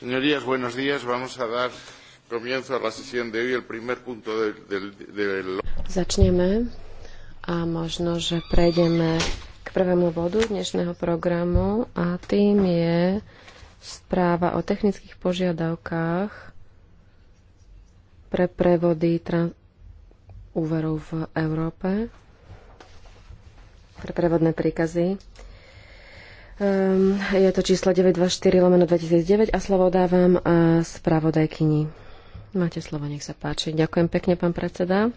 Señorías, buenos días. Vamos a dar comienzo a la sesión de hoy. El primer punto del. De, de... Začneme a možno, že prejdeme k prvému bodu dnešného programu a tým je správa o technických požiadavkách pre prevody trans- úverov v Európe, pre prevodné príkazy. Um, je to číslo 924 lomeno 2009 a slovo dávam a spravodajkyni. Máte slovo, nech sa páči. Ďakujem pekne, pán predseda.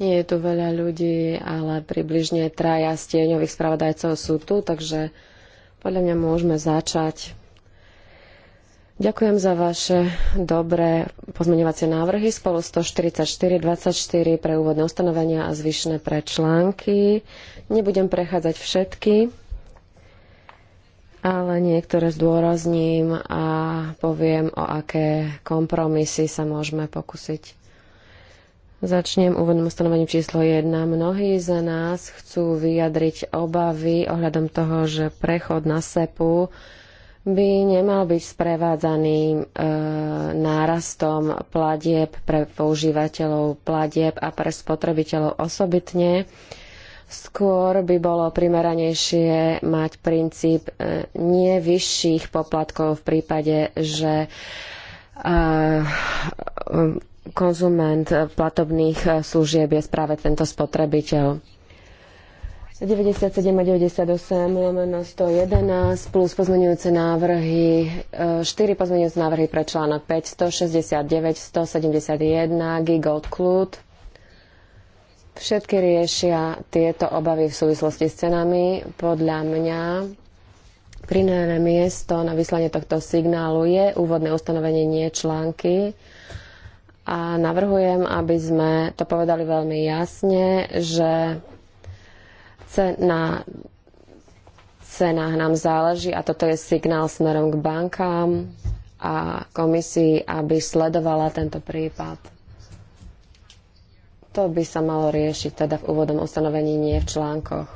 Nie je tu veľa ľudí, ale približne traja stieňových spravodajcov sú tu, takže podľa mňa môžeme začať. Ďakujem za vaše dobré pozmeňovacie návrhy spolu 144, 24 pre úvodné ustanovenia a zvyšné pre články. Nebudem prechádzať všetky ale niektoré zdôrazním a poviem, o aké kompromisy sa môžeme pokúsiť. Začnem úvodným ustanovením číslo 1. Mnohí z nás chcú vyjadriť obavy ohľadom toho, že prechod na SEPu by nemal byť sprevádzaný e, nárastom platieb pre používateľov platieb a pre spotrebiteľov osobitne. E, Skôr by bolo primeranejšie mať princíp e, nevyšších poplatkov v prípade, že e, e, konzument platobných služieb je práve tento spotrebiteľ. 97 a 98 lomeno 111 plus pozmenujúce návrhy, 4 pozmenujúce návrhy pre článok 5, 169, 171, Gigold Klut, Všetky riešia tieto obavy v súvislosti s cenami. Podľa mňa prináre miesto na vyslanie tohto signálu je úvodné ustanovenie nie články. A navrhujem, aby sme to povedali veľmi jasne, že cena cenách nám záleží a toto je signál smerom k bankám a komisii, aby sledovala tento prípad to by sa malo riešiť teda v úvodnom ustanovení, nie v článkoch.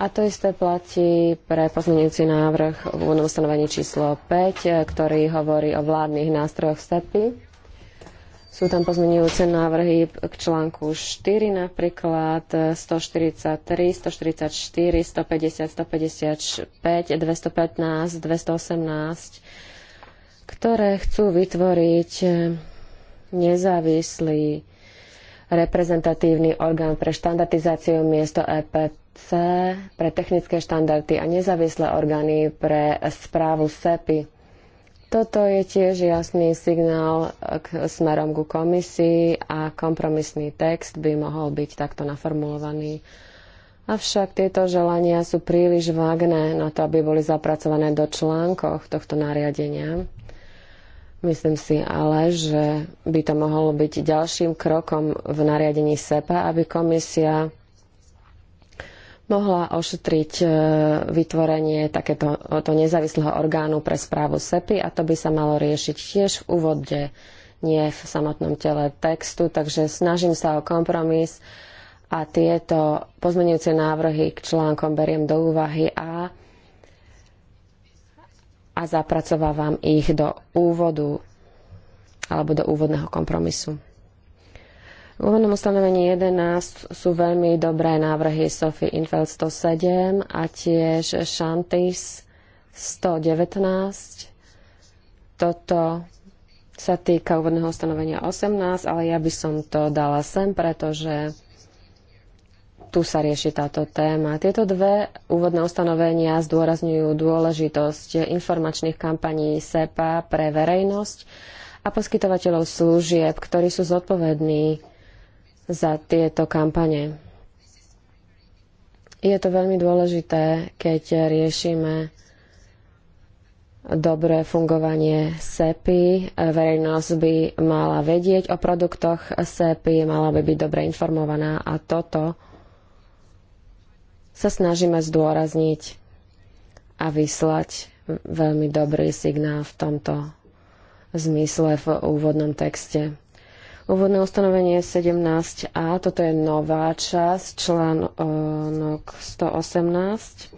A to isté platí pre pozmeňujúci návrh v úvodnom ustanovení číslo 5, ktorý hovorí o vládnych nástrojoch STEPy. Sú tam pozmeňujúce návrhy k článku 4 napríklad 143, 144, 150, 155, 215, 218, ktoré chcú vytvoriť nezávislý reprezentatívny orgán pre štandardizáciu miesto EPC, pre technické štandardy a nezávislé orgány pre správu SEPI. Toto je tiež jasný signál k, smerom ku komisii a kompromisný text by mohol byť takto naformulovaný. Avšak tieto želania sú príliš vágné na to, aby boli zapracované do článkoch tohto nariadenia. Myslím si ale, že by to mohlo byť ďalším krokom v nariadení SEPA, aby komisia mohla ošetriť e, vytvorenie takéto to nezávislého orgánu pre správu SEPI a to by sa malo riešiť tiež v úvode, nie v samotnom tele textu. Takže snažím sa o kompromis a tieto pozmenujúce návrhy k článkom beriem do úvahy a a zapracovávam ich do úvodu alebo do úvodného kompromisu. V úvodnom ustanovení 11 sú veľmi dobré návrhy Sofy Infeld 107 a tiež Shantis 119. Toto sa týka úvodného ustanovenia 18, ale ja by som to dala sem, pretože tu sa rieši táto téma. Tieto dve úvodné ustanovenia zdôrazňujú dôležitosť informačných kampaní SEPA pre verejnosť a poskytovateľov služieb, ktorí sú zodpovední za tieto kampane. Je to veľmi dôležité, keď riešime dobré fungovanie SEPI. Verejnosť by mala vedieť o produktoch SEPI, mala by byť dobre informovaná a toto sa snažíme zdôrazniť a vyslať veľmi dobrý signál v tomto zmysle v úvodnom texte. Úvodné ustanovenie 17a, toto je nová časť, článok 118.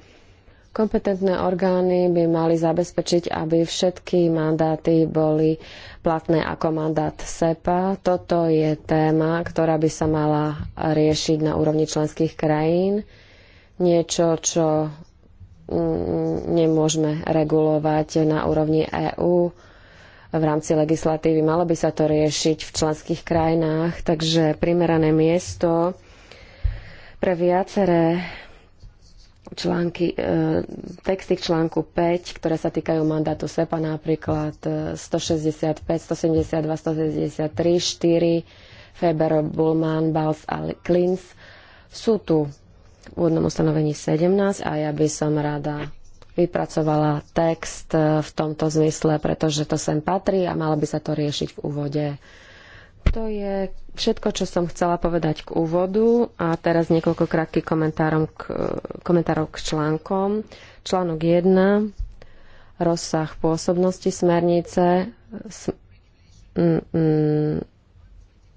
Kompetentné orgány by mali zabezpečiť, aby všetky mandáty boli platné ako mandát SEPA. Toto je téma, ktorá by sa mala riešiť na úrovni členských krajín niečo, čo mm, nemôžeme regulovať na úrovni EÚ v rámci legislatívy. Malo by sa to riešiť v členských krajinách, takže primerané miesto pre viaceré články, e, texty k článku 5, ktoré sa týkajú mandátu SEPA napríklad 165, 172, 163, 4, Feber, Bullman, Bals a Klins sú tu v úvodnom ustanovení 17 a ja by som rada vypracovala text e, v tomto zmysle, pretože to sem patrí a malo by sa to riešiť v úvode. To je všetko, čo som chcela povedať k úvodu a teraz niekoľko krátkých komentárov k, e, komentárov k článkom. Článok 1. Rozsah pôsobnosti smernice. Sm, mm, mm,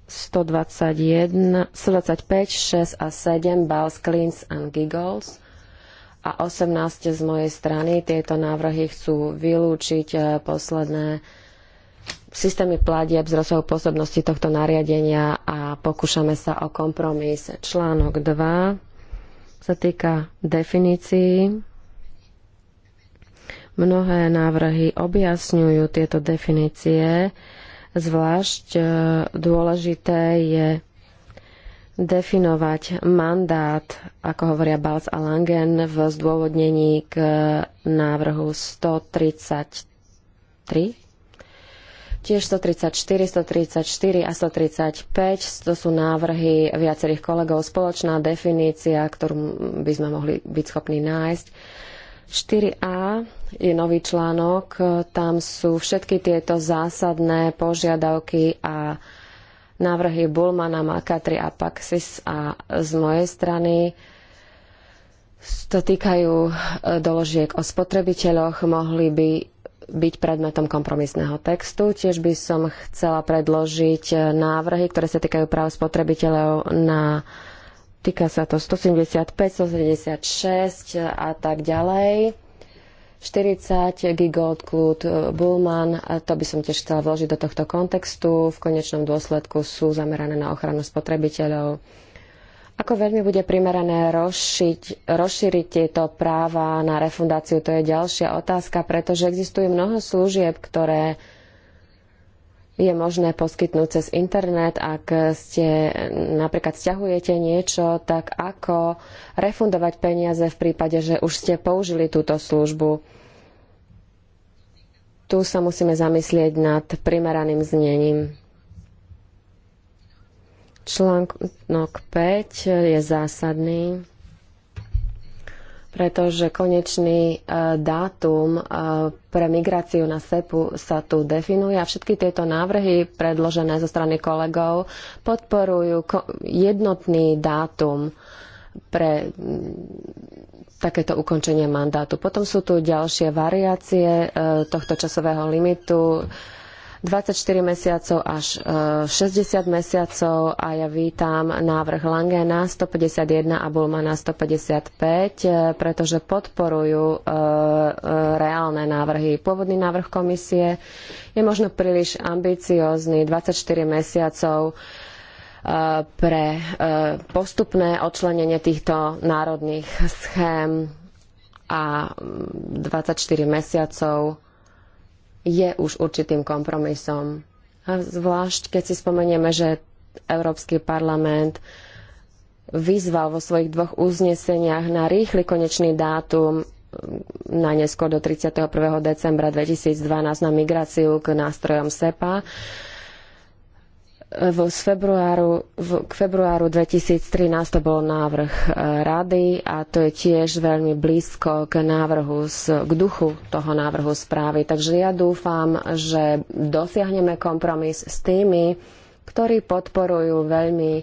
121, 125, 6 a 7 Bals, Klins and Giggles a 18 z mojej strany. Tieto návrhy chcú vylúčiť e, posledné systémy pladieb z rozsahu pôsobnosti tohto nariadenia a pokúšame sa o kompromis. Článok 2 sa týka definícií. Mnohé návrhy objasňujú tieto definície Zvlášť e, dôležité je definovať mandát, ako hovoria Balc a Langen v zdôvodnení k e, návrhu 133 tiež 134, 134 a 135. To sú návrhy viacerých kolegov. Spoločná definícia, ktorú by sme mohli byť schopní nájsť. 4a je nový článok, tam sú všetky tieto zásadné požiadavky a návrhy Bulmana, Makatry a Paxis a z mojej strany to týkajú e, doložiek o spotrebiteľoch, mohli by byť predmetom kompromisného textu. Tiež by som chcela predložiť e, návrhy, ktoré sa týkajú práv spotrebiteľov na Týka sa to 175, 176 a tak ďalej. 40 gigold kľud e, Bullman, to by som tiež chcela vložiť do tohto kontextu. V konečnom dôsledku sú zamerané na ochranu spotrebiteľov. Ako veľmi bude primerané rozšiť, rozšíriť tieto práva na refundáciu, to je ďalšia otázka, pretože existuje mnoho služieb, ktoré je možné poskytnúť cez internet. Ak ste napríklad stiahujete niečo, tak ako refundovať peniaze v prípade, že už ste použili túto službu. Tu sa musíme zamyslieť nad primeraným znením. Článok 5 no, je zásadný pretože konečný e, dátum e, pre migráciu na SEPu sa tu definuje a všetky tieto návrhy predložené zo strany kolegov podporujú jednotný dátum pre mm, takéto ukončenie mandátu. Potom sú tu ďalšie variácie e, tohto časového limitu 24 mesiacov až 60 e, mesiacov a ja vítam návrh Langena 151 a Bulmana 155, e, pretože podporujú e, reálne návrhy. Pôvodný návrh komisie je možno príliš ambiciózny, 24 mesiacov pre postupné odčlenenie týchto národných schém a 24 mesiacov je už určitým kompromisom. A zvlášť, keď si spomenieme, že Európsky parlament vyzval vo svojich dvoch uzneseniach na rýchly konečný dátum mm, na neskôr do 31. decembra 2012 na migráciu k nástrojom SEPA v februáru, v, k februáru 2013 to bol návrh e, rady a to je tiež veľmi blízko k návrhu, z, k duchu toho návrhu správy. Takže ja dúfam, že dosiahneme kompromis s tými, ktorí podporujú veľmi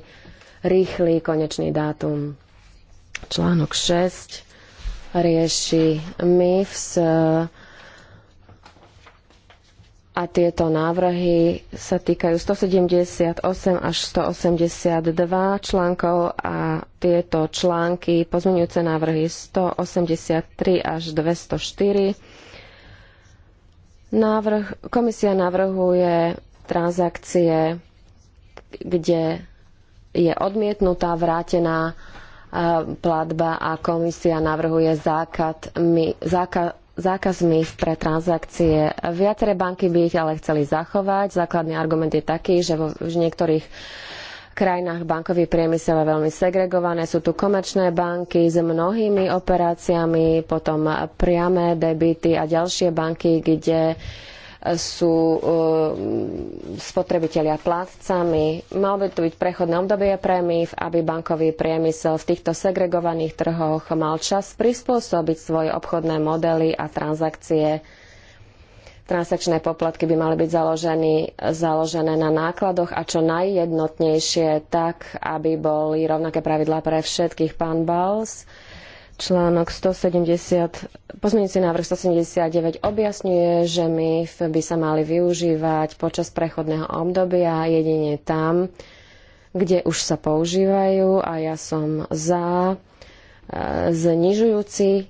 rýchly konečný dátum. Článok 6 rieši MIFS a tieto návrhy sa týkajú 178 až 182 článkov a tieto články, pozmeňujúce návrhy 183 až 204. Návrh, komisia navrhuje transakcie, kde je odmietnutá, vrátená e, platba a komisia navrhuje zákaz, zákaz zákazmi pre transakcie. Viaceré banky by ich ale chceli zachovať. Základný argument je taký, že vo v niektorých krajinách bankový priemysel je veľmi segregované. Sú tu komerčné banky s mnohými operáciami, potom priame debity a ďalšie banky, kde sú um, spotrebitelia plátcami. Mal by to byť prechodné obdobie pre MIF, aby bankový priemysel v týchto segregovaných trhoch mal čas prispôsobiť svoje obchodné modely a transakcie transakčné poplatky by mali byť založený, založené na nákladoch a čo najjednotnejšie tak, aby boli rovnaké pravidlá pre všetkých. Pán Bals Článok 170, pozmeňujúci návrh 179 objasňuje, že MIF by sa mali využívať počas prechodného obdobia jedine tam, kde už sa používajú a ja som za e, znižujúci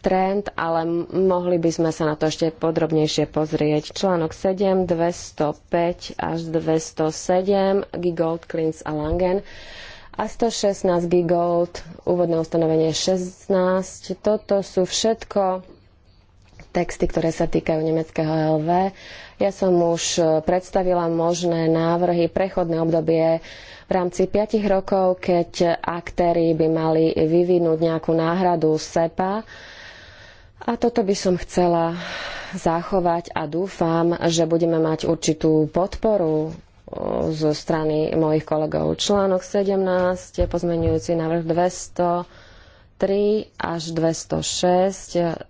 trend, ale mohli by sme sa na to ešte podrobnejšie pozrieť. Článok 7, 205 až 207, Gigold, Klins a Langen a 116 gigold, úvodné ustanovenie 16. Toto sú všetko texty, ktoré sa týkajú nemeckého LV. Ja som už e, predstavila možné návrhy, prechodné obdobie v rámci 5 rokov, keď aktéry by mali vyvinúť nejakú náhradu SEPA. A toto by som chcela zachovať a dúfam, že budeme mať určitú podporu zo strany mojich kolegov. Článok 17, pozmenujúci návrh 203 až 206,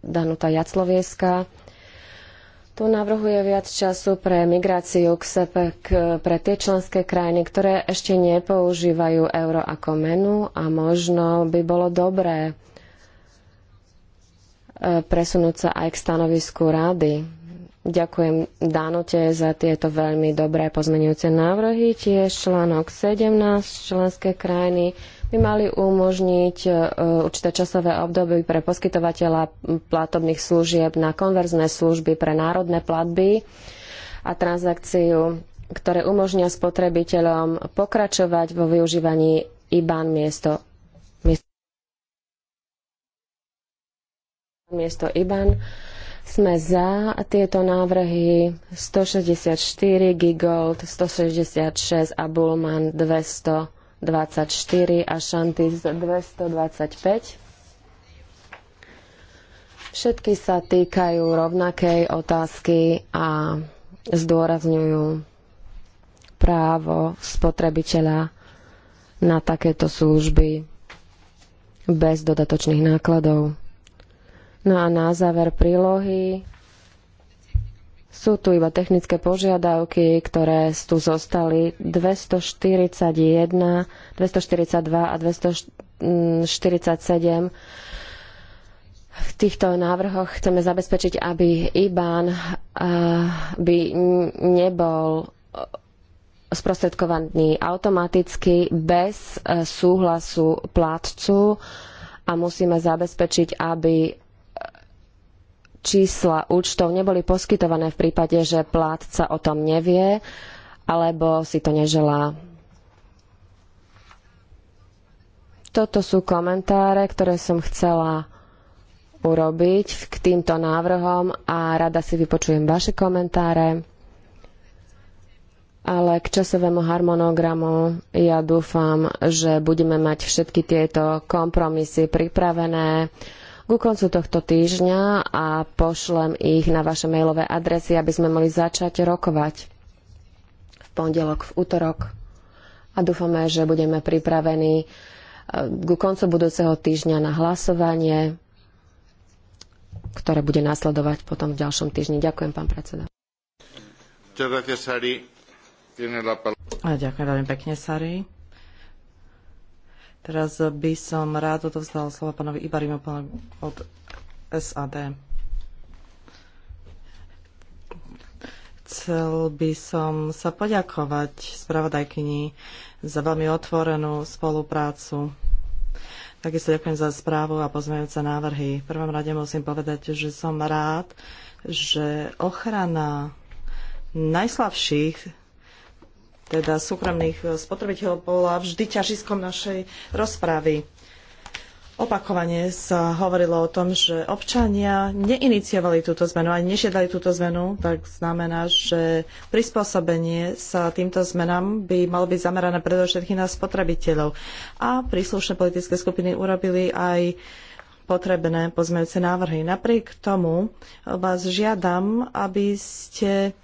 Danuta Jaclovieska. Tu navrhuje viac času pre migráciu k sebe, k, pre tie členské krajiny, ktoré ešte nepoužívajú euro ako menu a možno by bolo dobré e, presunúť sa aj k stanovisku rady Ďakujem Danote za tieto veľmi dobré pozmenujúce návrhy. Tiež článok 17 členské krajiny by mali umožniť určité časové obdobie pre poskytovateľa platobných služieb na konverzné služby pre národné platby a transakciu, ktoré umožnia spotrebiteľom pokračovať vo využívaní IBAN miesto miesto IBAN sme za tieto návrhy 164, Gigold 166 a Bullman 224 a Shantis 225. Všetky sa týkajú rovnakej otázky a zdôrazňujú právo spotrebiteľa na takéto služby bez dodatočných nákladov. No a na záver prílohy. Sú tu iba technické požiadavky, ktoré tu zostali 241, 242 a 247. V týchto návrhoch chceme zabezpečiť, aby IBAN by nebol sprostredkovaný automaticky bez e, súhlasu plátcu a musíme zabezpečiť, aby čísla účtov neboli poskytované v prípade, že plátca o tom nevie alebo si to neželá. Toto sú komentáre, ktoré som chcela urobiť k týmto návrhom a rada si vypočujem vaše komentáre. Ale k časovému harmonogramu ja dúfam, že budeme mať všetky tieto kompromisy pripravené ku koncu tohto týždňa a pošlem ich na vaše mailové adresy, aby sme mohli začať rokovať v pondelok, v útorok. A dúfame, že budeme pripravení e, ku koncu budúceho týždňa na hlasovanie, ktoré bude nasledovať potom v ďalšom týždni. Ďakujem, pán predseda. Ďakujem veľmi pekne, Sari. Teraz by som rád odovzdal slova pánovi Ibarimu od SAD. Chcel by som sa poďakovať spravodajkyni za veľmi otvorenú spoluprácu. Takisto ďakujem za správu a pozmejúce návrhy. V prvom rade musím povedať, že som rád, že ochrana najslabších teda súkromných e, spotrebiteľov, bola vždy ťažiskom našej rozpravy. Opakovane sa hovorilo o tom, že občania neiniciovali túto zmenu ani nežiadali túto zmenu, tak znamená, že prispôsobenie sa týmto zmenám by malo byť zamerané predovšetkým na spotrebiteľov. A príslušné politické skupiny urobili aj potrebné pozmeňujúce návrhy. Napriek tomu vás žiadam, aby ste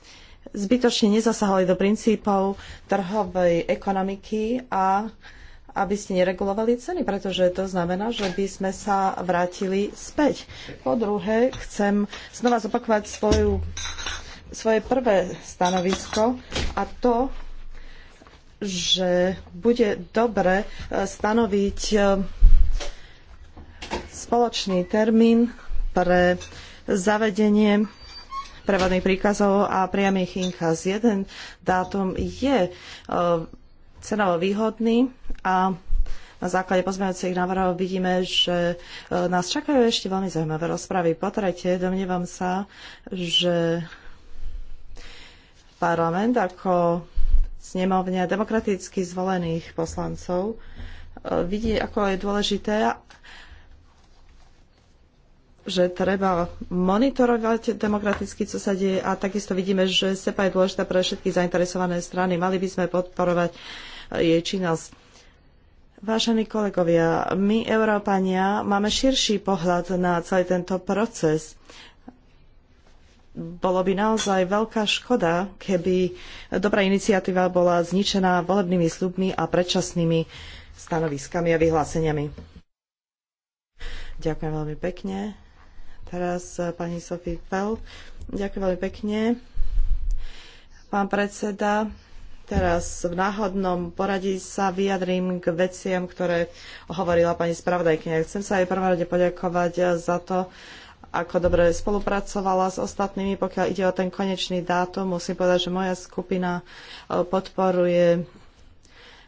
zbytočne nezasahovali do princípov trhovej ekonomiky a aby ste neregulovali ceny, pretože to znamená, že by sme sa vrátili späť. Po druhé, chcem znova zopakovať svoju, svoje prvé stanovisko a to, že bude dobre e, stanoviť e, spoločný termín pre zavedenie prevadných príkazov a priamých inkaz. Jeden dátum je e, cenovo výhodný a na základe pozmeňujúcich návrhov vidíme, že e, nás čakajú ešte veľmi zaujímavé rozpravy. Po tretie, domnievam sa, že parlament ako snemovňa demokraticky zvolených poslancov e, vidí, ako je dôležité, že treba monitorovať demokraticky, co sa deje a takisto vidíme, že SEPA je dôležitá pre všetky zainteresované strany. Mali by sme podporovať e, jej činnosť. Vážení kolegovia, my, Európania, máme širší pohľad na celý tento proces. Bolo by naozaj veľká škoda, keby dobrá iniciatíva bola zničená volebnými sľubmi a predčasnými stanoviskami a vyhláseniami. Ďakujem veľmi pekne teraz e, pani Sofie Pell, Ďakujem veľmi pekne. Pán predseda, teraz v náhodnom poradí sa vyjadrím k veciam, ktoré hovorila pani spravodajkyňa. Chcem sa jej prvom rade poďakovať za to, ako dobre spolupracovala s ostatnými, pokiaľ ide o ten konečný dátum. Musím povedať, že moja skupina e, podporuje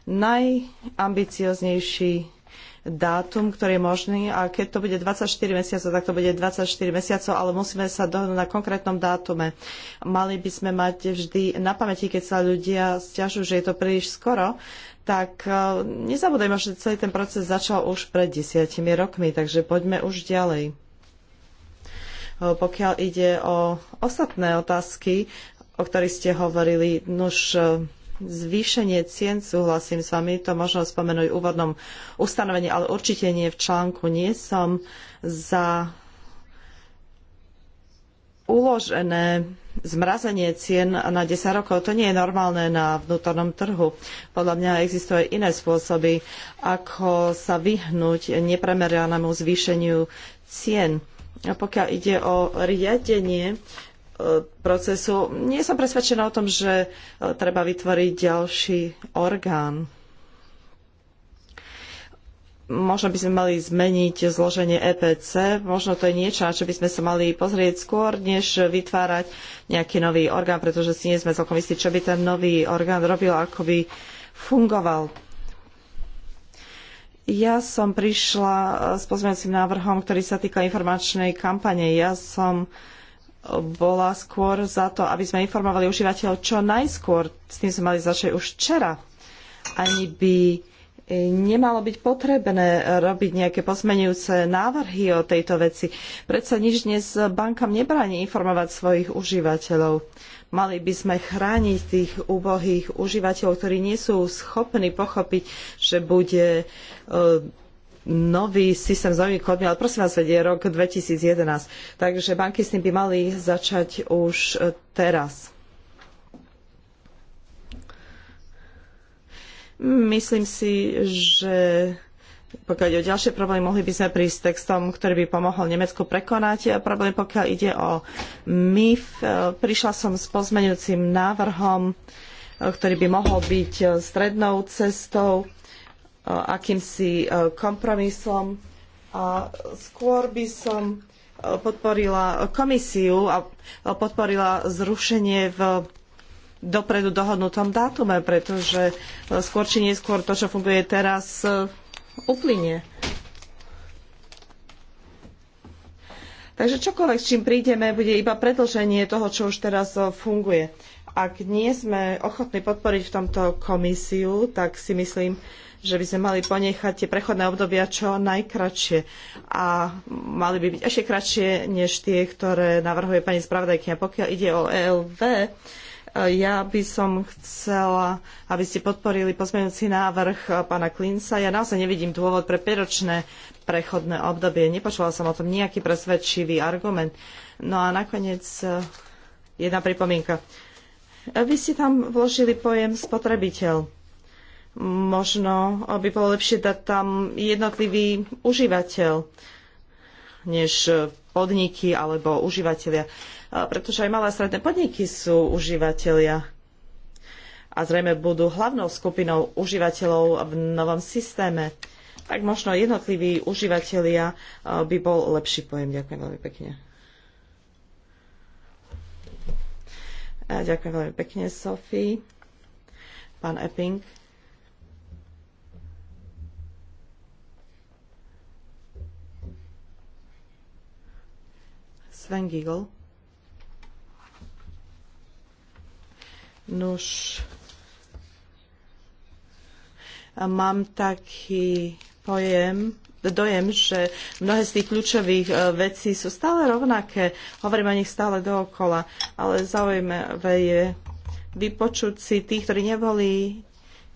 najambicioznejší dátum, ktorý je možný a keď to bude 24 mesiacov, tak to bude 24 mesiacov, ale musíme sa dohodnúť na konkrétnom dátume. Mali by sme mať vždy na pamäti, keď sa ľudia stiažujú, že je to príliš skoro, tak e, nezabudajme, že celý ten proces začal už pred desiatimi rokmi, takže poďme už ďalej. E, pokiaľ ide o ostatné otázky, o ktorých ste hovorili, nož e, zvýšenie cien, súhlasím s vami, to možno spomenúť v úvodnom ustanovení, ale určite nie v článku. Nie som za uložené zmrazenie cien na 10 rokov. To nie je normálne na vnútornom trhu. Podľa mňa existujú iné spôsoby, ako sa vyhnúť nepremeranému zvýšeniu cien. A pokiaľ ide o riadenie E, procesu. Nie som presvedčená o tom, že e, treba vytvoriť ďalší orgán. Možno by sme mali zmeniť zloženie EPC, možno to je niečo, na čo by sme sa mali pozrieť skôr, než vytvárať nejaký nový orgán, pretože si nie sme celkom istí, čo by ten nový orgán robil, ako by fungoval. Ja som prišla e, s pozmeňujúcim návrhom, ktorý sa týka informačnej kampane. Ja som uh, bola skôr za to, aby sme informovali užívateľov čo najskôr. S tým sme mali začať už včera. Ani by e, nemalo byť potrebné robiť nejaké posmenujúce návrhy o tejto veci. Predsa nič dnes bankám nebráni informovať svojich užívateľov. Mali by sme chrániť tých úbohých užívateľov, ktorí nie sú schopní pochopiť, že bude e, nový systém s novými kódmi, ale prosím vás, vedie rok 2011. Takže banky s tým by mali začať už e, teraz. Myslím si, že pokiaľ ide o ďalšie problémy, mohli by sme prísť s textom, ktorý by pomohol Nemecku prekonať problém, pokiaľ ide o MIF. E, prišla som s pozmeňujúcim návrhom, e, ktorý by mohol byť strednou cestou Eh, akýmsi eh, kompromisom. A skôr by som eh, podporila komisiu a podporila zrušenie v dopredu dohodnutom dátume, pretože skôr či neskôr to, čo funguje teraz, uplynie. Takže čokoľvek, s čím prídeme, bude iba predlženie toho, čo už teraz funguje. Ak nie sme ochotní podporiť v tomto komisiu, tak si myslím, že by sme mali ponechať tie prechodné obdobia čo najkračšie a mali by byť ešte kratšie než tie, ktoré navrhuje pani spravodajkyňa. Pokiaľ ide o ELV, e, ja by som chcela, aby ste podporili pozmeňujúci návrh e, pána Klinca. Ja naozaj nevidím dôvod pre 5-ročné prechodné obdobie. Nepočula som o tom nejaký presvedčivý argument. No a nakoniec e, jedna pripomienka. Vy ste tam vložili pojem spotrebiteľ možno by bolo lepšie dať tam jednotlivý užívateľ než podniky alebo užívateľia. Pretože aj malé a stredné podniky sú užívateľia a zrejme budú hlavnou skupinou užívateľov v novom systéme. Tak možno jednotliví užívateľia by bol lepší pojem. Ďakujem veľmi pekne. Ďakujem veľmi pekne, Sofie. Pán Epping. Sven Giegel. Nuž, mám taký pojem, dojem, že mnohé z tých kľúčových e, vecí sú stále rovnaké. Hovorím o nich stále dookola, ale zaujímavé je vypočuť si tých, ktorí neboli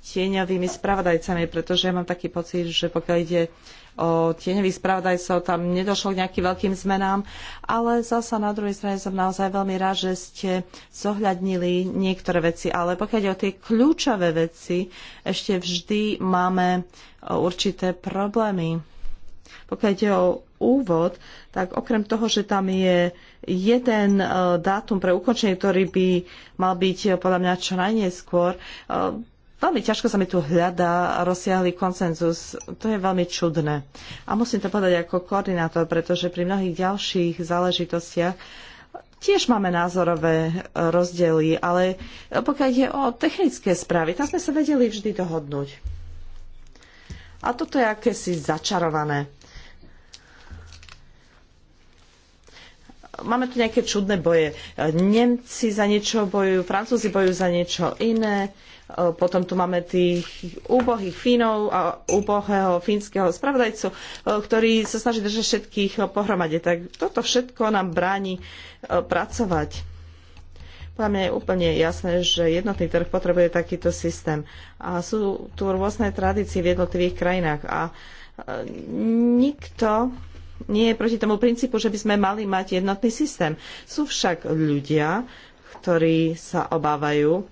tieňovými spravodajcami, pretože ja mám taký pocit, že pokiaľ ide tieňových spravodajcov, tam nedošlo k nejakým veľkým zmenám, ale zasa na druhej strane som naozaj veľmi rád, že ste zohľadnili niektoré veci, ale pokiaľ ide o tie kľúčové veci, ešte vždy máme určité problémy. Pokiaľ ide o úvod, tak okrem toho, že tam je jeden dátum pre ukončenie, ktorý by mal byť podľa mňa čo najneskôr, Veľmi ťažko sa mi tu hľadá rozsiahly konsenzus. To je veľmi čudné. A musím to povedať ako koordinátor, pretože pri mnohých ďalších záležitostiach tiež máme názorové e, rozdiely, ale pokiaľ ide o technické správy, tam sme sa vedeli vždy dohodnúť. A toto je akési začarované. Máme tu nejaké čudné boje. Nemci za niečo bojujú, Francúzi bojujú za niečo iné Eh, potom tu máme tých úbohých Fínov a úbohého fínskeho spravodajcu, eh, ktorý sa snaží držať všetkých pohromade. Tak toto všetko nám bráni eh, pracovať. Podľa mňa je úplne jasné, že jednotný trh potrebuje takýto systém. A sú tu rôzne tradície v jednotlivých krajinách. A nikto nie je proti tomu princípu, že by sme mali mať jednotný systém. Sú však ľudia, ktorí sa obávajú,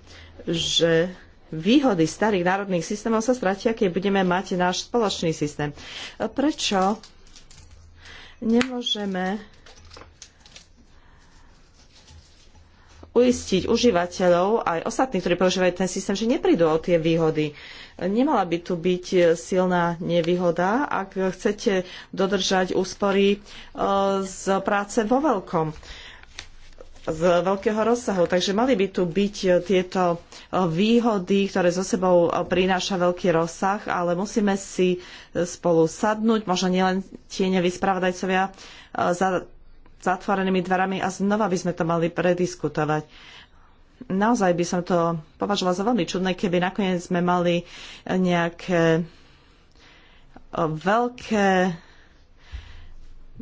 že výhody starých národných systémov sa stratia, keď budeme mať náš spoločný systém. Prečo nemôžeme uistiť užívateľov aj ostatných, ktorí používajú ten systém, že neprídu o tie výhody. Nemala by tu byť silná nevýhoda, ak chcete dodržať úspory eh, z práce vo veľkom z veľkého rozsahu. Takže mali by tu byť e, tieto e, výhody, ktoré so sebou e, prináša veľký rozsah, ale musíme si spolu sadnúť, možno nielen tie spravodajcovia za zatvorenými dverami a znova by sme to mali prediskutovať. Naozaj by som to považovala za veľmi čudné, keby nakoniec sme mali nejaké veľké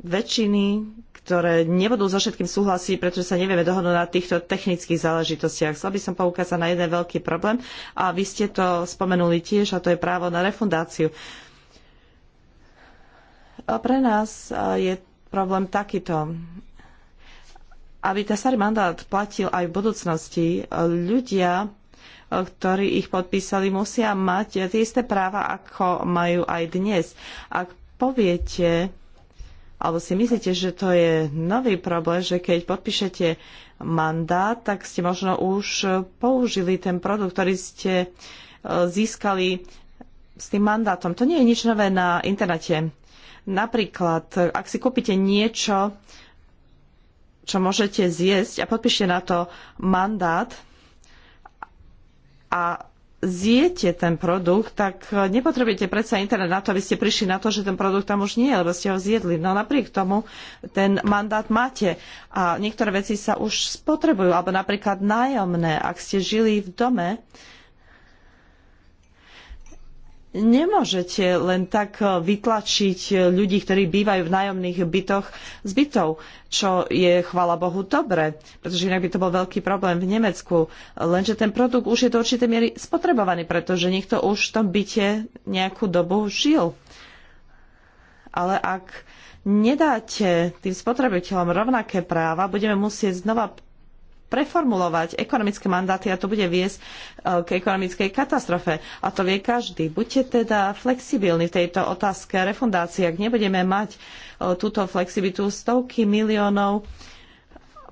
väčšiny, ktoré nebudú so všetkým súhlasiť, pretože sa nevieme dohodnúť na týchto technických záležitostiach. Chcel by som poukázať na jeden veľký problém a vy ste to spomenuli tiež a to je právo na refundáciu. A pre nás je problém takýto. Aby ten starý mandát platil aj v budúcnosti, ľudia ktorí ich podpísali, musia mať tie isté práva, ako majú aj dnes. Ak poviete alebo si myslíte, že to je nový problém, že keď podpíšete mandát, tak ste možno už použili ten produkt, ktorý ste e, získali s tým mandátom. To nie je nič nové na internete. Napríklad, ak si kúpite niečo, čo môžete zjesť a podpíšte na to mandát a zjete ten produkt, tak e, nepotrebujete predsa internet na to, aby ste prišli na to, že ten produkt tam už nie je, lebo ste ho zjedli. No napriek tomu ten mandát máte a niektoré veci sa už spotrebujú, alebo napríklad nájomné. Ak ste žili v dome, Nemôžete len tak e, vytlačiť e, ľudí, ktorí bývajú v nájomných bytoch z bytov, čo je, chvala Bohu, dobre, pretože inak by to bol veľký problém v Nemecku. Lenže ten produkt už je do určitej miery spotrebovaný, pretože niekto už v tom byte nejakú dobu žil. Ale ak nedáte tým spotrebiteľom rovnaké práva, budeme musieť znova preformulovať ekonomické mandáty a to bude viesť e, k ekonomickej katastrofe. A to vie každý. Buďte teda flexibilní v tejto otázke refundácie. Ak nebudeme mať e, túto flexibilitu, stovky miliónov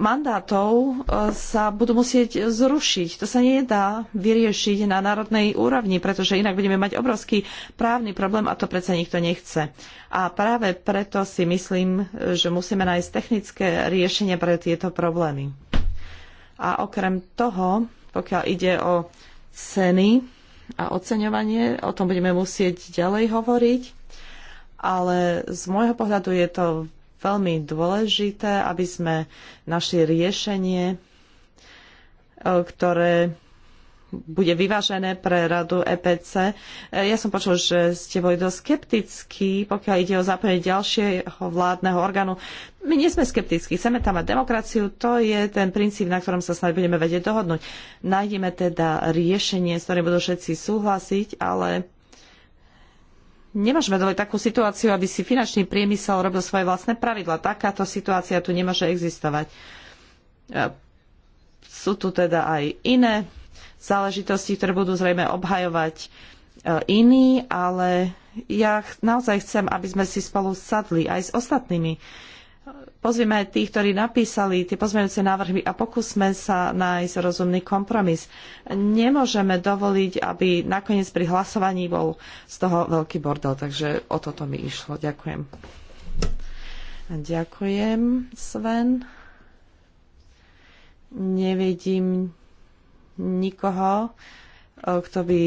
mandátov e, sa budú musieť zrušiť. To sa nedá vyriešiť na národnej úrovni, pretože inak budeme mať obrovský právny problém a to predsa nikto nechce. A práve preto si myslím, že musíme nájsť technické riešenie pre tieto problémy. A okrem toho, pokiaľ ide o ceny a oceňovanie, o tom budeme musieť ďalej hovoriť, ale z môjho pohľadu je to veľmi dôležité, aby sme našli riešenie, e, ktoré bude vyvážené pre radu EPC. E, ja som počul, že ste boli dosť skeptickí, pokiaľ ide o zapojenie ďalšieho vládneho orgánu my nie sme skeptickí, chceme tam mať demokraciu, to je ten princíp, na ktorom sa snad budeme vedieť dohodnúť. Nájdeme teda riešenie, s ktorým budú všetci súhlasiť, ale nemôžeme dovoliť takú situáciu, aby si finančný priemysel robil svoje vlastné pravidla. Takáto situácia tu nemôže existovať. E, sú tu teda aj iné záležitosti, ktoré budú zrejme obhajovať e, iní, ale ja naozaj chcem, aby sme si spolu sadli aj s ostatnými aj tých, ktorí napísali tie pozmeňujúce návrhy a pokúsme sa nájsť rozumný kompromis. Nemôžeme dovoliť, aby nakoniec pri hlasovaní bol z toho veľký bordel, takže o toto mi išlo. Ďakujem. Ďakujem, Sven. Nevidím nikoho, kto by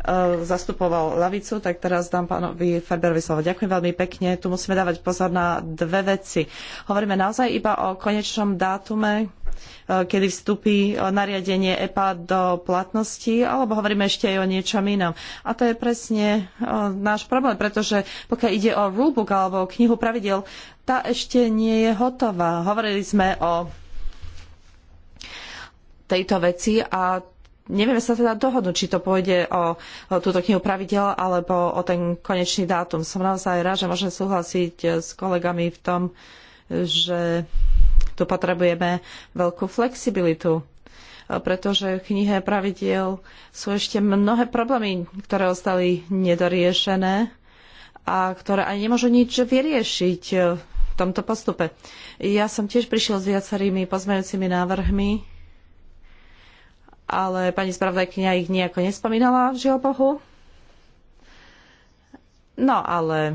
Eh, zastupoval lavicu, tak teraz dám pánovi Ferberovi slovo. Ďakujem veľmi pekne. Tu musíme dávať pozor na dve veci. Hovoríme naozaj iba o konečnom dátume, eh, kedy vstúpi nariadenie EPA do platnosti, alebo hovoríme ešte aj o niečom inom. A to je presne eh, náš problém, pretože pokiaľ ide o rulebook alebo o knihu pravidel, tá ešte nie je hotová. Hovorili sme o tejto veci a nevieme sa teda dohodnúť, či to pôjde o, o túto knihu pravidel alebo o ten konečný dátum. Som naozaj rád, že môžem súhlasiť eh, s kolegami v tom, že tu potrebujeme veľkú flexibilitu eh, pretože v knihe pravidiel sú ešte mnohé problémy, ktoré ostali nedoriešené a ktoré ani nemôžu nič vyriešiť eh, v tomto postupe. Ja som tiež prišiel s viacerými pozmeňujúcimi návrhmi, ale pani spravodajkynia ich nejako nespomínala, žiaľ Bohu. No, ale e,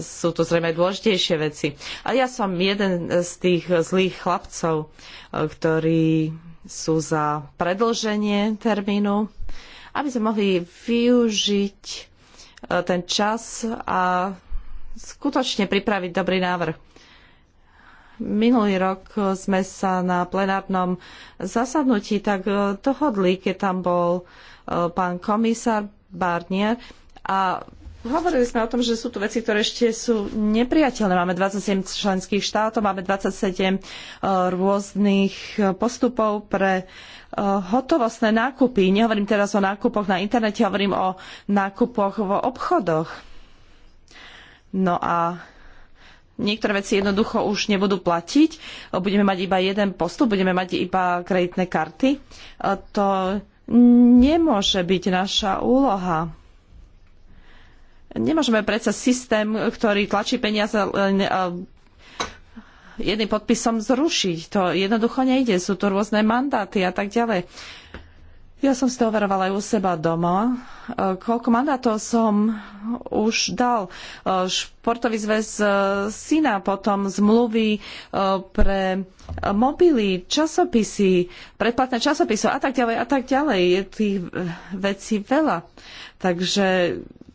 sú to zrejme dôležitejšie veci. A ja som jeden z tých zlých chlapcov, e, ktorí sú za predlženie termínu, aby sme mohli využiť e, ten čas a skutočne pripraviť dobrý návrh. Minulý rok e, sme sa na plenárnom zasadnutí tak e, dohodli, keď tam bol e, pán komisár Barnier a Hovorili sme o tom, že sú tu veci, ktoré ešte sú nepriateľné. Máme 27 členských štátov, máme 27 rôznych postupov pre hotovostné nákupy. Nehovorím teraz o nákupoch na internete, hovorím o nákupoch v obchodoch. No a niektoré veci jednoducho už nebudú platiť. Budeme mať iba jeden postup, budeme mať iba kreditné karty. To nemôže byť naša úloha. Nemôžeme predsa systém, ktorý tlačí peniaze jedným podpisom zrušiť. To jednoducho nejde. Sú tu rôzne mandáty a tak ďalej. Ja som si to overovala aj u seba doma. E, koľko mandátov som už dal? E, športový zväz e, syna, potom zmluvy pre mobily, časopisy, predplatné časopisy a tak ďalej a tak ďalej. Je tých vecí veľa. Takže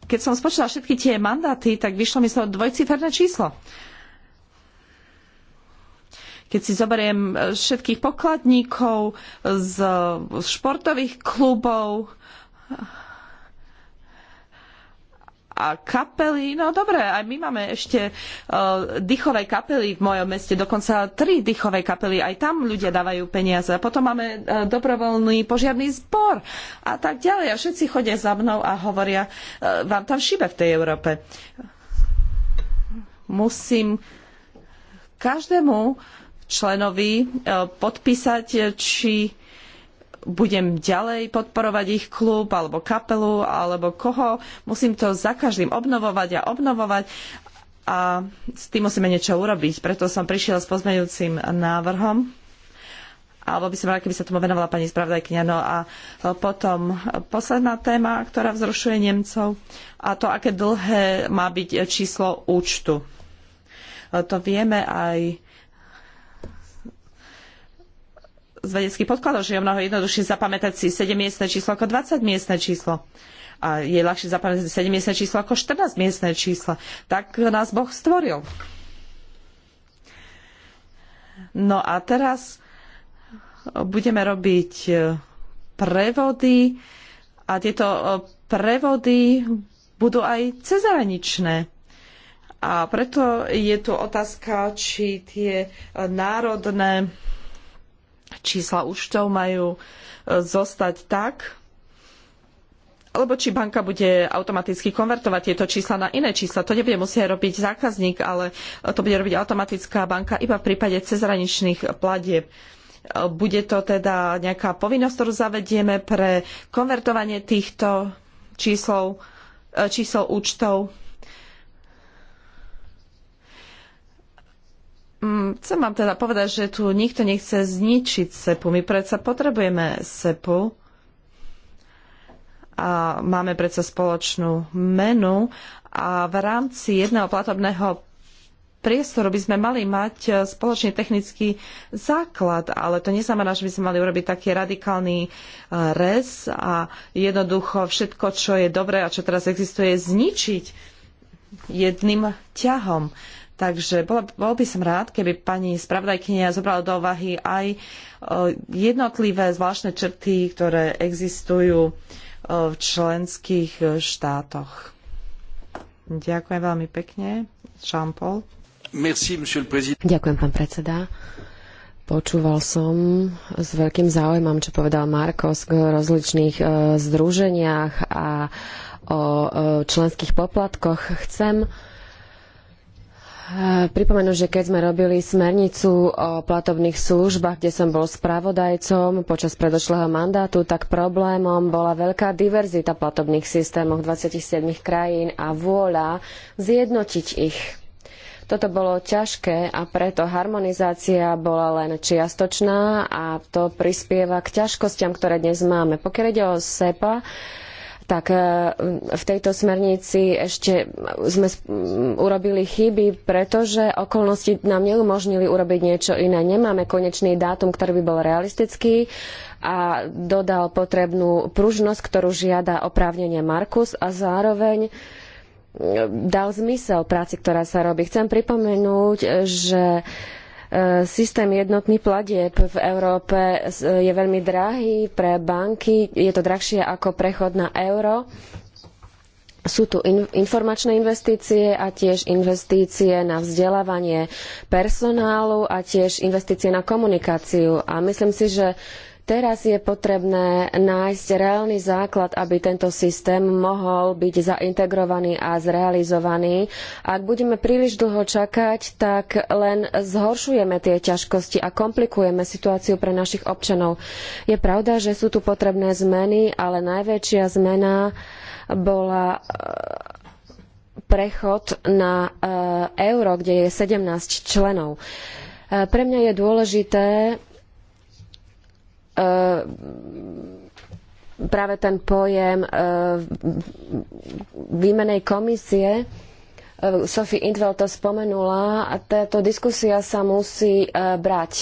keď som spočítala všetky tie mandáty, tak vyšlo mi z toho dvojciferné číslo. Keď si zoberiem e, všetkých pokladníkov z e, športových klubov a kapely, no dobre, aj my máme ešte uh, e, dýchové kapely v mojom meste, dokonca tri dýchové kapely, aj tam ľudia dávajú peniaze. Potom máme uh, dobrovoľný požiarný zbor a tak ďalej. A všetci chodia za mnou a hovoria, uh, vám tam šibe v tej Európe. Musím každému členovi e, podpísať, e, či budem ďalej podporovať ich klub alebo kapelu alebo koho. Musím to za každým obnovovať a obnovovať a s tým musíme niečo urobiť. Preto som prišiel s pozmeňujúcim návrhom alebo by som rád, keby sa tomu venovala pani spravodajkňa. No a e, potom posledná téma, ktorá vzrušuje Nemcov a to, aké dlhé má byť číslo účtu. To vieme aj z vedeckých podkladov, že je mnoho jednoduchšie zapamätať si 7-miestne číslo ako 20-miestne číslo. A je ľahšie zapamätať si 7-miestne číslo ako 14-miestne číslo. Tak nás Boh stvoril. No a teraz budeme robiť e, prevody a tieto e, prevody budú aj cezhraničné. A preto je tu otázka, či tie e, národné čísla účtov majú e, zostať tak, alebo či banka bude automaticky konvertovať tieto čísla na iné čísla. To nebude musieť robiť zákazník, ale to bude robiť automatická banka iba v prípade cezhraničných platieb. E, bude to teda nejaká povinnosť, ktorú zavedieme pre konvertovanie týchto číslov, e, čísel účtov Mm, chcem vám teda povedať, že tu nikto nechce zničiť SEPu. My predsa potrebujeme SEPu a máme predsa spoločnú menu a v rámci jedného platobného priestoru by sme mali mať e, spoločný technický základ, ale to neznamená, že by sme mali urobiť taký radikálny e, rez a jednoducho všetko, čo je dobré a čo teraz existuje, zničiť jedným ťahom. Takže bol, bol by som rád, keby pani spravodajkynia zobrala do úvahy aj e, jednotlivé zvláštne črty, ktoré existujú e, v členských e, štátoch. Ďakujem veľmi pekne. Jean-Paul. Ďakujem, pán predseda. Počúval som s veľkým záujmom, čo povedal Markos k rozličných e, združeniach a o e, členských poplatkoch. Chcem Eh, pripomenúť, že keď sme robili smernicu o platobných službách, kde som bol spravodajcom počas predošlého mandátu, tak problémom bola veľká diverzita platobných systémov 27 krajín a vôľa zjednotiť ich. Toto bolo ťažké a preto harmonizácia bola len čiastočná a to prispieva k ťažkostiam, ktoré dnes máme. Pokiaľ ide o SEPA, tak e, v tejto smernici ešte sme mm, urobili chyby, pretože okolnosti nám neumožnili urobiť niečo iné. Nemáme konečný dátum, ktorý by bol realistický a dodal potrebnú pružnosť, ktorú žiada oprávnenie Markus a zároveň e, dal zmysel práci, ktorá sa robí. Chcem pripomenúť, že Eh, systém jednotných platieb v Európe eh, je veľmi drahý pre banky, je to drahšie ako prechod na euro. Sú tu informačné investície a tiež investície na vzdelávanie personálu a tiež investície na komunikáciu. A myslím si, že Teraz je potrebné nájsť reálny základ, aby tento systém mohol byť zaintegrovaný a zrealizovaný. Ak budeme príliš dlho čakať, tak len zhoršujeme tie ťažkosti a komplikujeme situáciu pre našich občanov. Je pravda, že sú tu potrebné zmeny, ale najväčšia zmena bola e, prechod na e, euro, kde je 17 členov. E, pre mňa je dôležité E, práve ten pojem e, výmenej komisie. E, Sophie Intvel to spomenula a táto diskusia sa musí brať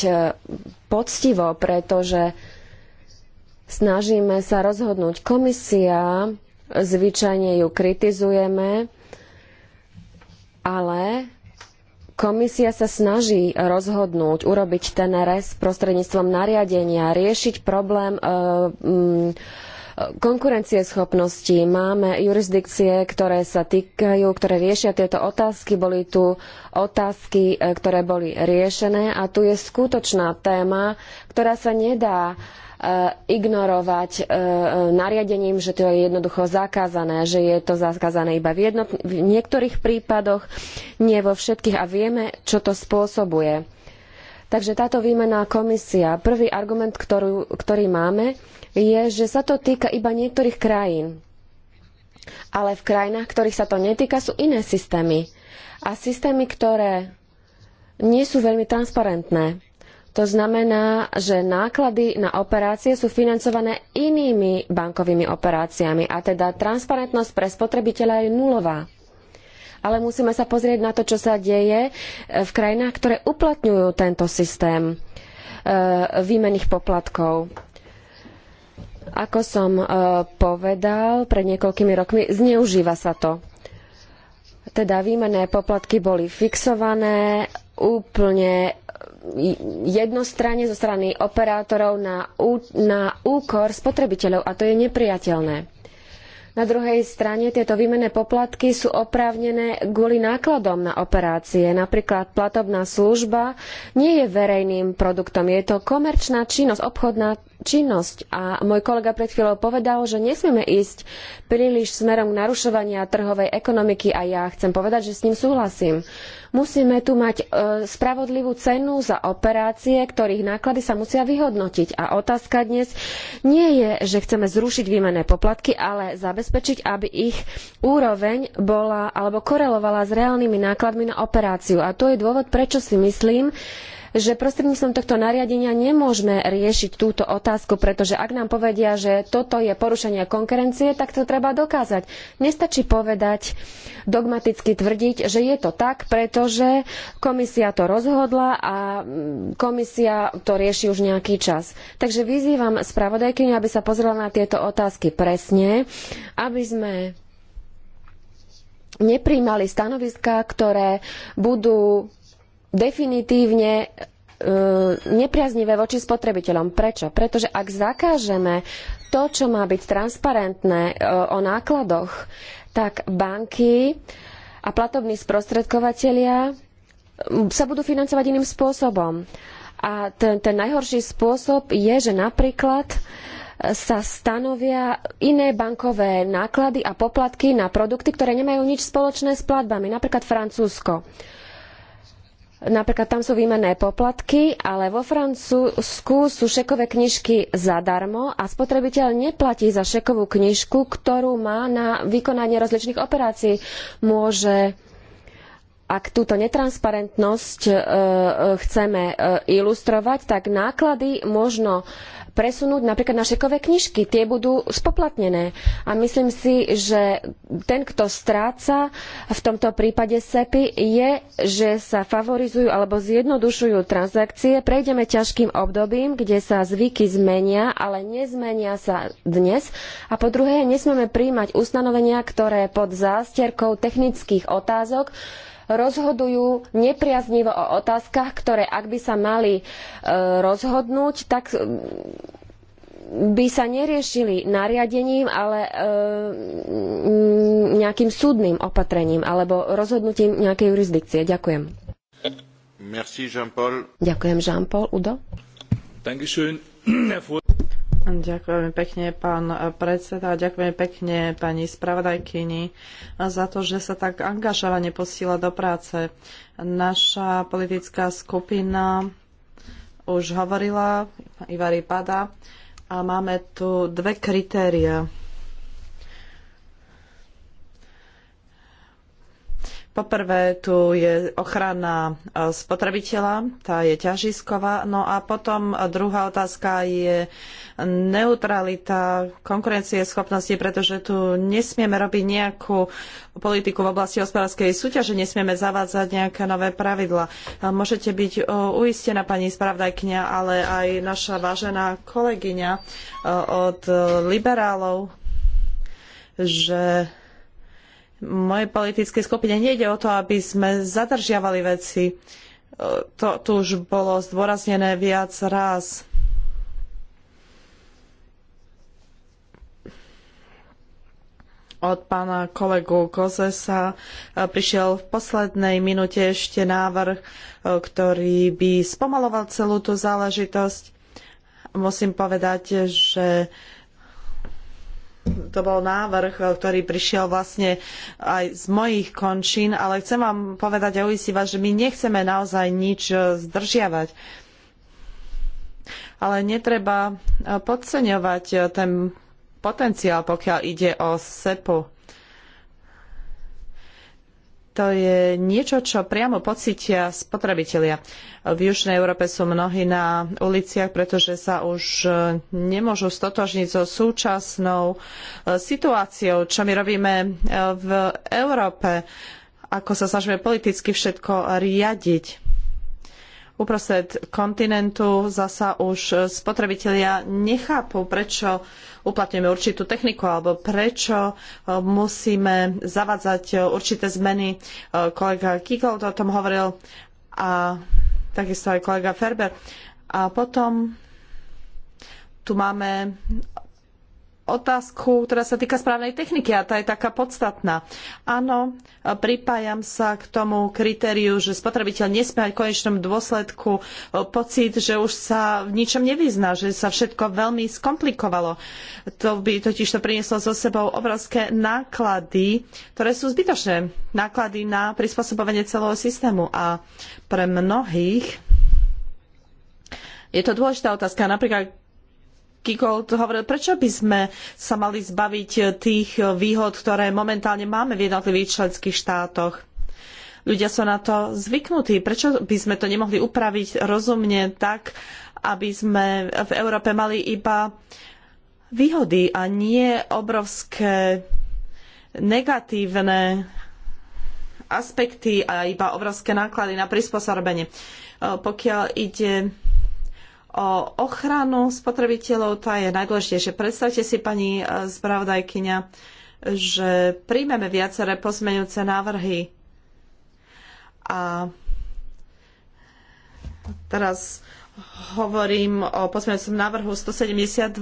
poctivo, pretože snažíme sa rozhodnúť. Komisia, zvyčajne ju kritizujeme, ale Komisia sa snaží rozhodnúť, urobiť ten RES prostredníctvom nariadenia, riešiť problém e, mm, konkurencieschopnosti. Máme jurisdikcie, ktoré sa týkajú, ktoré riešia tieto otázky. Boli tu otázky, e, ktoré boli riešené a tu je skutočná téma, ktorá sa nedá Eh, ignorovať eh, nariadením, že to je jednoducho zakázané, že je to zakázané iba v, jednot- v niektorých prípadoch, nie vo všetkých a vieme, čo to spôsobuje. Takže táto výmená komisia, prvý argument, ktorú, ktorý máme, je, že sa to týka iba niektorých krajín. Ale v krajinách, ktorých sa to netýka, sú iné systémy. A systémy, ktoré nie sú veľmi transparentné. To znamená, že náklady na operácie sú financované inými bankovými operáciami a teda transparentnosť pre spotrebiteľa je nulová. Ale musíme sa pozrieť na to, čo sa deje v krajinách, ktoré uplatňujú tento systém e, výmených poplatkov. Ako som e, povedal pred niekoľkými rokmi, zneužíva sa to. Teda výmené poplatky boli fixované úplne jednostranne zo strany operátorov na, ú, na úkor spotrebiteľov a to je neprijateľné. Na druhej strane tieto výmenné poplatky sú oprávnené kvôli nákladom na operácie. Napríklad platobná služba nie je verejným produktom, je to komerčná činnosť, obchodná činnosť. A môj kolega pred chvíľou povedal, že nesmieme ísť príliš smerom k narušovania trhovej ekonomiky a ja chcem povedať, že s ním súhlasím. Musíme tu mať e, spravodlivú cenu za operácie, ktorých náklady sa musia vyhodnotiť. A otázka dnes nie je, že chceme zrušiť výmenné poplatky, ale zabezpečiť, aby ich úroveň bola alebo korelovala s reálnymi nákladmi na operáciu. A to je dôvod, prečo si myslím, že prostredníctvom tohto nariadenia nemôžeme riešiť túto otázku, pretože ak nám povedia, že toto je porušenie konkurencie, tak to treba dokázať. Nestačí povedať, dogmaticky tvrdiť, že je to tak, pretože komisia to rozhodla a komisia to rieši už nejaký čas. Takže vyzývam spravodajkyňu, aby sa pozrela na tieto otázky presne, aby sme nepríjmali stanoviská, ktoré budú definitívne e, nepriaznivé voči spotrebiteľom. Prečo? Pretože ak zakážeme to, čo má byť transparentné e, o nákladoch, tak banky a platobní sprostredkovateľia sa budú financovať iným spôsobom. A ten, ten najhorší spôsob je, že napríklad e, sa stanovia iné bankové náklady a poplatky na produkty, ktoré nemajú nič spoločné s platbami, napríklad Francúzsko. Uh, Napríklad tam sú výmenné poplatky, ale vo Francúzsku sú šekové knižky zadarmo a spotrebiteľ neplatí za šekovú knižku, ktorú má na vykonanie rozličných operácií. Môže ak túto netransparentnosť e, e chceme e, ilustrovať, tak náklady možno presunúť napríklad na šekové knižky. Tie budú spoplatnené. A myslím si, že ten, kto stráca v tomto prípade SEPI, je, že sa favorizujú alebo zjednodušujú transakcie. Prejdeme ťažkým obdobím, kde sa zvyky zmenia, ale nezmenia sa dnes. A po druhé, nesmieme príjmať ustanovenia, ktoré pod zástierkou technických otázok rozhodujú nepriaznivo o otázkach, ktoré ak by sa mali e, rozhodnúť, tak e, by sa neriešili nariadením, ale e, nejakým súdnym opatrením alebo rozhodnutím nejakej jurisdikcie. Ďakujem. Merci Jean-Paul. Ďakujem Jean-Paul. Udo? Dankeschön. Ďakujem pekne, pán predseda. Ďakujem pekne pani spravodajkyni za to, že sa tak angažovane posiela do práce. Naša politická skupina už hovorila, Ivari Pada, a máme tu dve kritéria Poprvé tu je ochrana e, spotrebiteľa, tá je ťažisková. No a potom e, druhá otázka je neutralita konkurencie schopnosti, pretože tu nesmieme robiť nejakú politiku v oblasti hospodárskej súťaže, nesmieme zavádzať nejaké nové pravidla. E, môžete byť uistená, pani spravdajkňa, ale aj naša vážená kolegyňa od liberálov, že mojej politickej skupine nejde o to, aby sme zadržiavali veci. E, to tu už bolo zdôraznené viac raz. od pána kolegu Gozesa e, prišiel v poslednej minúte ešte návrh, e, ktorý by spomaloval celú tú záležitosť. Musím povedať, že to bol návrh, ktorý prišiel vlastne aj z mojich končín, ale chcem vám povedať a uistiť vás, že my nechceme naozaj nič zdržiavať. Ale netreba podceňovať ten potenciál, pokiaľ ide o SEPu to je niečo, čo priamo pocítia spotrebitelia. V Južnej Európe sú mnohí na uliciach, pretože sa už e, nemôžu stotožniť so súčasnou e, situáciou, čo my robíme e, v Európe, ako sa snažíme politicky všetko riadiť uprostred kontinentu zasa už spotrebitelia nechápu, prečo uplatňujeme určitú techniku alebo prečo eh, musíme zavádzať eh, určité zmeny. Eh, kolega Kikol to o tom hovoril a takisto aj kolega Ferber. A potom tu máme otázku, ktorá sa týka správnej techniky a tá je taká podstatná. Áno, pripájam sa k tomu kritériu, že spotrebiteľ nesmie mať v konečnom dôsledku e, pocit, že už sa v ničom nevyzná, že sa všetko veľmi skomplikovalo. To by totiž to prinieslo so sebou obrovské náklady, ktoré sú zbytočné. Náklady na prispôsobovanie celého systému a pre mnohých je to dôležitá otázka. Napríklad Gigold hovoril, prečo by sme sa mali zbaviť eh, tých eh, výhod, ktoré momentálne máme v jednotlivých členských štátoch. Ľudia sú na to zvyknutí. Prečo by sme to nemohli upraviť rozumne tak, aby sme v Európe mali iba výhody a nie obrovské negatívne aspekty a iba obrovské náklady na prispôsobenie. Eh, pokiaľ ide o ochranu spotrebiteľov, tá je najdôležitejšie. Predstavte si, pani e, spravodajkyňa, že príjmeme viaceré pozmeňujúce návrhy a teraz hovorím o pozmeňujúcom návrhu 172.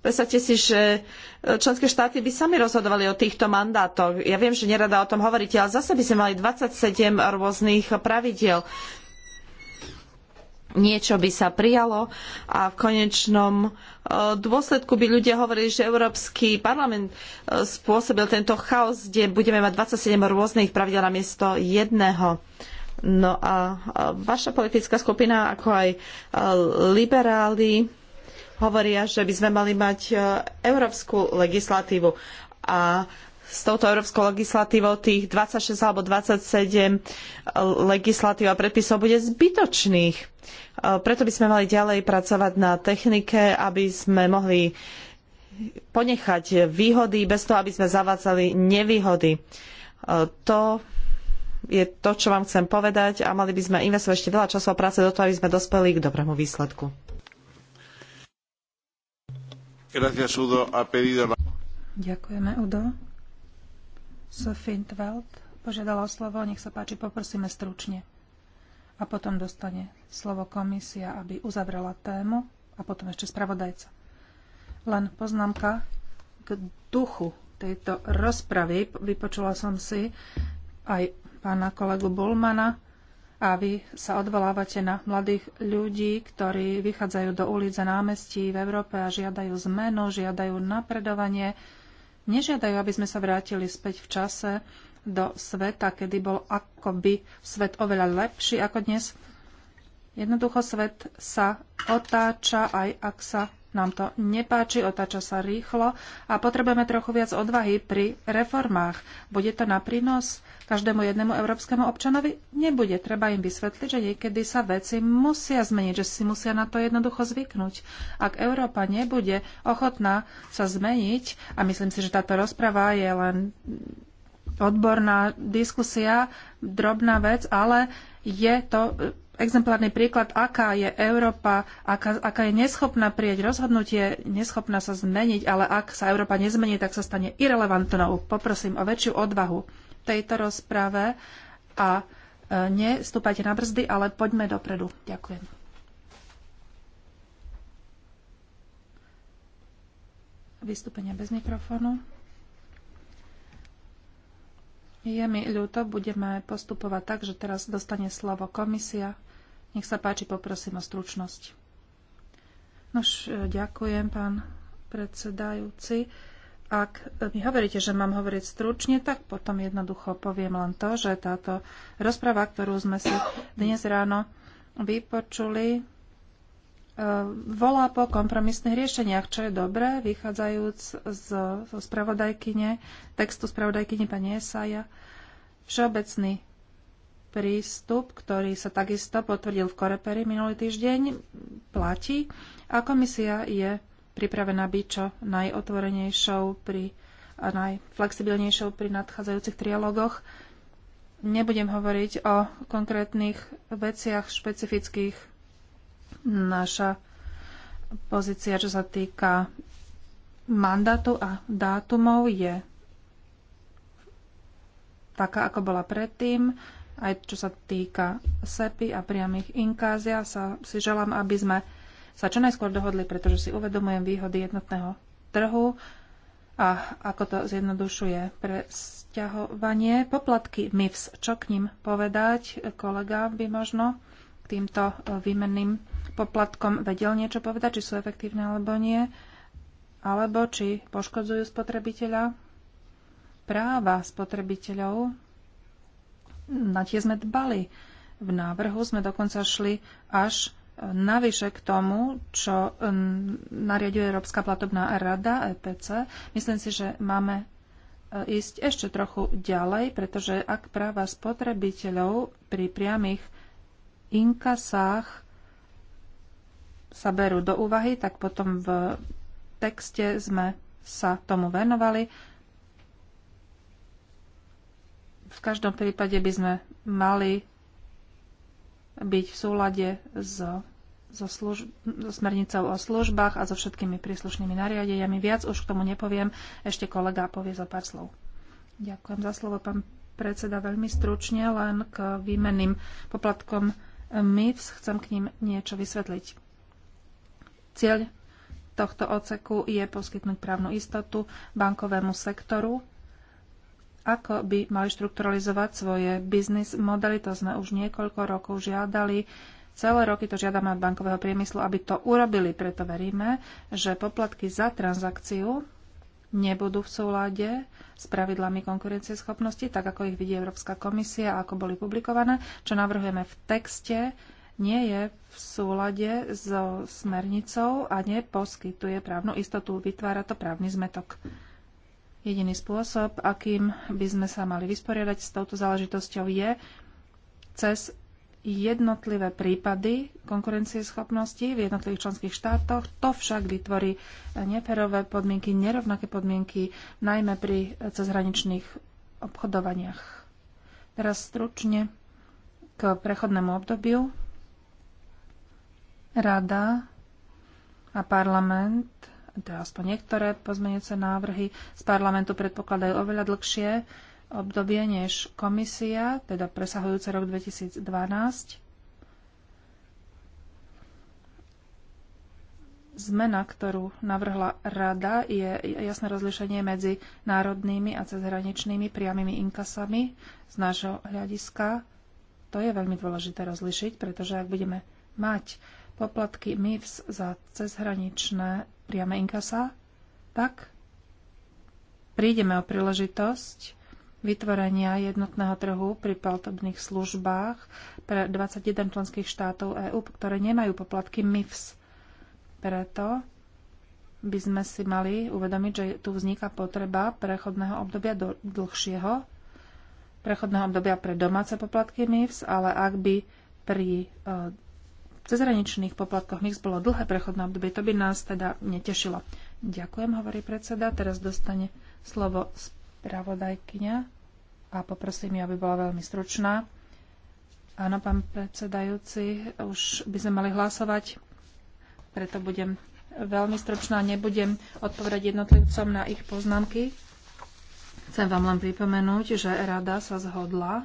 Predstavte si, že e, členské štáty by sami rozhodovali o týchto mandátoch. Ja viem, že nerada o tom hovoríte, ale zase by sme mali 27 rôznych pravidiel niečo by sa prijalo a v konečnom e, dôsledku by ľudia hovorili, že Európsky parlament e, spôsobil tento chaos, kde budeme mať 27 rôznych pravidel na miesto jedného. No a e, vaša politická skupina, ako aj liberáli, hovoria, že by sme mali mať európsku legislatívu. A s touto európskou legislatívou tých 26 alebo 27 legislatív a predpisov bude zbytočných. E, preto by sme mali ďalej pracovať na technike, aby sme mohli ponechať výhody bez toho, aby sme zavádzali nevýhody. E, to je to, čo vám chcem povedať a mali by sme investovať ešte veľa času a práce do toho, aby sme dospeli k dobrému výsledku. Ďakujeme, Udo. Sophie Tveld požiadala o slovo, nech sa páči, poprosíme stručne. A potom dostane slovo komisia, aby uzavrela tému a potom ešte spravodajca. Len poznámka k duchu tejto rozpravy. Vypočula som si aj pána kolegu Bulmana, a vy sa odvolávate na mladých ľudí, ktorí vychádzajú do ulic a námestí v Európe a žiadajú zmenu, žiadajú napredovanie, nežiadajú, aby sme sa vrátili späť v čase do sveta, kedy bol akoby svet oveľa lepší ako dnes. Jednoducho svet sa otáča, aj ak sa nám to nepáči, otáča sa rýchlo a potrebujeme trochu viac odvahy pri reformách. Bude to na prínos každému jednému európskemu občanovi? Nebude. Treba im vysvetliť, že niekedy sa veci musia zmeniť, že si musia na to jednoducho zvyknúť. Ak Európa nebude ochotná sa zmeniť, a myslím si, že táto rozprava je len odborná diskusia, drobná vec, ale je to e, exemplárny príklad, aká je Európa, aká, aká je neschopná prijať rozhodnutie, neschopná sa zmeniť, ale ak sa Európa nezmení, tak sa stane irrelevantnou. Poprosím o väčšiu odvahu tejto rozprave a e, nestúpajte na brzdy, ale poďme dopredu. Ďakujem. Vystúpenie bez mikrofónu. Je mi ľúto, budeme postupovať tak, že teraz dostane slovo komisia. Nech sa páči, poprosím o stručnosť. Nož, e, ďakujem, pán predsedajúci. Ak mi hovoríte, že mám hovoriť stručne, tak potom jednoducho poviem len to, že táto rozpráva, ktorú sme si dnes ráno vypočuli, e, volá po kompromisných riešeniach, čo je dobré, vychádzajúc z, z spravodajkyne, textu spravodajkyne pani Esaja. Všeobecný prístup, ktorý sa takisto potvrdil v Koreperi minulý týždeň, platí a komisia je pripravená byť čo najotvorenejšou pri, a najflexibilnejšou pri nadchádzajúcich trialogoch. Nebudem hovoriť o konkrétnych veciach špecifických. Naša pozícia, čo sa týka mandátu a dátumov, je taká, ako bola predtým. Aj čo sa týka SEPI a priamých inkázia, sa si želám, aby sme sa čo najskôr dohodli, pretože si uvedomujem výhody jednotného trhu a ako to zjednodušuje pre sťahovanie. Poplatky MIFS, čo k ním povedať? Kolega by možno k týmto e, výmenným poplatkom vedel niečo povedať, či sú efektívne alebo nie, alebo či poškodzujú spotrebiteľa, práva spotrebiteľov. Na tie sme dbali. V návrhu sme dokonca šli až Navyše k tomu, čo nariaduje Európska platobná rada EPC, myslím si, že máme e, ísť ešte trochu ďalej, pretože ak práva spotrebiteľov pri priamých inkasách sa berú do úvahy, tak potom v texte sme sa tomu venovali. V každom prípade by sme mali byť v súlade s so, služ- so smernicou o službách a so všetkými príslušnými nariadeniami. Viac už k tomu nepoviem, ešte kolega povie za pár slov. Ďakujem za slovo, pán predseda, veľmi stručne, len k výmenným poplatkom MIFS chcem k ním niečo vysvetliť. Cieľ tohto oceku je poskytnúť právnu istotu bankovému sektoru ako by mali štrukturalizovať svoje biznis modely. To sme už niekoľko rokov žiadali. Celé roky to žiadame od bankového priemyslu, aby to urobili. Preto veríme, že poplatky za transakciu nebudú v súlade s pravidlami konkurencieschopnosti, tak ako ich vidí Európska komisia a ako boli publikované. Čo navrhujeme v texte, nie je v súlade so smernicou a neposkytuje právnu istotu. Vytvára to právny zmetok. Jediný spôsob, akým by sme sa mali vysporiadať s touto záležitosťou, je cez jednotlivé prípady konkurencieschopnosti v jednotlivých členských štátoch. To však vytvorí neferové podmienky, nerovnaké podmienky, najmä pri cezhraničných obchodovaniach. Teraz stručne k prechodnému obdobiu. Rada a parlament teda aspoň niektoré pozmeňujúce návrhy z parlamentu predpokladajú oveľa dlhšie obdobie než komisia, teda presahujúce rok 2012. Zmena, ktorú navrhla rada, je jasné rozlišenie medzi národnými a cezhraničnými priamými inkasami z nášho hľadiska. To je veľmi dôležité rozlišiť, pretože ak budeme mať poplatky MIFS za cezhraničné priame inkasa, tak prídeme o príležitosť vytvorenia jednotného trhu pri platobných službách pre 21 členských štátov EÚ, ktoré nemajú poplatky MIFS. Preto by sme si mali uvedomiť, že tu vzniká potreba prechodného obdobia do dlhšieho, prechodného obdobia pre domáce poplatky MIFS, ale ak by pri eh, cezhraničných poplatkoch MIX bolo dlhé prechodné obdobie. To by nás teda netešilo. Ďakujem, hovorí predseda. Teraz dostane slovo spravodajkňa a poprosím ju, aby bola veľmi stručná. Áno, pán predsedajúci, už by sme mali hlasovať, preto budem veľmi stručná, nebudem odpovedať jednotlivcom na ich poznámky. Chcem vám len pripomenúť, že rada sa zhodla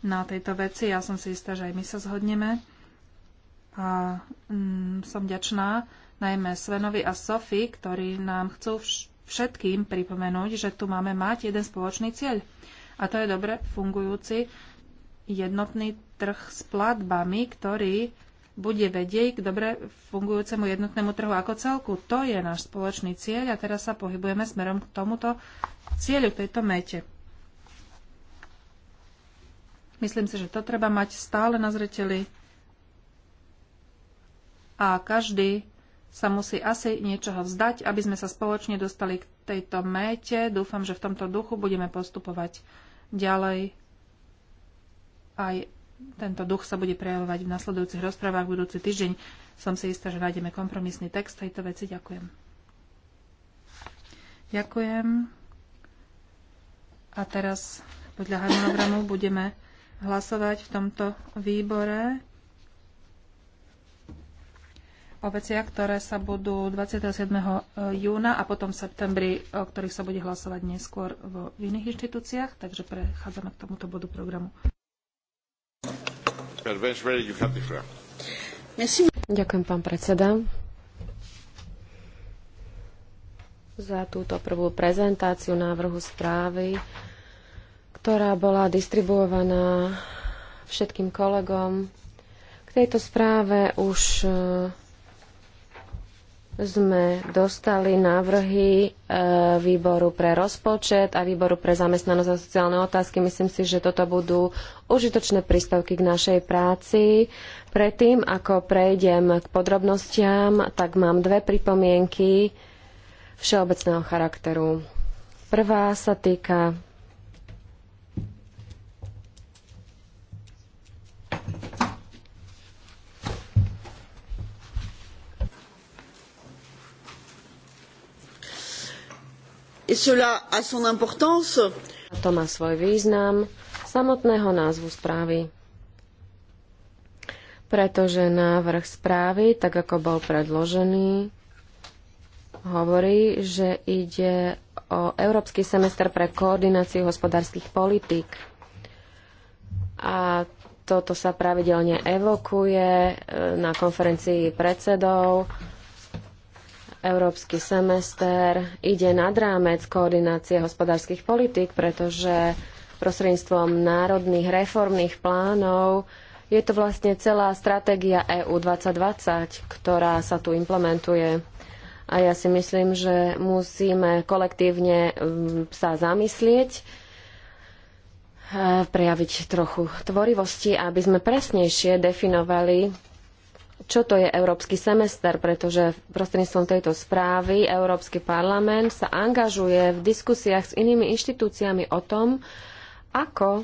na tejto veci. Ja som si istá, že aj my sa zhodneme. A mm, som ďačná najmä Svenovi a Sofi, ktorí nám chcú všetkým pripomenúť, že tu máme mať jeden spoločný cieľ. A to je dobre fungujúci jednotný trh s platbami, ktorý bude vedieť k dobre fungujúcemu jednotnému trhu ako celku. To je náš spoločný cieľ a teraz sa pohybujeme smerom k tomuto cieľu, k tejto mete. Myslím si, že to treba mať stále na zreteli a každý sa musí asi niečoho vzdať, aby sme sa spoločne dostali k tejto méte. Dúfam, že v tomto duchu budeme postupovať ďalej. Aj tento duch sa bude prejavovať v nasledujúcich rozprávach budúci týždeň. Som si istá, že nájdeme kompromisný text tejto veci. Ďakujem. Ďakujem. A teraz podľa harmonogramu budeme hlasovať v tomto výbore o veciach, ktoré sa budú 27. E, júna a potom v septembri, o ktorých sa bude hlasovať neskôr v iných inštitúciách. Takže prechádzame k tomuto bodu programu. Ďakujem, pán predseda, za túto prvú prezentáciu návrhu správy, ktorá bola distribuovaná všetkým kolegom. K tejto správe už e, sme dostali návrhy e, výboru pre rozpočet a výboru pre zamestnanosť a sociálne otázky. Myslím si, že toto budú užitočné príspevky k našej práci. Predtým, ako prejdem k podrobnostiam, tak mám dve pripomienky všeobecného charakteru. Prvá sa týka cela a son importance. To má svoj význam samotného názvu správy. Pretože návrh správy, tak ako bol predložený, hovorí, že ide o Európsky semester pre koordináciu hospodárskych politík. A toto sa pravidelne evokuje e, na konferencii predsedov Európsky semester ide nad rámec koordinácie hospodárskych politík, pretože prostredníctvom národných reformných plánov je to vlastne celá stratégia EU 2020, ktorá sa tu implementuje. A ja si myslím, že musíme kolektívne mm, sa zamyslieť, e, prejaviť trochu tvorivosti, aby sme presnejšie definovali čo to je európsky semester, pretože prostredníctvom tejto správy Európsky parlament sa angažuje v diskusiách s inými inštitúciami o tom, ako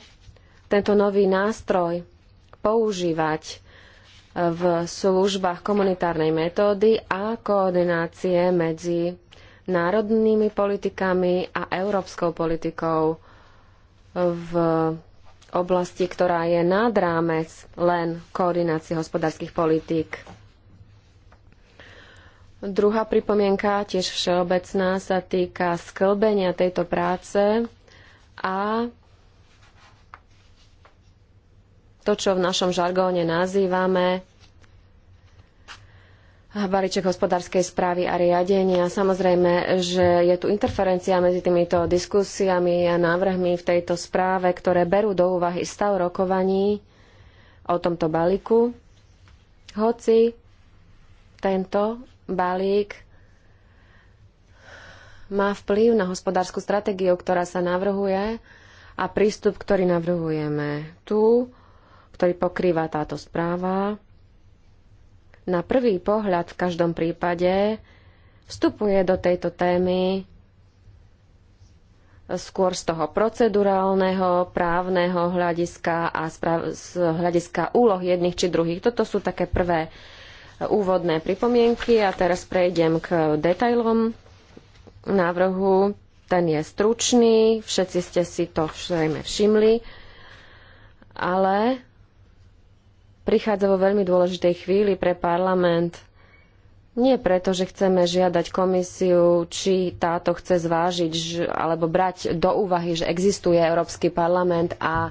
tento nový nástroj používať eh, v službách komunitárnej metódy a koordinácie medzi národnými politikami a európskou politikou v oblasti, ktorá je nad rámec len koordinácie hospodárskych politík. Druhá pripomienka, tiež všeobecná, sa týka sklbenia tejto práce a to, čo v našom žargóne nazývame balíček hospodárskej správy a riadenia. Samozrejme, že je tu interferencia medzi týmito diskusiami a návrhmi v tejto správe, ktoré berú do úvahy stav rokovaní o tomto balíku. Hoci tento balík má vplyv na hospodársku stratégiu, ktorá sa navrhuje a prístup, ktorý navrhujeme tu, ktorý pokrýva táto správa, na prvý pohľad v každom prípade vstupuje do tejto témy skôr z toho procedurálneho, právneho hľadiska a z hľadiska úloh jedných či druhých. Toto sú také prvé e, úvodné pripomienky a teraz prejdem k detailom návrhu. Ten je stručný, všetci ste si to všetko všimli, ale prichádza vo veľmi dôležitej chvíli pre parlament. Nie preto, že chceme žiadať komisiu, či táto chce zvážiť alebo brať do úvahy, že existuje Európsky parlament a e,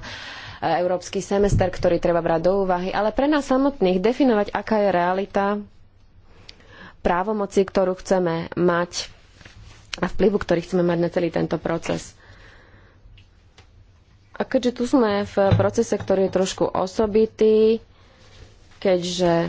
európsky semester, ktorý treba brať do úvahy, ale pre nás samotných definovať, aká je realita právomoci, ktorú chceme mať a vplyvu, ktorý chceme mať na celý tento proces. A keďže tu sme v procese, ktorý je trošku osobitý, keďže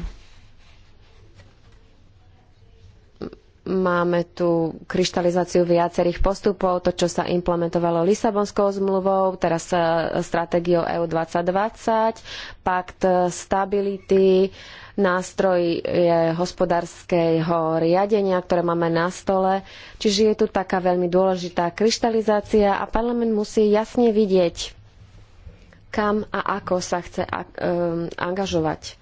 máme tu kryštalizáciu viacerých postupov, to, čo sa implementovalo Lisabonskou zmluvou, teraz e, stratégiou EU 2020, pakt stability, nástroj e, hospodárskeho riadenia, ktoré máme na stole. Čiže je tu taká veľmi dôležitá kryštalizácia a parlament musí jasne vidieť, kam a ako sa chce e, angažovať.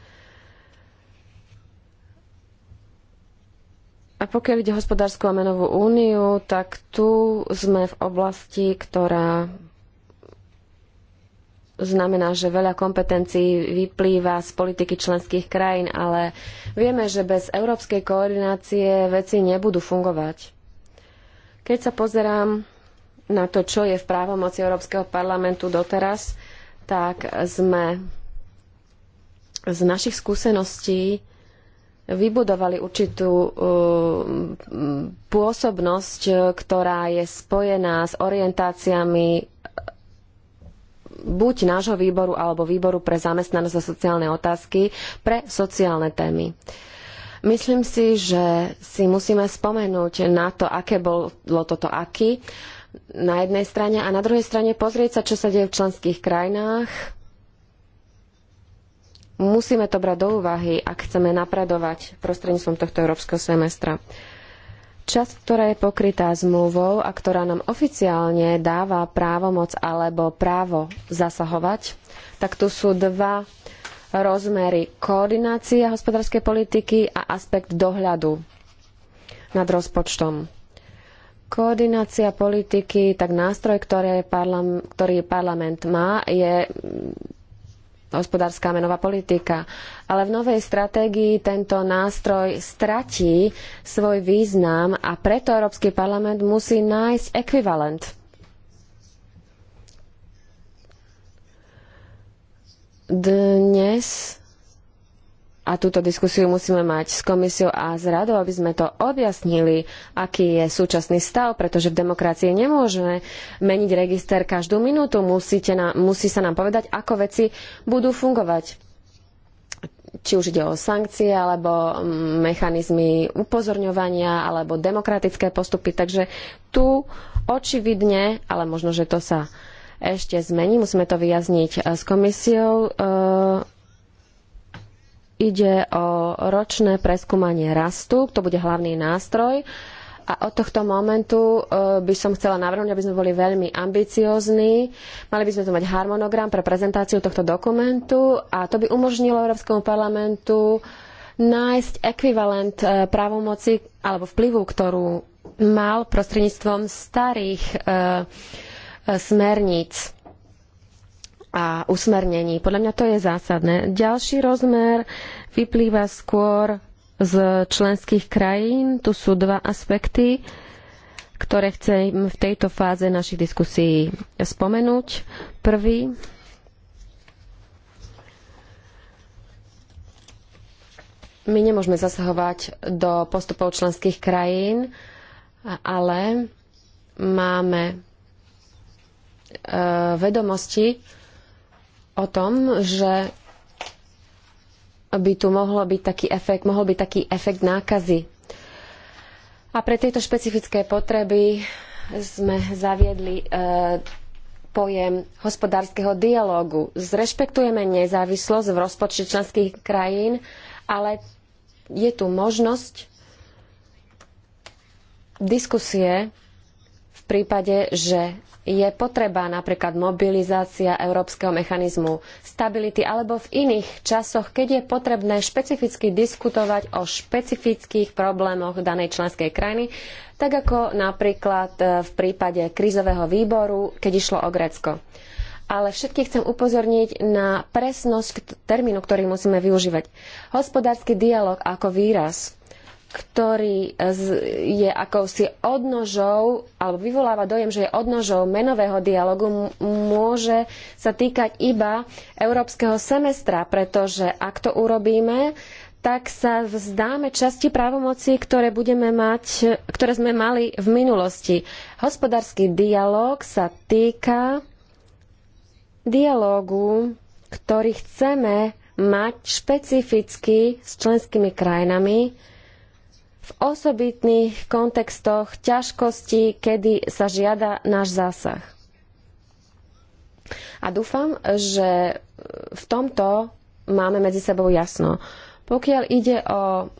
A pokiaľ ide hospodárskú a menovú úniu, tak tu sme v oblasti, ktorá znamená, že veľa kompetencií vyplýva z politiky členských krajín, ale vieme, že bez európskej koordinácie veci nebudú fungovať. Keď sa pozerám na to, čo je v právomoci Európskeho parlamentu doteraz, tak sme z našich skúseností vybudovali určitú eh, pôsobnosť, ktorá je spojená s orientáciami eh, buď nášho výboru alebo výboru pre zamestnanosť a sociálne otázky pre sociálne témy. Myslím si, že si musíme spomenúť na to, aké bolo toto aký na jednej strane a na druhej strane pozrieť sa, čo sa deje v členských krajinách, Musíme to brať do úvahy, ak chceme napredovať prostredníctvom tohto európskeho semestra. Časť, ktorá je pokrytá zmluvou a ktorá nám oficiálne dáva právomoc alebo právo zasahovať, tak tu sú dva rozmery koordinácia hospodárskej politiky a aspekt dohľadu nad rozpočtom. Koordinácia politiky, tak nástroj, ktorý parlament má, je hospodárska menová politika. Ale v novej stratégii tento nástroj stratí svoj význam a preto Európsky parlament musí nájsť ekvivalent. Dnes a túto diskusiu musíme mať s komisiou a s radou, aby sme to objasnili, aký je súčasný stav, pretože v demokracii nemôžeme meniť register každú minútu. Na, musí sa nám povedať, ako veci budú fungovať. Či už ide o sankcie, alebo mechanizmy upozorňovania, alebo demokratické postupy. Takže tu očividne, ale možno, že to sa ešte zmení, musíme to vyjasniť e, s komisiou. E Ide o ročné preskúmanie rastu, to bude hlavný nástroj. A od tohto momentu e, by som chcela navrhnúť, aby sme boli veľmi ambiciózni. Mali by sme tu mať harmonogram pre prezentáciu tohto dokumentu a to by umožnilo Európskemu parlamentu nájsť ekvivalent e, právomoci alebo vplyvu, ktorú mal prostredníctvom starých e, smerníc a usmernení. Podľa mňa to je zásadné. Ďalší rozmer vyplýva skôr z členských krajín. Tu sú dva aspekty, ktoré chcem v tejto fáze našich diskusí spomenúť. Prvý My nemôžeme zasahovať do postupov členských krajín, ale máme e, vedomosti, o tom, že by tu mohlo byť taký efekt, mohol byť taký efekt nákazy. A pre tieto špecifické potreby sme zaviedli e, pojem hospodárskeho dialógu. Zrešpektujeme nezávislosť v rozpočte členských krajín, ale je tu možnosť diskusie v prípade, že je potreba napríklad mobilizácia európskeho mechanizmu stability alebo v iných časoch, keď je potrebné špecificky diskutovať o špecifických problémoch danej členskej krajiny, tak ako napríklad e, v prípade krízového výboru, keď išlo o Grécko. Ale všetkých chcem upozorniť na presnosť termínu, ktorý musíme využívať. Hospodársky dialog ako výraz ktorý e, je akousi odnožou, alebo vyvoláva dojem, že je odnožou menového dialogu, môže sa týkať iba európskeho semestra, pretože ak to urobíme, tak sa vzdáme časti právomoci, ktoré, budeme mať, ktoré sme mali v minulosti. Hospodársky dialog sa týka dialógu, ktorý chceme mať špecificky s členskými krajinami, osobitných kontextoch ťažkostí, kedy sa žiada náš zásah. A dúfam, že v tomto máme medzi sebou jasno. Pokiaľ ide o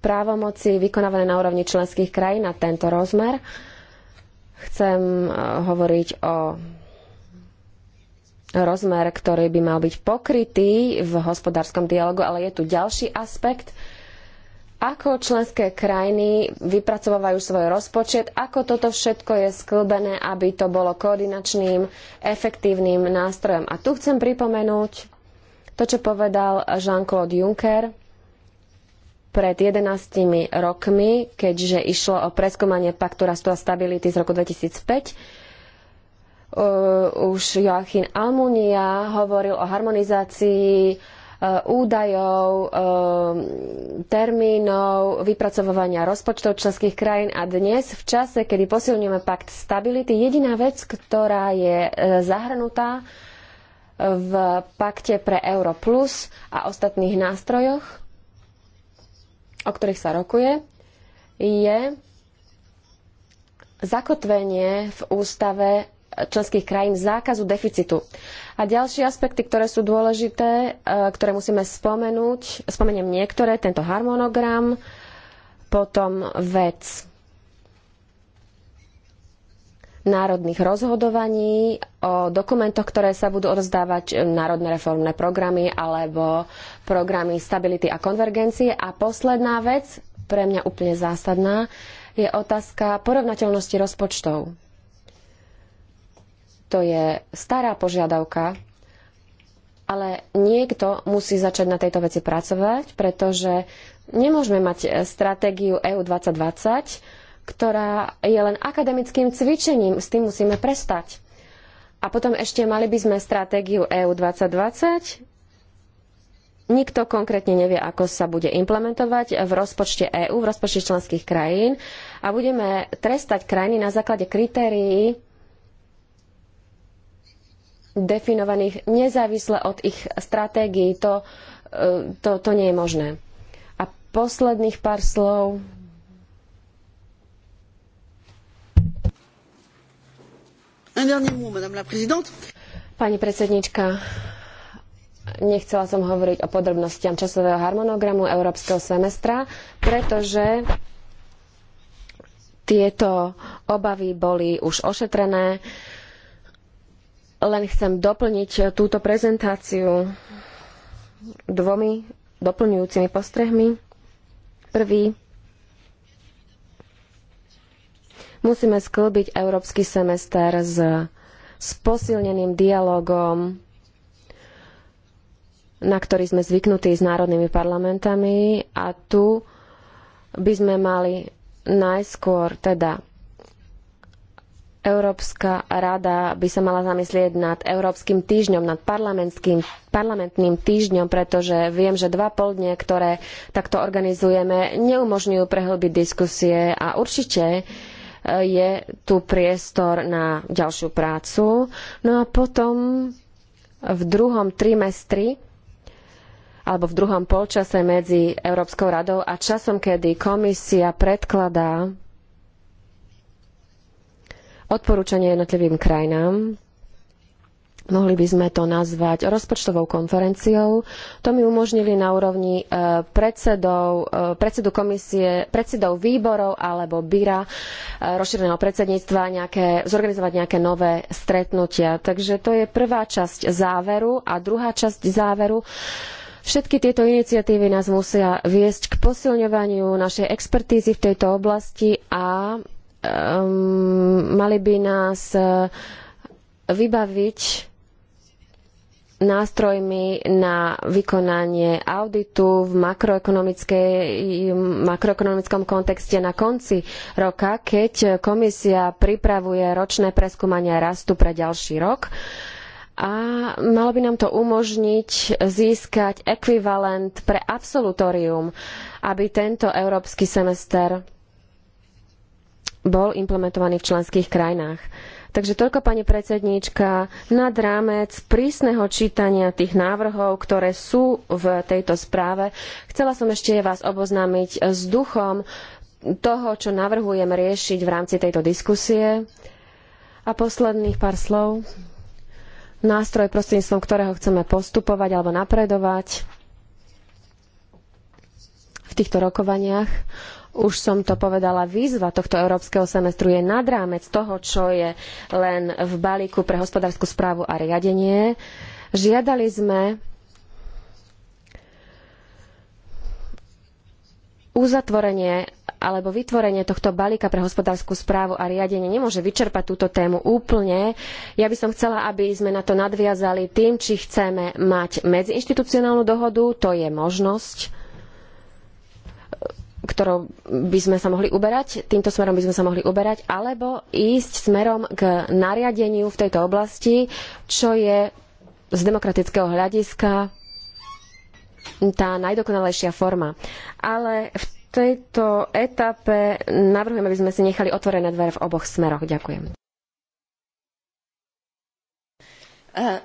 právomoci vykonávané na úrovni členských krajín na tento rozmer, chcem e, hovoriť o rozmer, ktorý by mal byť pokrytý v hospodárskom dialogu, ale je tu ďalší aspekt, ako členské krajiny vypracovávajú svoj rozpočet, ako toto všetko je sklbené, aby to bolo koordinačným, efektívnym nástrojom. A tu chcem pripomenúť to, čo povedal Jean-Claude Juncker pred 11 rokmi, keďže išlo o preskúmanie paktu rastu a stability z roku 2005, už Joachim Almunia hovoril o harmonizácii Eh, údajov, eh, termínov, vypracovania rozpočtov členských krajín a dnes v čase, kedy posilňujeme pakt stability, jediná vec, ktorá je eh, zahrnutá v pakte pre Euro plus a ostatných nástrojoch, o ktorých sa rokuje, je zakotvenie v ústave členských krajín zákazu deficitu. A ďalšie aspekty, ktoré sú dôležité, e, ktoré musíme spomenúť, spomeniem niektoré, tento harmonogram, potom vec národných rozhodovaní o dokumentoch, ktoré sa budú odzdávať e, národné reformné programy alebo programy stability a konvergencie. A posledná vec, pre mňa úplne zásadná, je otázka porovnateľnosti rozpočtov. To je stará požiadavka, ale niekto musí začať na tejto veci pracovať, pretože nemôžeme mať stratégiu EU 2020, ktorá je len akademickým cvičením. S tým musíme prestať. A potom ešte mali by sme stratégiu EU 2020. Nikto konkrétne nevie, ako sa bude implementovať v rozpočte EÚ, v rozpočte členských krajín a budeme trestať krajiny na základe kritérií, definovaných nezávisle od ich stratégií. To, e, to, to nie je možné. A posledných pár slov. Pani predsednička, nechcela som hovoriť o podrobnostiam časového harmonogramu európskeho semestra, pretože tieto obavy boli už ošetrené. Uh, len chcem doplniť e, túto prezentáciu dvomi doplňujúcimi postrehmi. Prvý. Musíme sklbiť európsky semester s, s posilneným dialogom, na ktorý sme zvyknutí s národnými parlamentami a tu by sme mali najskôr teda Európska rada by sa mala zamyslieť nad Európskym týždňom, nad parlamentným týždňom, pretože viem, že dva dne, ktoré takto organizujeme, neumožňujú prehlbiť diskusie a určite eh, je tu priestor na ďalšiu prácu. No a potom v druhom trimestri alebo v druhom polčase medzi Európskou radou a časom, kedy komisia predkladá odporúčania jednotlivým krajinám. Mohli by sme to nazvať rozpočtovou konferenciou. To mi umožnili na úrovni e, predsedov, e, predsedu komisie, predsedov výborov alebo byra e, rozšíreného predsedníctva nejaké, zorganizovať nejaké nové stretnutia. Takže to je prvá časť záveru a druhá časť záveru Všetky tieto iniciatívy nás musia viesť k posilňovaniu našej expertízy v tejto oblasti a Ehm, mali by nás e, vybaviť nástrojmi na vykonanie auditu v makroekonomickom kontexte na konci roka, keď komisia pripravuje ročné preskúmanie rastu pre ďalší rok. A malo by nám to umožniť získať ekvivalent pre absolutórium, aby tento európsky semester bol implementovaný v členských krajinách. Takže toľko, pani predsedníčka, nad rámec prísneho čítania tých návrhov, ktoré sú v tejto správe. Chcela som ešte vás oboznámiť s duchom toho, čo navrhujem riešiť v rámci tejto diskusie. A posledných pár slov. Nástroj, prostredníctvom ktorého chceme postupovať alebo napredovať v týchto rokovaniach už som to povedala, výzva tohto európskeho semestru je nad rámec toho, čo je len v balíku pre hospodárskú správu a riadenie. Žiadali sme uzatvorenie alebo vytvorenie tohto balíka pre hospodárskú správu a riadenie nemôže vyčerpať túto tému úplne. Ja by som chcela, aby sme na to nadviazali tým, či chceme mať medziinštitucionálnu dohodu, to je možnosť ktorou by sme sa mohli uberať, týmto smerom by sme sa mohli uberať, alebo ísť smerom k nariadeniu v tejto oblasti, čo je z demokratického hľadiska tá najdokonalejšia forma. Ale v tejto etape navrhujem, aby sme si nechali otvorené dvere v oboch smeroch. Ďakujem. Uh,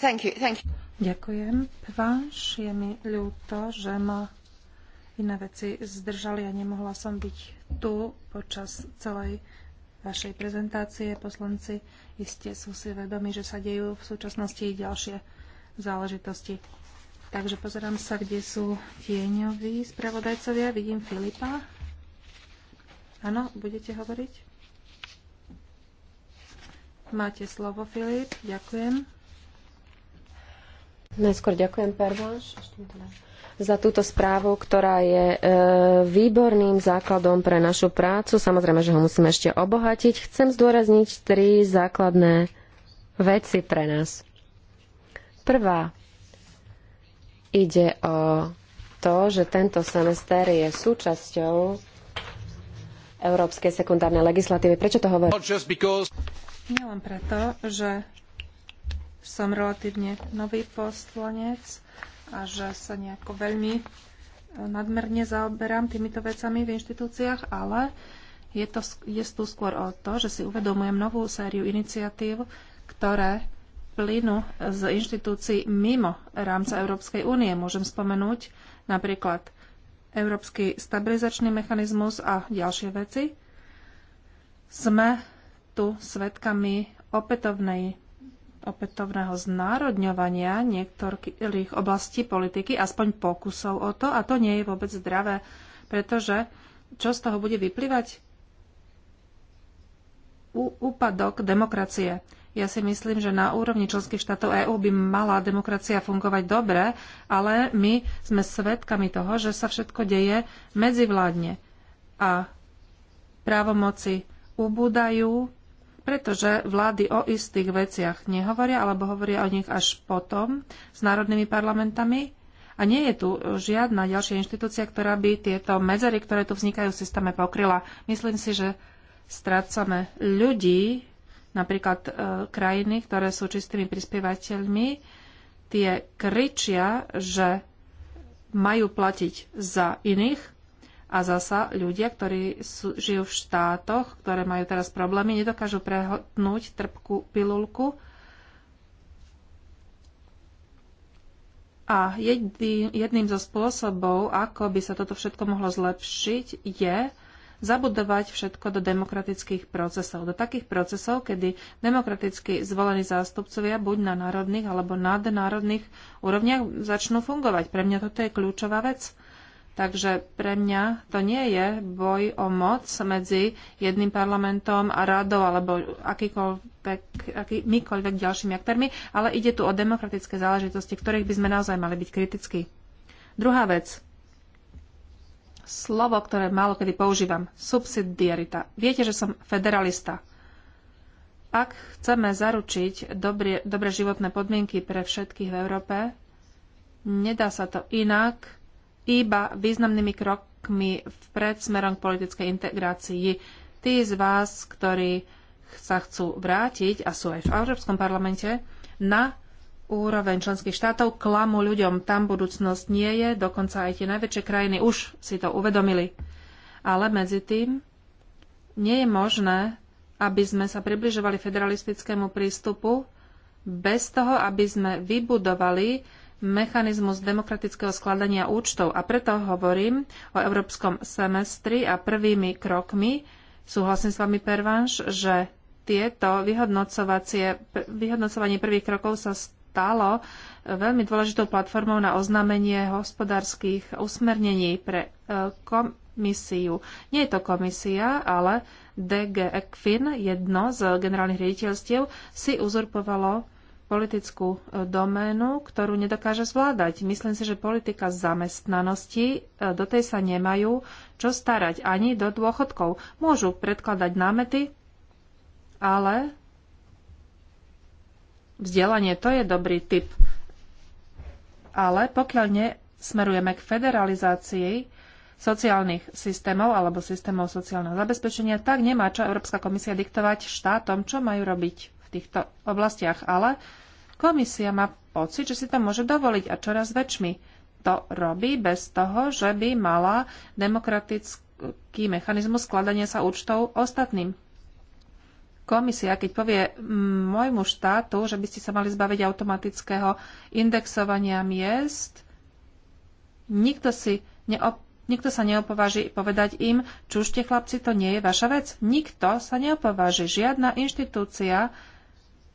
thank you, thank you. Ďakujem. Váš je mi ľúto, že ma iné veci zdržali a nemohla som byť tu počas celej vašej prezentácie. Poslanci iste sú si vedomi, že sa dejú v súčasnosti i ďalšie záležitosti. Takže pozerám sa, kde sú tieňoví spravodajcovia. Vidím Filipa. Áno, budete hovoriť? Máte slovo, Filip. Ďakujem. Najskôr ďakujem, Perváš. Ešte mi to dá za túto správu, ktorá je e, výborným základom pre našu prácu. Samozrejme, že ho musíme ešte obohatiť. Chcem zdôrazniť tri základné veci pre nás. Prvá ide o to, že tento semester je súčasťou európskej sekundárnej legislatívy. Prečo to hovorím? len preto, že som relatívne nový poslanec, a že sa nejako veľmi e, nadmerne zaoberám týmito vecami v inštitúciách, ale je, to, je tu skôr o to, že si uvedomujem novú sériu iniciatív, ktoré plynú z inštitúcií mimo rámca Európskej únie. Môžem spomenúť napríklad Európsky stabilizačný mechanizmus a ďalšie veci. Sme tu svedkami opätovnej opätovného znárodňovania niektorých oblastí politiky, aspoň pokusov o to, a to nie je vôbec zdravé, pretože čo z toho bude vyplývať? U, úpadok demokracie. Ja si myslím, že na úrovni členských štátov EÚ by mala demokracia fungovať dobre, ale my sme svedkami toho, že sa všetko deje medzivládne a právomoci ubúdajú, pretože vlády o istých veciach nehovoria alebo hovoria o nich až potom s národnými parlamentami. A nie je tu žiadna ďalšia inštitúcia, ktorá by tieto medzery, ktoré tu vznikajú v systéme, pokryla. Myslím si, že strácame ľudí, napríklad e, krajiny, ktoré sú čistými prispievateľmi, tie kričia, že majú platiť za iných, a zasa ľudia, ktorí sú, žijú v štátoch, ktoré majú teraz problémy, nedokážu prehotnúť trpkú pilulku. A jedný, jedným zo spôsobov, ako by sa toto všetko mohlo zlepšiť, je zabudovať všetko do demokratických procesov. Do takých procesov, kedy demokraticky zvolení zástupcovia buď na národných alebo nadnárodných úrovniach začnú fungovať. Pre mňa toto je kľúčová vec Takže pre mňa to nie je boj o moc medzi jedným parlamentom a radou alebo akýmikoľvek ďalšími aktérmi, ale ide tu o demokratické záležitosti, ktorých by sme naozaj mali byť kritickí. Druhá vec. Slovo, ktoré málo kedy používam. Subsidiarita. Viete, že som federalista. Ak chceme zaručiť dobré dobré životné podmienky pre všetkých v Európe, nedá sa to inak, iba významnými krokmi vpred smerom k politickej integrácii. Tí z vás, ktorí sa chcú vrátiť a sú aj v Európskom parlamente, na úroveň členských štátov klamu ľuďom. Tam budúcnosť nie je, dokonca aj tie najväčšie krajiny už si to uvedomili. Ale medzi tým nie je možné, aby sme sa približovali federalistickému prístupu bez toho, aby sme vybudovali mechanizmus demokratického skladania účtov. A preto hovorím o európskom semestri a prvými krokmi, súhlasím s vami, Pervanš, že tieto vyhodnocovanie prvých krokov sa stalo e, veľmi dôležitou platformou na oznámenie hospodárskych usmernení pre e, komisiu. Nie je to komisia, ale DG ECFIN, jedno z generálnych riaditeľstiev, si uzurpovalo politickú e, doménu, ktorú nedokáže zvládať. Myslím si, že politika zamestnanosti, e, do tej sa nemajú čo starať ani do dôchodkov. Môžu predkladať námety, ale vzdelanie to je dobrý typ. Ale pokiaľ nesmerujeme k federalizácii sociálnych systémov alebo systémov sociálneho zabezpečenia, tak nemá čo Európska komisia diktovať štátom, čo majú robiť v týchto oblastiach. Ale Komisia má pocit, že si to môže dovoliť a čoraz väčšmi. To robí bez toho, že by mala demokratický mechanizmus skladania sa účtov ostatným. Komisia, keď povie mm, môjmu štátu, že by ste sa mali zbaviť automatického indexovania miest, nikto, si neop- nikto sa neopováži povedať im, čužte chlapci, to nie je vaša vec. Nikto sa neopováži. Žiadna inštitúcia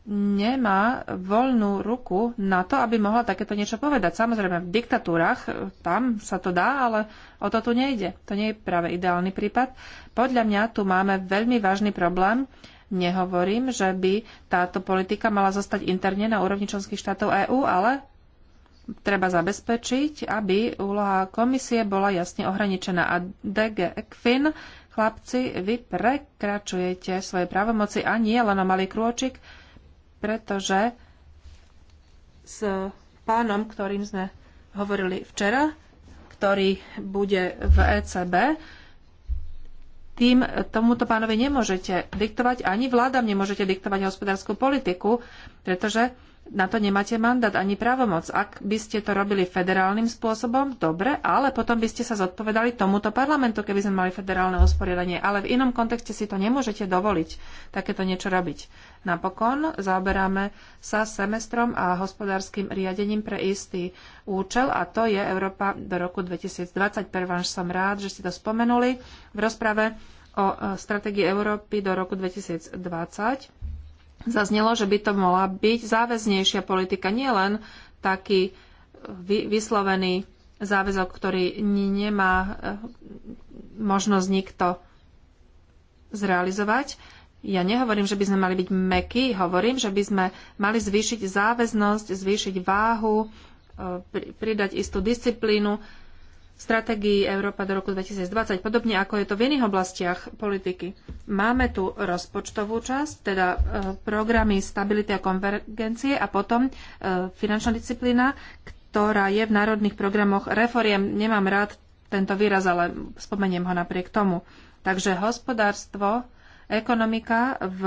nemá voľnú ruku na to, aby mohla takéto niečo povedať. Samozrejme, v diktatúrach e, tam sa to dá, ale o to tu nejde. To nie je práve ideálny prípad. Podľa mňa tu máme veľmi vážny problém. Nehovorím, že by táto politika mala zostať interne na úrovni členských štátov EÚ, ale treba zabezpečiť, aby úloha komisie bola jasne ohraničená. A DG ECFIN, chlapci, vy prekračujete svoje právomoci a nie len o malý krôčik, pretože s pánom, ktorým sme hovorili včera, ktorý bude v ECB, tým tomuto pánovi nemôžete diktovať, ani vládam nemôžete diktovať hospodárskú politiku, pretože na to nemáte mandát ani právomoc. Ak by ste to robili federálnym spôsobom, dobre, ale potom by ste sa zodpovedali tomuto parlamentu, keby sme mali federálne usporiadanie. Ale v inom kontexte si to nemôžete dovoliť, takéto niečo robiť. Napokon zaoberáme sa semestrom a hospodárskym riadením pre istý účel a to je Európa do roku 2020. Prvánž som rád, že ste to spomenuli v rozprave o e, stratégii Európy do roku 2020 zaznelo, že by to mohla byť záväznejšia politika, nielen len taký e, vyslovený záväzok, ktorý nemá e, možnosť nikto zrealizovať. Ja nehovorím, že by sme mali byť meky, hovorím, že by sme mali zvýšiť záväznosť, zvýšiť váhu, e, pridať istú disciplínu stratégii Európa do roku 2020, podobne ako je to v iných oblastiach politiky. Máme tu rozpočtovú časť, teda e, programy stability a konvergencie a potom e, finančná disciplína, ktorá je v národných programoch reforiem. Nemám rád tento výraz, ale spomeniem ho napriek tomu. Takže hospodárstvo, ekonomika v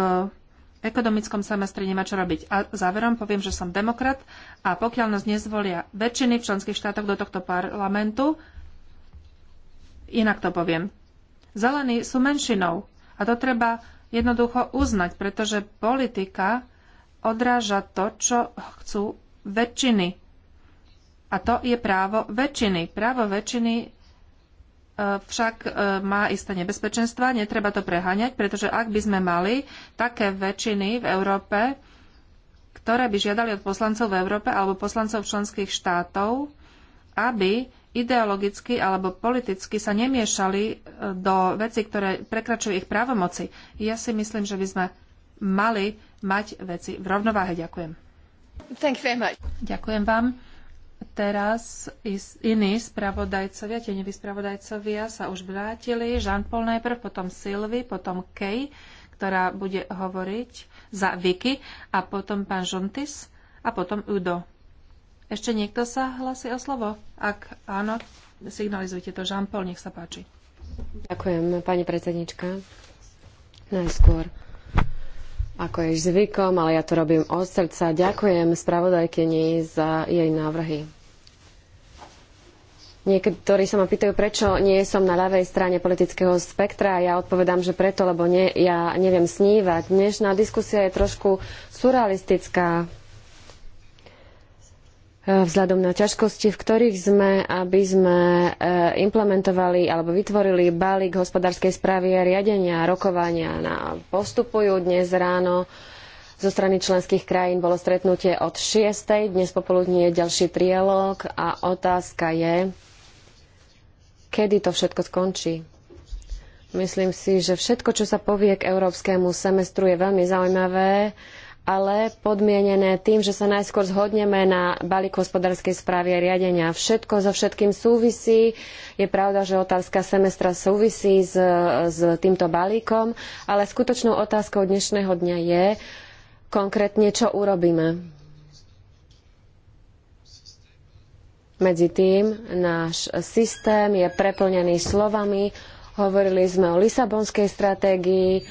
ekonomickom semestri nemá čo robiť. A záverom poviem, že som demokrat a pokiaľ nás nezvolia väčšiny v členských štátoch do tohto parlamentu, Inak to poviem. Zelení sú menšinou a to treba jednoducho uznať, pretože politika odráža to, čo chcú väčšiny. A to je právo väčšiny. Právo väčšiny e, však e, má isté nebezpečenstva, netreba to preháňať, pretože ak by sme mali také väčšiny v Európe, ktoré by žiadali od poslancov v Európe alebo poslancov členských štátov, aby ideologicky alebo politicky sa nemiešali e, do veci, ktoré prekračujú ich právomoci. Ja si myslím, že by sme mali mať veci v rovnováhe. Ďakujem. Thank you very much. Ďakujem vám. Teraz iní spravodajcovia, tieňoví spravodajcovia sa už vrátili. Jean-Paul najprv, potom Sylvie, potom Kay, ktorá bude hovoriť za Vicky a potom pán Žontis a potom Udo. Ešte niekto sa hlasí o slovo? Ak áno, signalizujte to. Jean-Paul, nech sa páči. Ďakujem, pani predsednička. Najskôr ako je zvykom, ale ja to robím od srdca. Ďakujem spravodajkyni za jej návrhy. Niektorí sa ma pýtajú, prečo nie som na ľavej strane politického spektra a ja odpovedám, že preto, lebo nie, ja neviem snívať. Dnešná diskusia je trošku surrealistická vzhľadom na ťažkosti, v ktorých sme, aby sme e, implementovali alebo vytvorili balík hospodárskej správy a riadenia a rokovania na postupujú dnes ráno. Zo strany členských krajín bolo stretnutie od 6. Dnes popoludní je ďalší trialóg a otázka je, kedy to všetko skončí. Myslím si, že všetko, čo sa povie k európskemu semestru, je veľmi zaujímavé ale podmienené tým, že sa najskôr zhodneme na balík hospodárskej správy a riadenia. Všetko so všetkým súvisí. Je pravda, že otázka semestra súvisí s, s týmto balíkom, ale skutočnou otázkou dnešného dňa je konkrétne, čo urobíme. Medzi tým náš systém je preplnený slovami. Hovorili sme o Lisabonskej stratégii,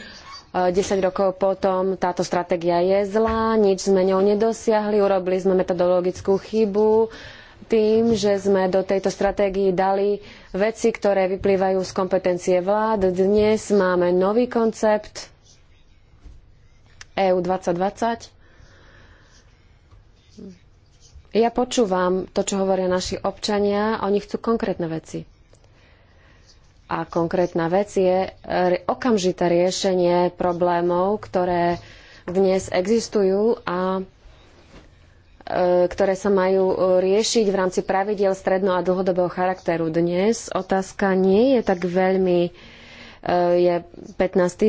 10 eh, rokov potom táto stratégia je zlá, nič sme ňou nedosiahli, urobili sme metodologickú chybu tým, že sme do tejto stratégii dali veci, ktoré vyplývajú z kompetencie vlád. Dnes máme nový koncept EU 2020. Ja počúvam to, čo hovoria naši občania, oni chcú konkrétne veci. A konkrétna vec je okamžité riešenie problémov, ktoré dnes existujú a e, ktoré sa majú e, riešiť v rámci pravidiel stredno- a dlhodobého charakteru. Dnes otázka nie je tak veľmi e, je 15.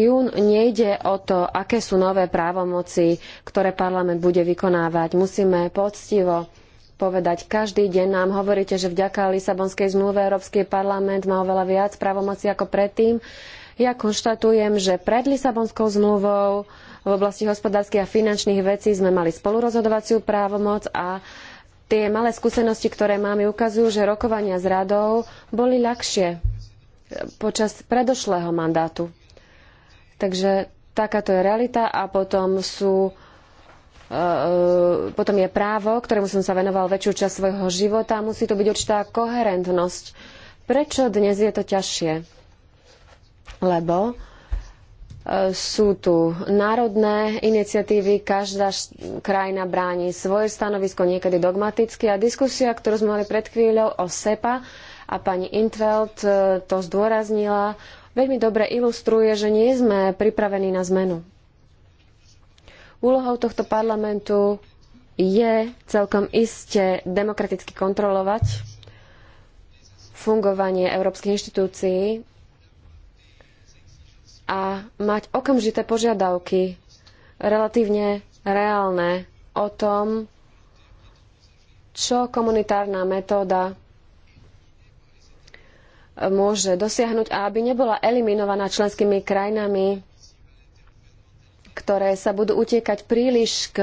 jún. Nejde o to, aké sú nové právomoci, ktoré parlament bude vykonávať. Musíme poctivo povedať. Každý deň nám hovoríte, že vďaka Lisabonskej zmluve Európsky parlament má oveľa viac právomoci ako predtým. Ja konštatujem, že pred Lisabonskou zmluvou v oblasti hospodárskych a finančných vecí sme mali spolurozhodovaciu právomoc a tie malé skúsenosti, ktoré máme, ukazujú, že rokovania s radou boli ľahšie počas predošlého mandátu. Takže takáto je realita a potom sú E, e, potom je právo, ktorému som sa venoval väčšiu časť svojho života. Musí to byť určitá koherentnosť. Prečo dnes je to ťažšie? Lebo e, sú tu národné iniciatívy, každá krajina bráni svoje stanovisko, niekedy dogmaticky a diskusia, ktorú sme mali pred chvíľou o SEPA a pani Intveld to zdôraznila, veľmi dobre ilustruje, že nie sme pripravení na zmenu. Úlohou tohto parlamentu je celkom iste demokraticky kontrolovať fungovanie európskych inštitúcií a mať okamžité požiadavky, relatívne reálne, o tom, čo komunitárna metóda môže dosiahnuť a aby nebola eliminovaná členskými krajinami ktoré sa budú utiekať príliš k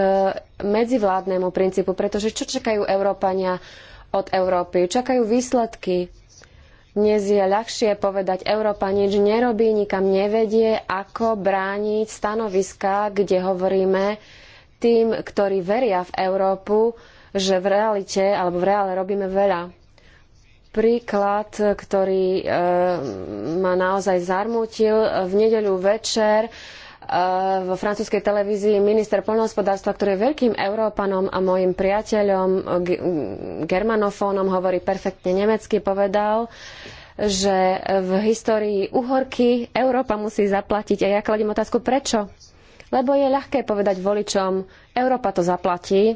medzivládnemu princípu, pretože čo čakajú Európania od Európy? Čakajú výsledky. Dnes je ľahšie povedať, Európa nič nerobí, nikam nevedie, ako brániť stanoviska, kde hovoríme tým, ktorí veria v Európu, že v realite alebo v reále robíme veľa. Príklad, ktorý e, ma naozaj zarmútil, v nedeľu večer e, Eh, vo francúzskej televízii minister poľnohospodárstva, ktorý je veľkým Európanom a môjim priateľom, eh, mm, germanofónom, hovorí perfektne nemecky, povedal, že v histórii uhorky Európa musí zaplatiť. A ja kladím otázku, prečo? Lebo je ľahké povedať voličom, Európa to zaplatí,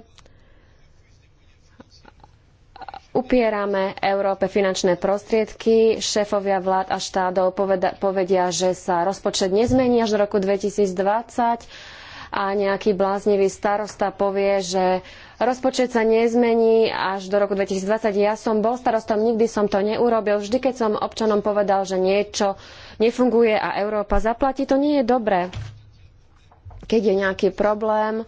upierame Európe finančné prostriedky. Šéfovia vlád a štátov poveda, povedia, že sa rozpočet nezmení až do roku 2020 a nejaký bláznivý starosta povie, že rozpočet sa nezmení až do roku 2020. Ja som bol starostom, nikdy som to neurobil. Vždy, keď som občanom povedal, že niečo nefunguje a Európa zaplatí, to nie je dobré. Keď je nejaký problém,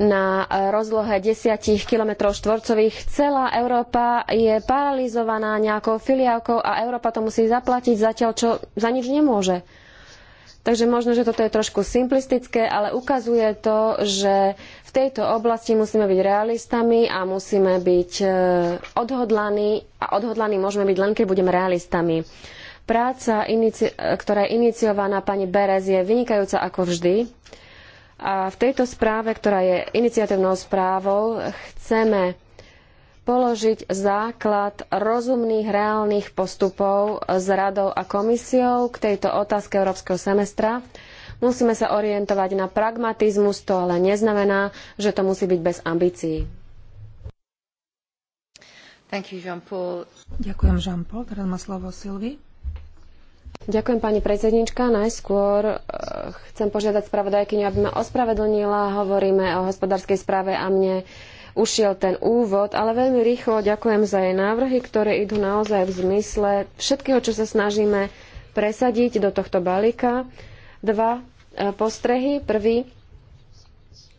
na rozlohe desiatich kilometrov štvorcových. Celá Európa je paralizovaná nejakou filiálkou a Európa to musí zaplatiť zatiaľ, čo za nič nemôže. Takže možno, že toto je trošku simplistické, ale ukazuje to, že v tejto oblasti musíme byť realistami a musíme byť e, odhodlaní a odhodlaní môžeme byť len, keď budeme realistami. Práca, ktorá je iniciovaná pani Berez, je vynikajúca ako vždy. A v tejto správe, ktorá je iniciatívnou správou, chceme položiť základ rozumných, reálnych postupov s radou a komisiou k tejto otázke európskeho semestra. Musíme sa orientovať na pragmatizmus, to ale neznamená, že to musí byť bez ambícií. Ďakujem, Jean-Paul. Teraz má slovo Sylvie. Ďakujem pani predsednička. Najskôr e, chcem požiadať spravodajkyňu, aby ma ospravedlnila. Hovoríme o hospodárskej správe a mne ušiel ten úvod, ale veľmi rýchlo ďakujem za jej návrhy, ktoré idú naozaj v zmysle všetkého, čo sa snažíme presadiť do tohto balíka. Dva e, postrehy. Prvý,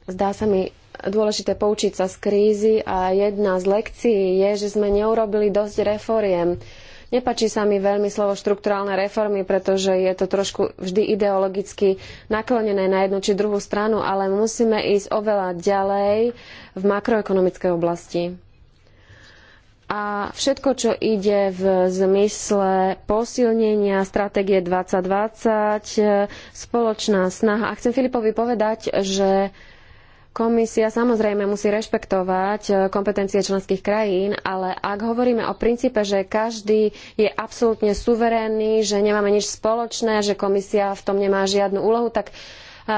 zdá sa mi dôležité poučiť sa z krízy a jedna z lekcií je, že sme neurobili dosť reforiem Nepačí sa mi veľmi slovo štrukturálne reformy, pretože je to trošku vždy ideologicky naklonené na jednu či druhú stranu, ale musíme ísť oveľa ďalej v makroekonomickej oblasti. A všetko, čo ide v zmysle posilnenia stratégie 2020, spoločná snaha. A chcem Filipovi povedať, že Komisia samozrejme musí rešpektovať e, kompetencie členských krajín, ale ak hovoríme o princípe, že každý je absolútne suverénny, že nemáme nič spoločné, že komisia v tom nemá žiadnu úlohu, tak e,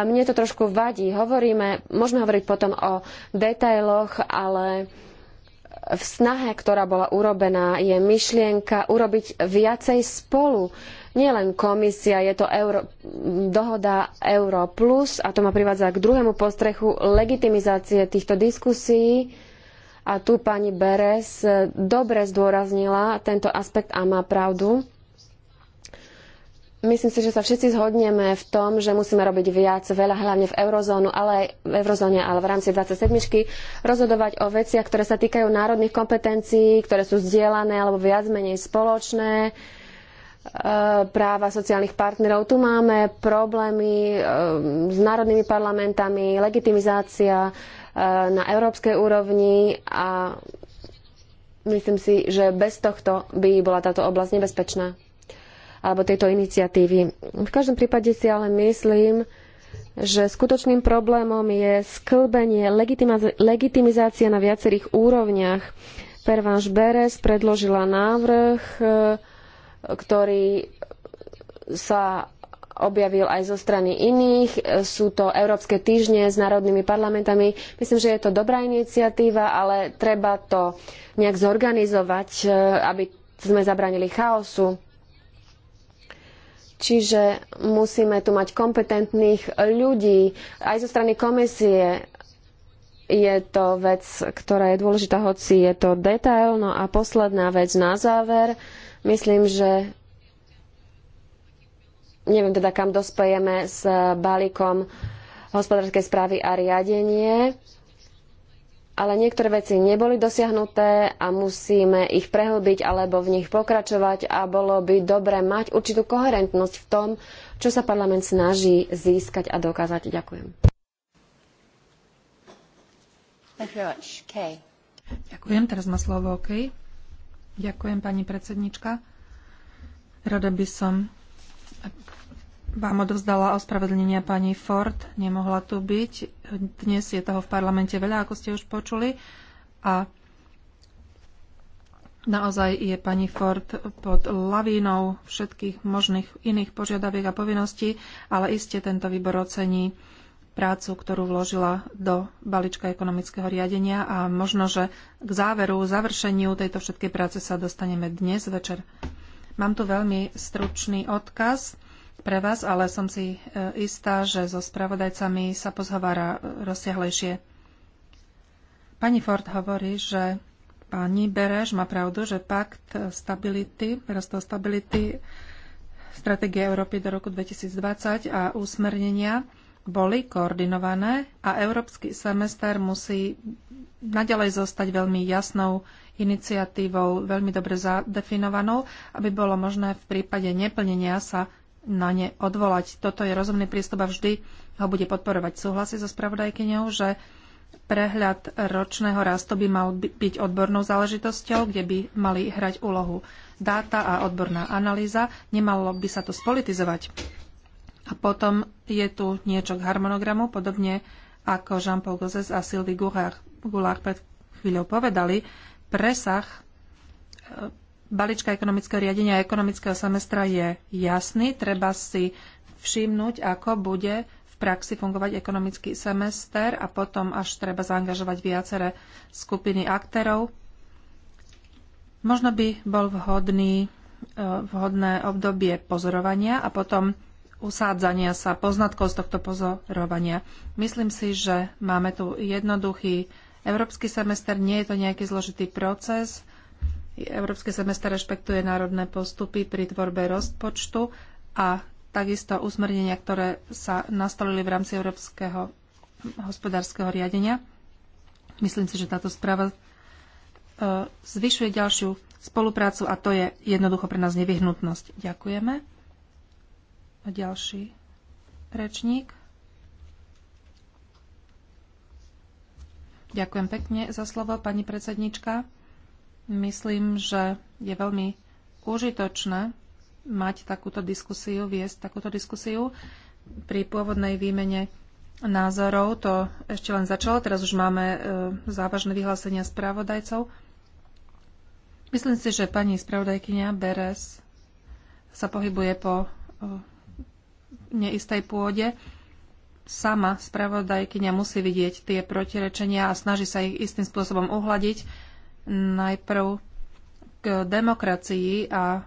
mne to trošku vadí. Hovoríme, môžeme hovoriť potom o detailoch, ale v snahe, ktorá bola urobená, je myšlienka urobiť viacej spolu nielen komisia, je to Euro, dohoda Euro plus a to ma privádza k druhému postrechu legitimizácie týchto diskusí. A tu pani Beres dobre zdôraznila tento aspekt a má pravdu. Myslím si, že sa všetci zhodneme v tom, že musíme robiť viac, veľa hlavne v eurozónu, ale v eurozóne, ale v rámci 27 rozhodovať o veciach, ktoré sa týkajú národných kompetencií, ktoré sú zdieľané alebo viac menej spoločné. Uh, E, práva sociálnych partnerov. Tu máme problémy e, s národnými parlamentami, legitimizácia e, na európskej úrovni a myslím si, že bez tohto by bola táto oblasť nebezpečná alebo tejto iniciatívy. V každom prípade si ale myslím, že skutočným problémom je sklbenie legitimizácie na viacerých úrovniach. Pervanš Beres predložila návrh ktorý sa objavil aj zo strany iných. Sú to Európske týždne s národnými parlamentami. Myslím, že je to dobrá iniciatíva, ale treba to nejak zorganizovať, e, aby sme zabránili chaosu. Čiže musíme tu mať kompetentných ľudí. Aj zo strany komisie je to vec, ktorá je dôležitá, hoci je to detail. No a posledná vec na záver. Uh, Myslím, že neviem teda, kam dospejeme s balíkom hospodárskej správy a riadenie, ale niektoré veci neboli dosiahnuté a musíme ich prehlbiť alebo v nich pokračovať a bolo by dobre mať určitú koherentnosť v tom, čo sa parlament snaží získať a dokázať. Ďakujem. Ďakujem, teraz má slovo OK. Ďakujem, pani predsednička. Rada by som vám odovzdala ospravedlnenia pani Ford. Nemohla tu byť. Dnes je toho v parlamente veľa, ako ste už počuli. A naozaj je pani Ford pod lavínou všetkých možných iných požiadaviek a povinností, ale iste tento výbor ocení prácu, ktorú vložila do balíčka ekonomického riadenia a možno, že k záveru, završeniu tejto všetkej práce sa dostaneme dnes večer. Mám tu veľmi stručný odkaz pre vás, ale som si e, istá, že so spravodajcami sa pozhovára rozsiahlejšie. Pani Ford hovorí, že pani Bereš má pravdu, že pakt stability, rastov stability, stratégie Európy do roku 2020 a úsmernenia boli koordinované a európsky semester musí naďalej zostať veľmi jasnou iniciatívou, veľmi dobre zadefinovanou, aby bolo možné v prípade neplnenia sa na ne odvolať. Toto je rozumný prístup a vždy ho bude podporovať. Súhlasí so spravodajkyňou, že prehľad ročného rastu by mal byť odbornou záležitosťou, kde by mali hrať úlohu dáta a odborná analýza. Nemalo by sa to spolitizovať. A potom je tu niečo k harmonogramu, podobne ako Jean-Paul Gozes a Sylvie Goulard, Goulard pred chvíľou povedali, presah e, balíčka ekonomického riadenia a ekonomického semestra je jasný. Treba si všimnúť, ako bude v praxi fungovať ekonomický semester a potom až treba zaangažovať viaceré skupiny aktérov. Možno by bol vhodný, e, vhodné obdobie pozorovania a potom usádzania sa poznatkov z tohto pozorovania. Myslím si, že máme tu jednoduchý európsky semester, nie je to nejaký zložitý proces. Európsky semester rešpektuje národné postupy pri tvorbe rozpočtu a takisto usmernenia, ktoré sa nastolili v rámci európskeho hospodárskeho riadenia. Myslím si, že táto správa e, zvyšuje ďalšiu spoluprácu a to je jednoducho pre nás nevyhnutnosť. Ďakujeme. A ďalší rečník. Ďakujem pekne za slovo, pani predsednička. Myslím, že je veľmi užitočné mať takúto diskusiu, viesť takúto diskusiu. Pri pôvodnej výmene názorov to ešte len začalo, teraz už máme e, závažné vyhlásenia správodajcov. Myslím si, že pani spravodajkynia Beres sa pohybuje po e, neistej pôde. Sama spravodajkyňa musí vidieť tie protirečenia a snaží sa ich istým spôsobom uhladiť najprv k demokracii a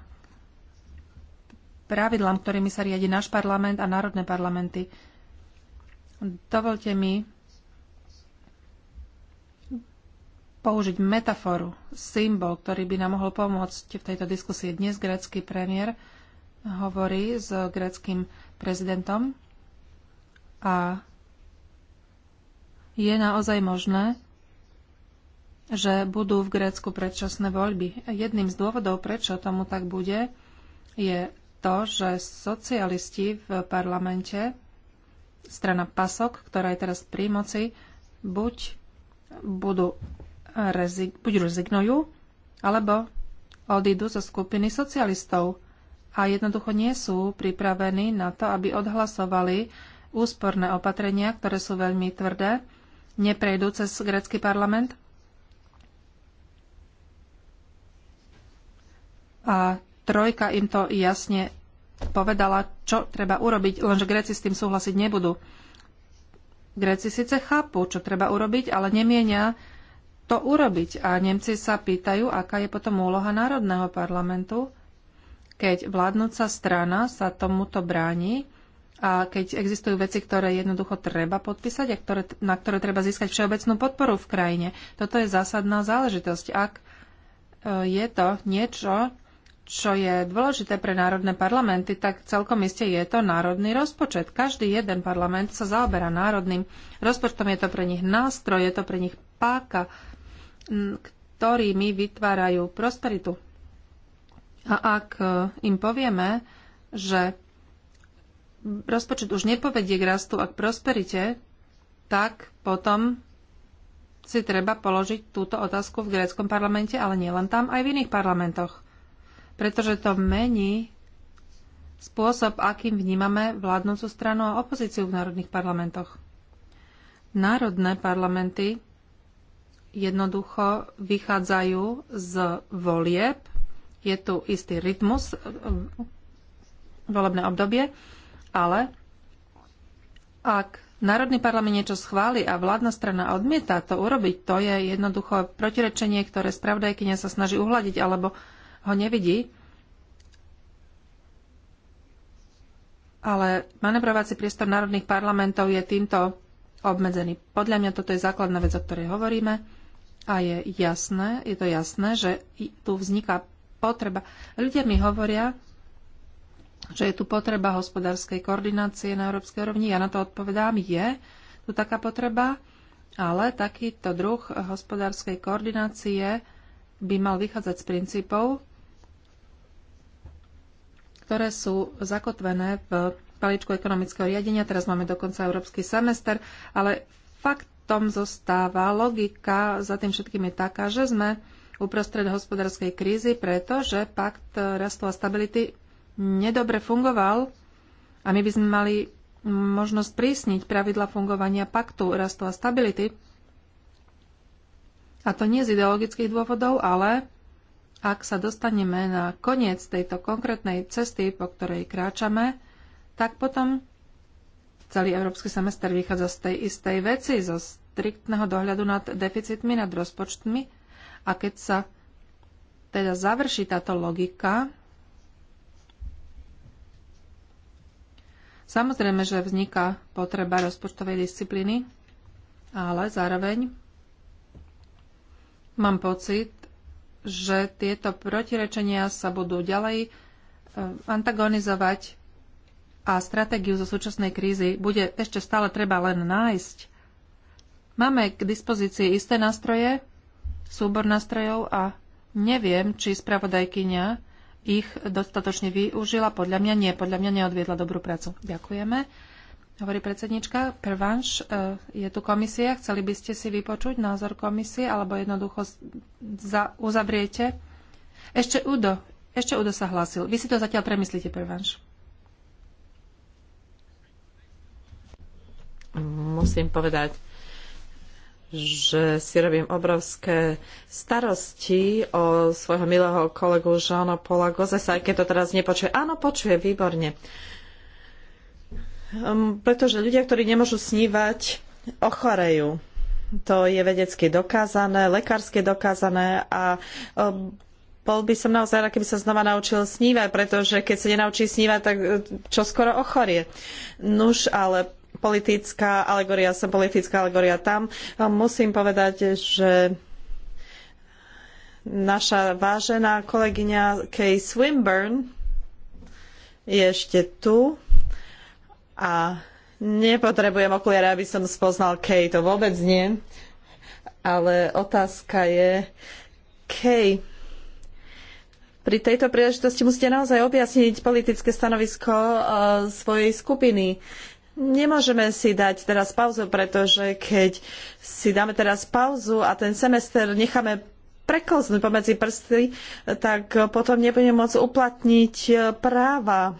pravidlám, ktorými sa riadi náš parlament a národné parlamenty. Dovolte mi použiť metaforu, symbol, ktorý by nám mohol pomôcť v tejto diskusii. Dnes grécky premiér hovorí s greckým prezidentom a je naozaj možné, že budú v Grécku predčasné voľby. Jedným z dôvodov, prečo tomu tak bude, je to, že socialisti v parlamente, strana PASOK, ktorá je teraz pri moci, buď budú rezi- buď rezignujú, alebo odídu zo skupiny socialistov a jednoducho nie sú pripravení na to, aby odhlasovali úsporné opatrenia, ktoré sú veľmi tvrdé, neprejdú cez grecký parlament. A trojka im to jasne povedala, čo treba urobiť, lenže Gréci s tým súhlasiť nebudú. Gréci síce chápu, čo treba urobiť, ale nemienia to urobiť. A Nemci sa pýtajú, aká je potom úloha Národného parlamentu keď vládnúca strana sa tomuto bráni a keď existujú veci, ktoré jednoducho treba podpísať a ktoré, na ktoré treba získať všeobecnú podporu v krajine. Toto je zásadná záležitosť. Ak e, je to niečo, čo je dôležité pre národné parlamenty, tak celkom iste je to národný rozpočet. Každý jeden parlament sa zaoberá národným rozpočtom. Je to pre nich nástroj, je to pre nich páka, ktorými vytvárajú prosperitu. A ak e, im povieme, že rozpočet už nepovedie k rastu a k prosperite, tak potom si treba položiť túto otázku v gréckom parlamente, ale nielen tam, aj v iných parlamentoch. Pretože to mení spôsob, akým vnímame vládnúcu stranu a opozíciu v národných parlamentoch. Národné parlamenty jednoducho vychádzajú z volieb je tu istý rytmus e, e, volebné obdobie, ale ak Národný parlament niečo schváli a vládna strana odmieta to urobiť, to je jednoducho protirečenie, ktoré spravodajkynia sa snaží uhľadiť alebo ho nevidí. Ale manevrovací priestor národných parlamentov je týmto obmedzený. Podľa mňa toto je základná vec, o ktorej hovoríme a je jasné, je to jasné, že tu vzniká potreba. Ľudia mi hovoria, že je tu potreba hospodárskej koordinácie na európskej rovni. Ja na to odpovedám, je tu taká potreba, ale takýto druh hospodárskej koordinácie by mal vychádzať z princípov, ktoré sú zakotvené v paličku ekonomického riadenia. Teraz máme dokonca európsky semester, ale faktom zostáva logika za tým všetkým je taká, že sme uprostred hospodárskej krízy, pretože pakt rastu a stability nedobre fungoval a my by sme mali možnosť prísniť pravidla fungovania paktu rastu a stability. A to nie z ideologických dôvodov, ale ak sa dostaneme na koniec tejto konkrétnej cesty, po ktorej kráčame, tak potom celý európsky semester vychádza z tej istej veci, zo striktného dohľadu nad deficitmi, nad rozpočtmi a keď sa teda završí táto logika, Samozrejme, že vzniká potreba rozpočtovej disciplíny, ale zároveň mám pocit, že tieto protirečenia sa budú ďalej e, antagonizovať a stratégiu zo súčasnej krízy bude ešte stále treba len nájsť. Máme k dispozícii isté nástroje, súbor nástrojov a neviem, či spravodajkyňa ich dostatočne využila. Podľa mňa nie. Podľa mňa neodviedla dobrú prácu. Ďakujeme. Hovorí predsednička, Prvanš, e, je tu komisia, chceli by ste si vypočuť názor komisie, alebo jednoducho za, uzavriete? Ešte Udo, ešte Udo sa hlásil. Vy si to zatiaľ premyslíte, Prvanš. Musím povedať, že si robím obrovské starosti o svojho milého kolegu Žána Pola Gozesa, aj keď to teraz nepočuje. Áno, počuje, výborne. Um, pretože ľudia, ktorí nemôžu snívať, ochorejú. To je vedecky dokázané, lekársky dokázané a um, bol by som naozaj rád, keby sa znova naučil snívať, pretože keď sa nenaučí snívať, tak uh, čo skoro ochorie. Nuž, ale politická alegória, sem, politická alegória tam. Musím povedať, že naša vážená kolegyňa Kay Swinburne je ešte tu a nepotrebujem okuliare, aby som spoznal Kay, to vôbec nie. Ale otázka je, Kay, pri tejto príležitosti musíte naozaj objasniť politické stanovisko uh, svojej skupiny. Nemôžeme si dať teraz pauzu, pretože keď si dáme teraz pauzu a ten semester necháme preklznúť pomedzi prsty, tak potom nebudeme môcť uplatniť práva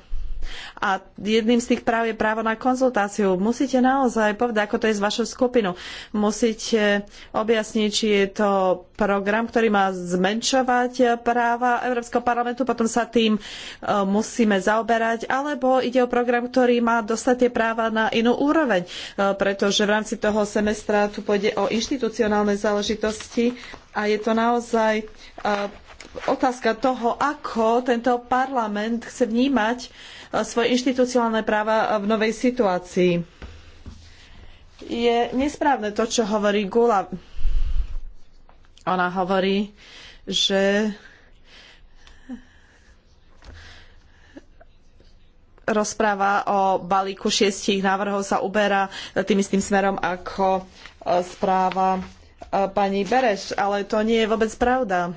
a jedným z tých práv je právo na konzultáciu. Musíte naozaj povedať, ako to je s vašou skupinou. Musíte objasniť, či je to program, ktorý má zmenšovať práva Európskeho parlamentu, potom sa tým e, musíme zaoberať, alebo ide o program, ktorý má dostať tie práva na inú úroveň, e, pretože v rámci toho semestra tu pôjde o inštitucionálne záležitosti a je to naozaj e, otázka toho, ako tento parlament chce vnímať E, svoje inštitucionálne práva v novej situácii. Je nesprávne to, čo hovorí Gula. Ona hovorí, že rozpráva o balíku šiestich návrhov sa uberá tým istým smerom ako e, správa e, pani Bereš, ale to nie je vôbec pravda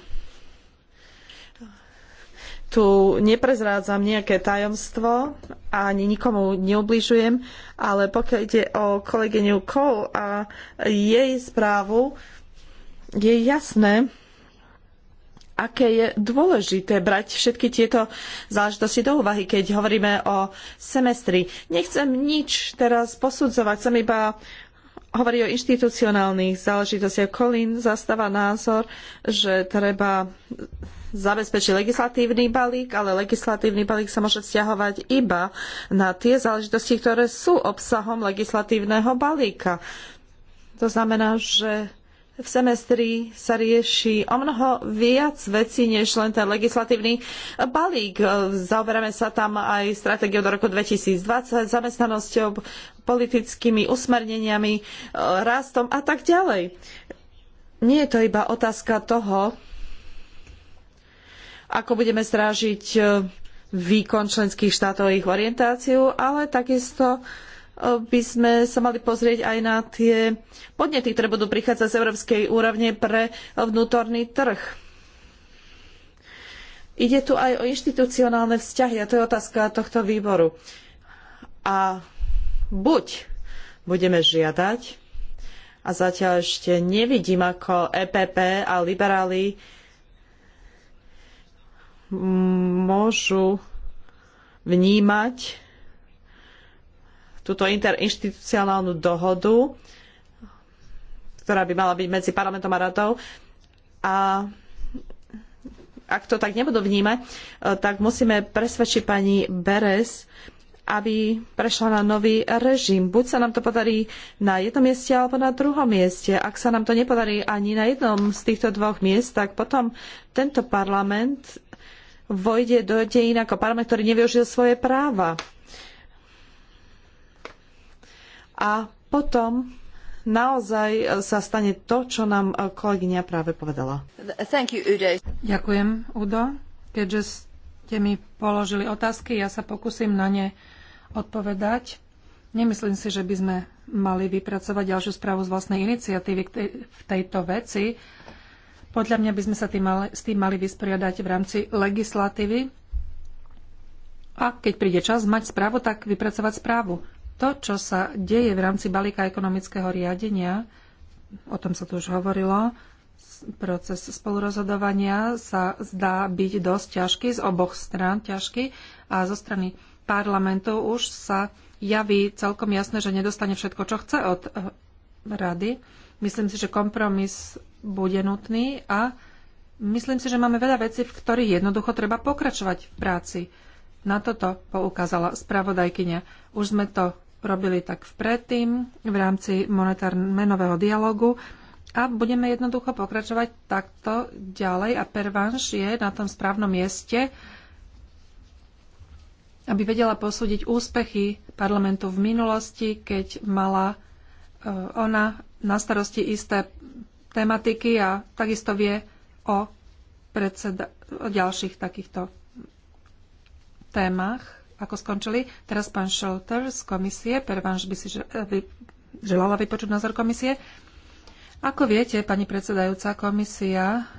tu neprezrádzam nejaké tajomstvo ani nikomu neubližujem, ale pokiaľ ide o kolegyňu Kohl a jej správu, je jasné, aké je dôležité brať všetky tieto záležitosti do úvahy, keď hovoríme o semestri. Nechcem nič teraz posudzovať, som iba hovorí o inštitucionálnych záležitostiach. Colin zastáva názor, že treba zabezpečí legislatívny balík, ale legislatívny balík sa môže vzťahovať iba na tie záležitosti, ktoré sú obsahom legislatívneho balíka. To znamená, že v semestri sa rieši o mnoho viac vecí, než len ten legislatívny balík. Zaoberáme sa tam aj stratégiou do roku 2020, zamestnanosťou, politickými usmerneniami, e, rastom a tak ďalej. Nie je to iba otázka toho, ako budeme strážiť e, výkon členských štátov a ich orientáciu, ale takisto e, by sme sa mali pozrieť aj na tie podnety, ktoré budú prichádzať z európskej úrovne pre vnútorný trh. Ide tu aj o inštitucionálne vzťahy a to je otázka tohto výboru. A buď budeme žiadať, a zatiaľ ešte nevidím, ako EPP a liberáli môžu vnímať túto interinštitucionálnu dohodu, ktorá by mala byť medzi parlamentom a radou. A ak to tak nebudú vnímať, e, tak musíme presvedčiť pani Beres, aby prešla na nový režim. Buď sa nám to podarí na jednom mieste alebo na druhom mieste. Ak sa nám to nepodarí ani na jednom z týchto dvoch miest, tak potom tento parlament vojde do dejín ako parlament, ktorý nevyužil svoje práva. A potom naozaj sa stane to, čo nám kolegyňa práve povedala. You, Udo. Ďakujem, Udo. Keďže ste mi položili otázky, ja sa pokúsim na ne odpovedať. Nemyslím si, že by sme mali vypracovať ďalšiu správu z vlastnej iniciatívy v tejto veci. Podľa mňa by sme sa tým mali, s tým mali vysporiadať v rámci legislatívy a keď príde čas mať správu, tak vypracovať správu. To, čo sa deje v rámci balíka ekonomického riadenia, o tom sa tu už hovorilo, proces spolurozhodovania sa zdá byť dosť ťažký, z oboch strán ťažký a zo strany parlamentu už sa javí celkom jasné, že nedostane všetko, čo chce od eh, rady. Myslím si, že kompromis bude nutný a myslím si, že máme veľa vecí, v ktorých jednoducho treba pokračovať v práci. Na toto poukázala spravodajkyňa. Už sme to robili tak predtým v rámci monetárneho dialogu a budeme jednoducho pokračovať takto ďalej a pervanš je na tom správnom mieste, aby vedela posúdiť úspechy parlamentu v minulosti, keď mala e, ona na starosti isté tematiky a takisto vie o, predseda- o ďalších takýchto témach, ako skončili. Teraz pán Šolter z komisie, pervanž by si želala vypočuť názor komisie. Ako viete, pani predsedajúca, komisia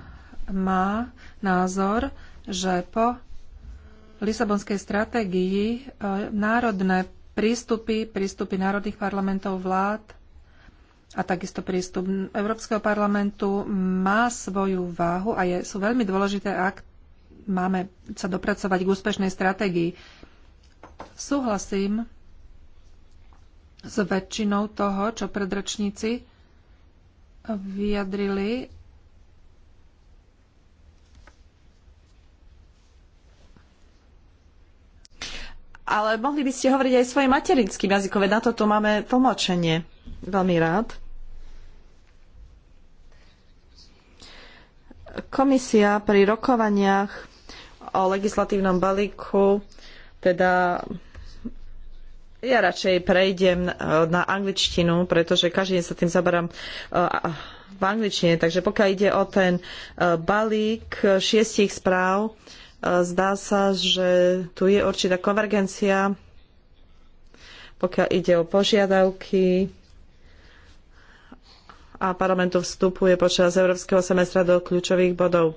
má názor, že po Lisabonskej stratégii e, národné prístupy, prístupy národných parlamentov vlád a takisto prístup Európskeho parlamentu má svoju váhu a je, sú veľmi dôležité, ak máme sa dopracovať k úspešnej stratégii. Súhlasím s väčšinou toho, čo predrečníci vyjadrili. Ale mohli by ste hovoriť aj svojim materinským jazykom, na toto máme tlmočenie. Veľmi rád. Komisia pri rokovaniach o legislatívnom balíku, teda ja radšej prejdem e, na angličtinu, pretože každý deň sa tým zaberám e, v angličtine. Takže pokiaľ ide o ten e, balík šiestich správ, zdá sa, že tu je určitá konvergencia, pokiaľ ide o požiadavky a parlamentu vstupuje počas európskeho semestra do kľúčových bodov.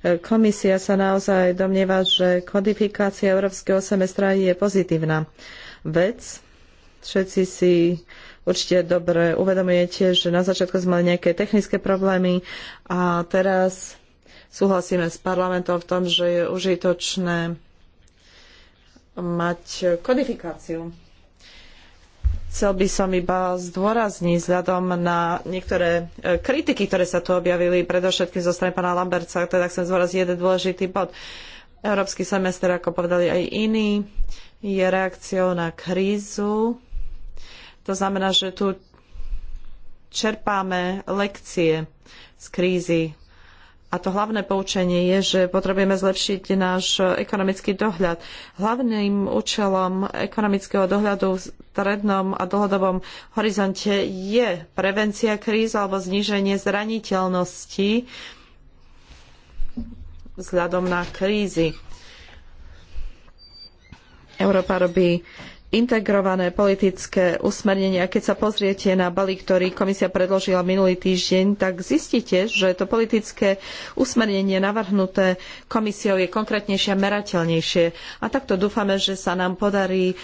E, komisia sa naozaj domnieva, že kodifikácia európskeho semestra je pozitívna vec. Všetci si určite dobre uvedomujete, že na začiatku sme mali nejaké technické problémy a teraz súhlasíme s parlamentom v tom, že je užitočné mať kodifikáciu Chcel by som iba zdôrazniť vzhľadom na niektoré e, kritiky, ktoré sa tu objavili, predovšetkým zo strany pána Lamberca, teda chcem zdôrazniť jeden dôležitý bod. Európsky semester, ako povedali aj iní, je reakciou na krízu. To znamená, že tu čerpáme lekcie z krízy a to hlavné poučenie je, že potrebujeme zlepšiť náš ekonomický dohľad. Hlavným účelom ekonomického dohľadu v strednom a dlhodobom horizonte je prevencia kríz alebo zníženie zraniteľnosti vzhľadom na krízy. Európa robí integrované politické usmernenia. Keď sa pozriete na balík, ktorý komisia predložila minulý týždeň, tak zistíte, že to politické usmernenie navrhnuté komisiou je konkrétnejšie a merateľnejšie. A takto dúfame, že sa nám podarí e,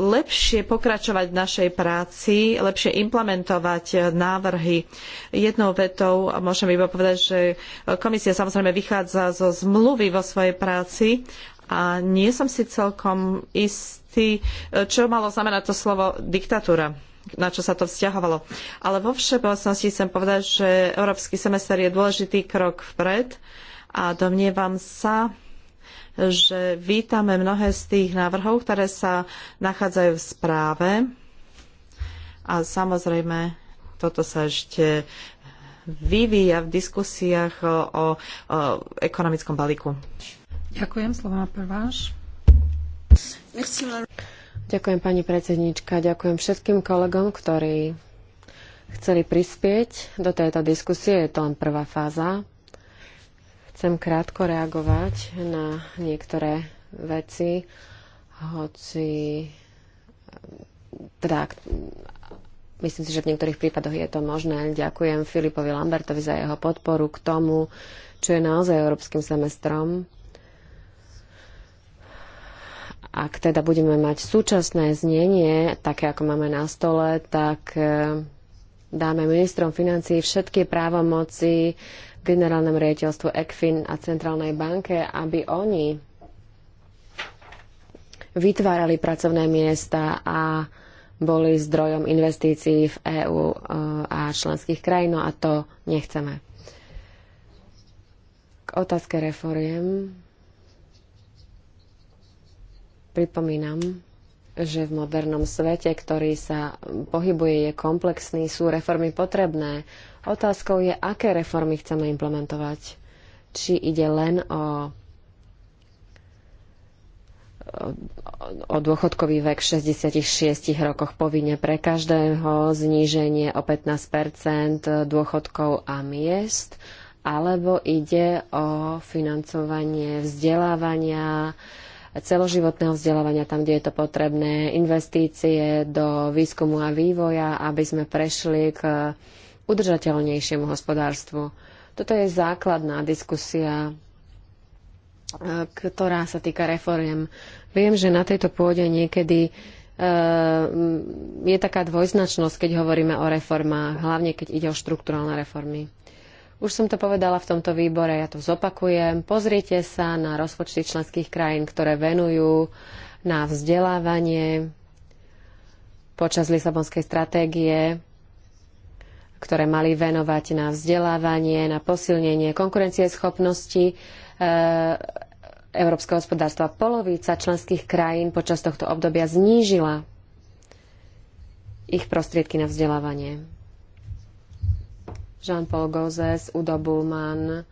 lepšie pokračovať v našej práci, lepšie implementovať návrhy. Jednou vetou môžem iba povedať, že komisia samozrejme vychádza zo zmluvy vo svojej práci a nie som si celkom istá, istý, e, čo malo znamenať to slovo diktatúra na čo sa to vzťahovalo. Ale vo všeobecnosti chcem povedať, že európsky semester je dôležitý krok vpred a domnievam sa, že vítame mnohé z tých návrhov, ktoré sa nachádzajú v správe. A samozrejme, toto sa ešte vyvíja v diskusiách o, o, o ekonomickom balíku. Ďakujem, slova Ďakujem pani predsednička, ďakujem všetkým kolegom, ktorí chceli prispieť do tejto diskusie. Je to len prvá fáza. Chcem krátko reagovať na niektoré veci, hoci teda myslím si, že v niektorých prípadoch je to možné. Ďakujem Filipovi Lambertovi za jeho podporu k tomu, čo je naozaj európskym semestrom ak teda budeme mať súčasné znenie, také ako máme na stole, tak e, dáme ministrom financí všetky právomoci generálnemu riaditeľstvu ECFIN a Centrálnej banke, aby oni vytvárali pracovné miesta a boli zdrojom investícií v EÚ e, a členských krajín, no a to nechceme. K otázke reforiem. Pripomínam, že v modernom svete, ktorý sa pohybuje, je komplexný, sú reformy potrebné. Otázkou je, aké reformy chceme implementovať. Či ide len o, o, dôchodkový vek 66 rokoch povinne pre každého, zníženie o 15 dôchodkov a miest, alebo ide o financovanie vzdelávania, celoživotného vzdelávania tam, kde je to potrebné, investície do výskumu a vývoja, aby sme prešli k udržateľnejšiemu hospodárstvu. Toto je základná diskusia, e, ktorá sa týka reforiem. Viem, že na tejto pôde niekedy e, je taká dvojznačnosť, keď hovoríme o reformách, hlavne keď ide o štrukturálne reformy. Už som to povedala v tomto výbore, ja to zopakujem. Pozrite sa na rozpočty členských krajín, ktoré venujú na vzdelávanie počas Lisabonskej stratégie, ktoré mali venovať na vzdelávanie, na posilnenie konkurencieschopnosti e, európskeho hospodárstva. Polovica členských krajín počas tohto obdobia znížila ich prostriedky na vzdelávanie. Jean-Paul Gauzès, Udo Bullman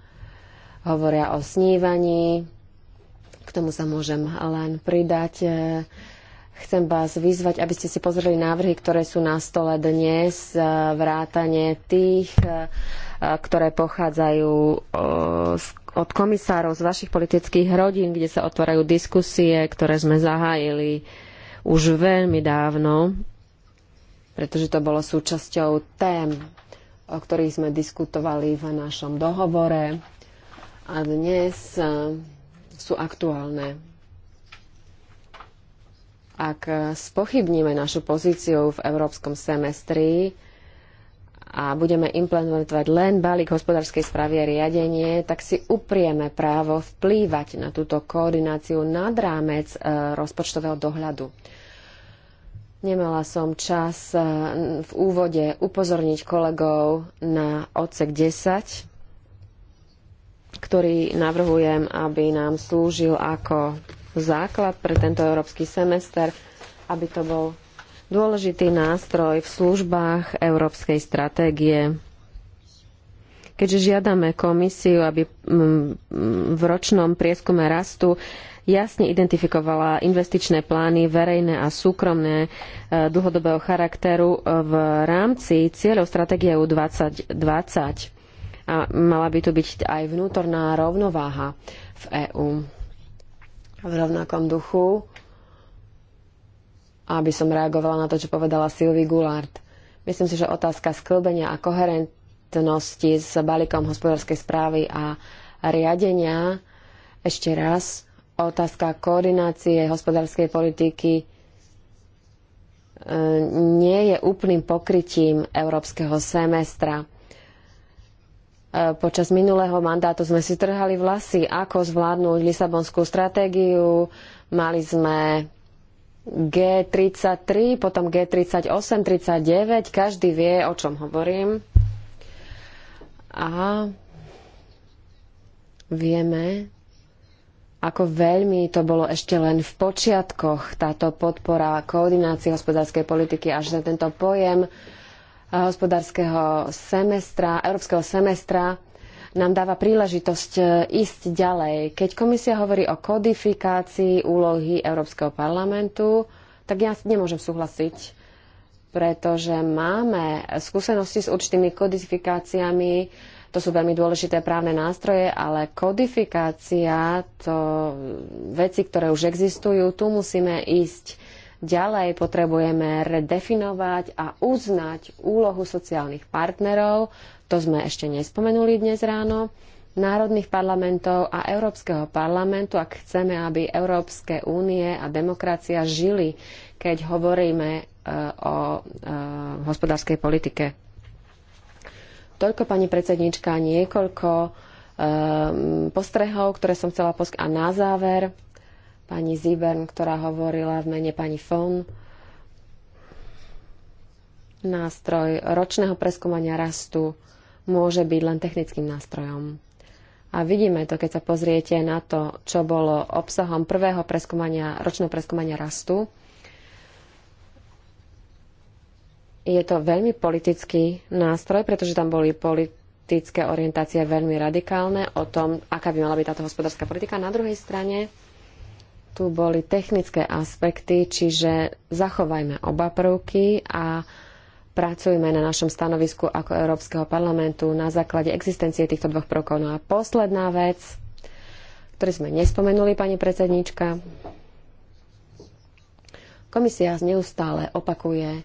hovoria o snívaní. K tomu sa môžem len pridať. Chcem vás vyzvať, aby ste si pozreli návrhy, ktoré sú na stole dnes, e, vrátane tých, e, ktoré pochádzajú e, od komisárov z vašich politických rodín, kde sa otvárajú diskusie, ktoré sme zahájili už veľmi dávno, pretože to bolo súčasťou tém o ktorých sme diskutovali v našom dohovore a dnes e, sú aktuálne. Ak spochybníme našu pozíciu v európskom semestri a budeme implementovať len balík hospodárskej správy a riadenie, tak si uprieme právo vplývať na túto koordináciu nad rámec e, rozpočtového dohľadu. Nemala som čas eh, v úvode upozorniť kolegov na odsek 10, ktorý navrhujem, aby nám slúžil ako základ pre tento európsky semester, aby to bol dôležitý nástroj v službách európskej stratégie. Keďže žiadame komisiu, aby mm, mm, v ročnom prieskume rastu jasne identifikovala investičné plány verejné a súkromné e, dlhodobého charakteru e, v rámci cieľov stratégie EU 2020. A mala by tu byť aj vnútorná rovnováha v EÚ. V rovnakom duchu, aby som reagovala na to, čo povedala Sylvie Goulart. Myslím si, že otázka sklbenia a koherentnosti s balíkom hospodárskej správy a riadenia ešte raz otázka koordinácie hospodárskej politiky e, nie je úplným pokrytím európskeho semestra. E, počas minulého mandátu sme si trhali vlasy, ako zvládnuť Lisabonskú stratégiu. Mali sme G33, potom G38, 39, každý vie, o čom hovorím. A vieme, ako veľmi to bolo ešte len v počiatkoch táto podpora koordinácie hospodárskej politiky až na tento pojem eh, hospodárskeho semestra, európskeho semestra nám dáva príležitosť eh, ísť ďalej. Keď komisia hovorí o kodifikácii úlohy Európskeho parlamentu, tak ja nemôžem súhlasiť, pretože máme skúsenosti s určitými kodifikáciami, to sú veľmi dôležité právne nástroje, ale kodifikácia, to veci, ktoré už existujú, tu musíme ísť ďalej, potrebujeme redefinovať a uznať úlohu sociálnych partnerov, to sme ešte nespomenuli dnes ráno, národných parlamentov a Európskeho parlamentu, ak chceme, aby Európske únie a demokracia žili, keď hovoríme e, o e, hospodárskej politike. Toľko, pani predsednička, niekoľko ehm, postrehov, ktoré som chcela poskytnúť. A na záver, pani Zibern, ktorá hovorila v mene pani Fon, nástroj ročného preskúmania rastu môže byť len technickým nástrojom. A vidíme to, keď sa pozriete na to, čo bolo obsahom prvého preskúmania, ročného preskúmania rastu, je to veľmi politický nástroj, pretože tam boli politické orientácie veľmi radikálne o tom, aká by mala byť táto hospodárska politika. Na druhej strane tu boli technické aspekty, čiže zachovajme oba prvky a pracujme na našom stanovisku ako Európskeho parlamentu na základe existencie týchto dvoch prvkov. No a posledná vec, ktorú sme nespomenuli, pani predsedníčka. Komisia neustále opakuje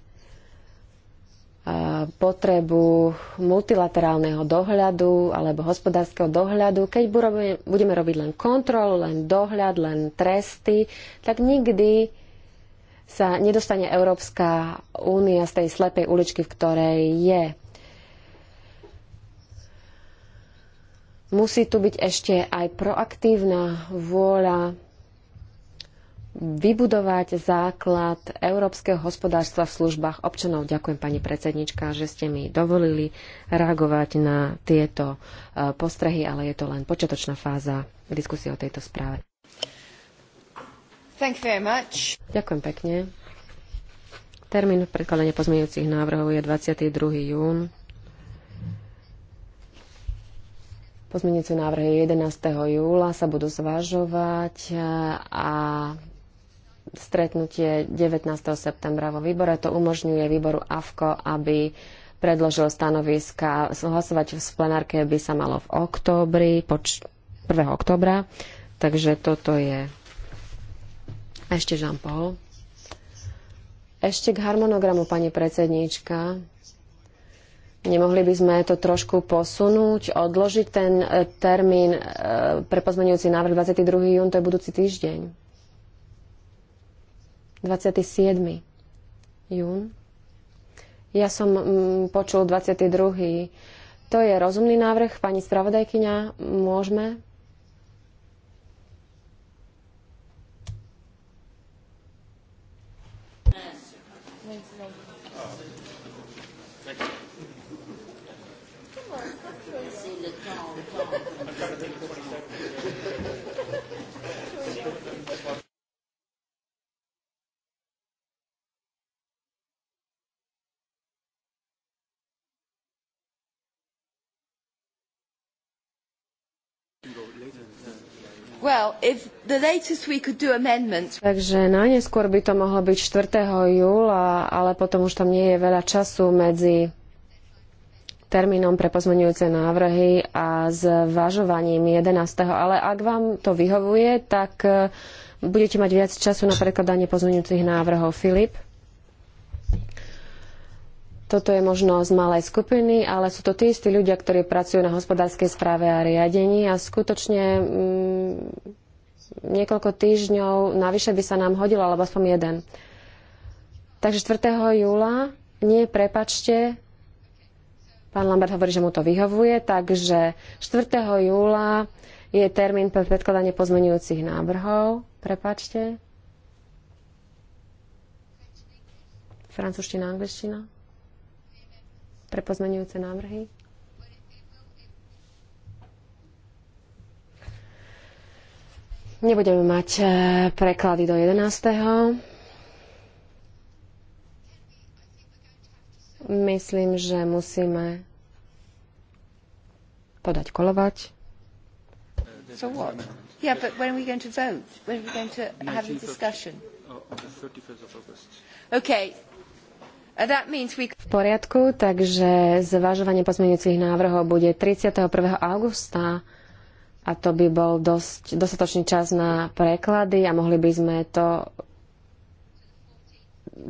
potrebu multilaterálneho dohľadu alebo hospodárskeho dohľadu, keď budeme robiť len kontrolu, len dohľad, len tresty, tak nikdy sa nedostane Európska únia z tej slepej uličky, v ktorej je. Musí tu byť ešte aj proaktívna vôľa vybudovať základ európskeho hospodárstva v službách občanov. Ďakujem pani predsednička, že ste mi dovolili reagovať na tieto e, postrehy, ale je to len počiatočná fáza diskusie o tejto správe. Thank you very much. Ďakujem pekne. Termín predkladania pozmeňujúcich návrhov je 22. jún. Pozmeňujúce návrhy 11. júla sa budú zvažovať a stretnutie 19. septembra vo výbore. To umožňuje výboru AFKO, aby predložil stanoviska. Hlasovať v plenárke by sa malo v októbri, 1. októbra. Takže toto je ešte Jean-Paul. Ešte k harmonogramu, pani predsedníčka. Nemohli by sme to trošku posunúť, odložiť ten eh, termín eh, pre pozmeňujúci návrh 22. jún, to je budúci týždeň. 27. jún. Ja som mm, počul 22. To je rozumný návrh, pani spravodajkyňa, môžeme Takže najneskôr by to mohlo byť 4. júla, ale potom už tam nie je veľa času medzi termínom pre pozmenujúce návrhy a zvažovaním 11. Ale ak vám to vyhovuje, tak eh, budete mať viac času na prekladanie pozmenujúcich návrhov. Filip? Toto je možno z malej skupiny, ale sú to tí istí ľudia, ktorí pracujú na hospodárskej správe a riadení a skutočne mm, niekoľko týždňov navyše by sa nám hodilo, alebo aspoň jeden. Takže 4. júla, nie, prepačte, pán Lambert hovorí, že mu to vyhovuje, takže 4. júla je termín pre predkladanie pozmenujúcich návrhov. Prepačte. Francúzština, angličtina pre pozmenujúce návrhy. Nebudeme mať e, preklady do 11. Myslím, že musíme podať kolovať. So what? Yeah, but when are we going to vote? When are we going to have a discussion? Oh, okay, Uh, v poriadku, takže zvažovanie pozmeňujúcich návrhov bude 31. augusta a to by bol dosť, dostatočný čas na preklady a mohli by sme to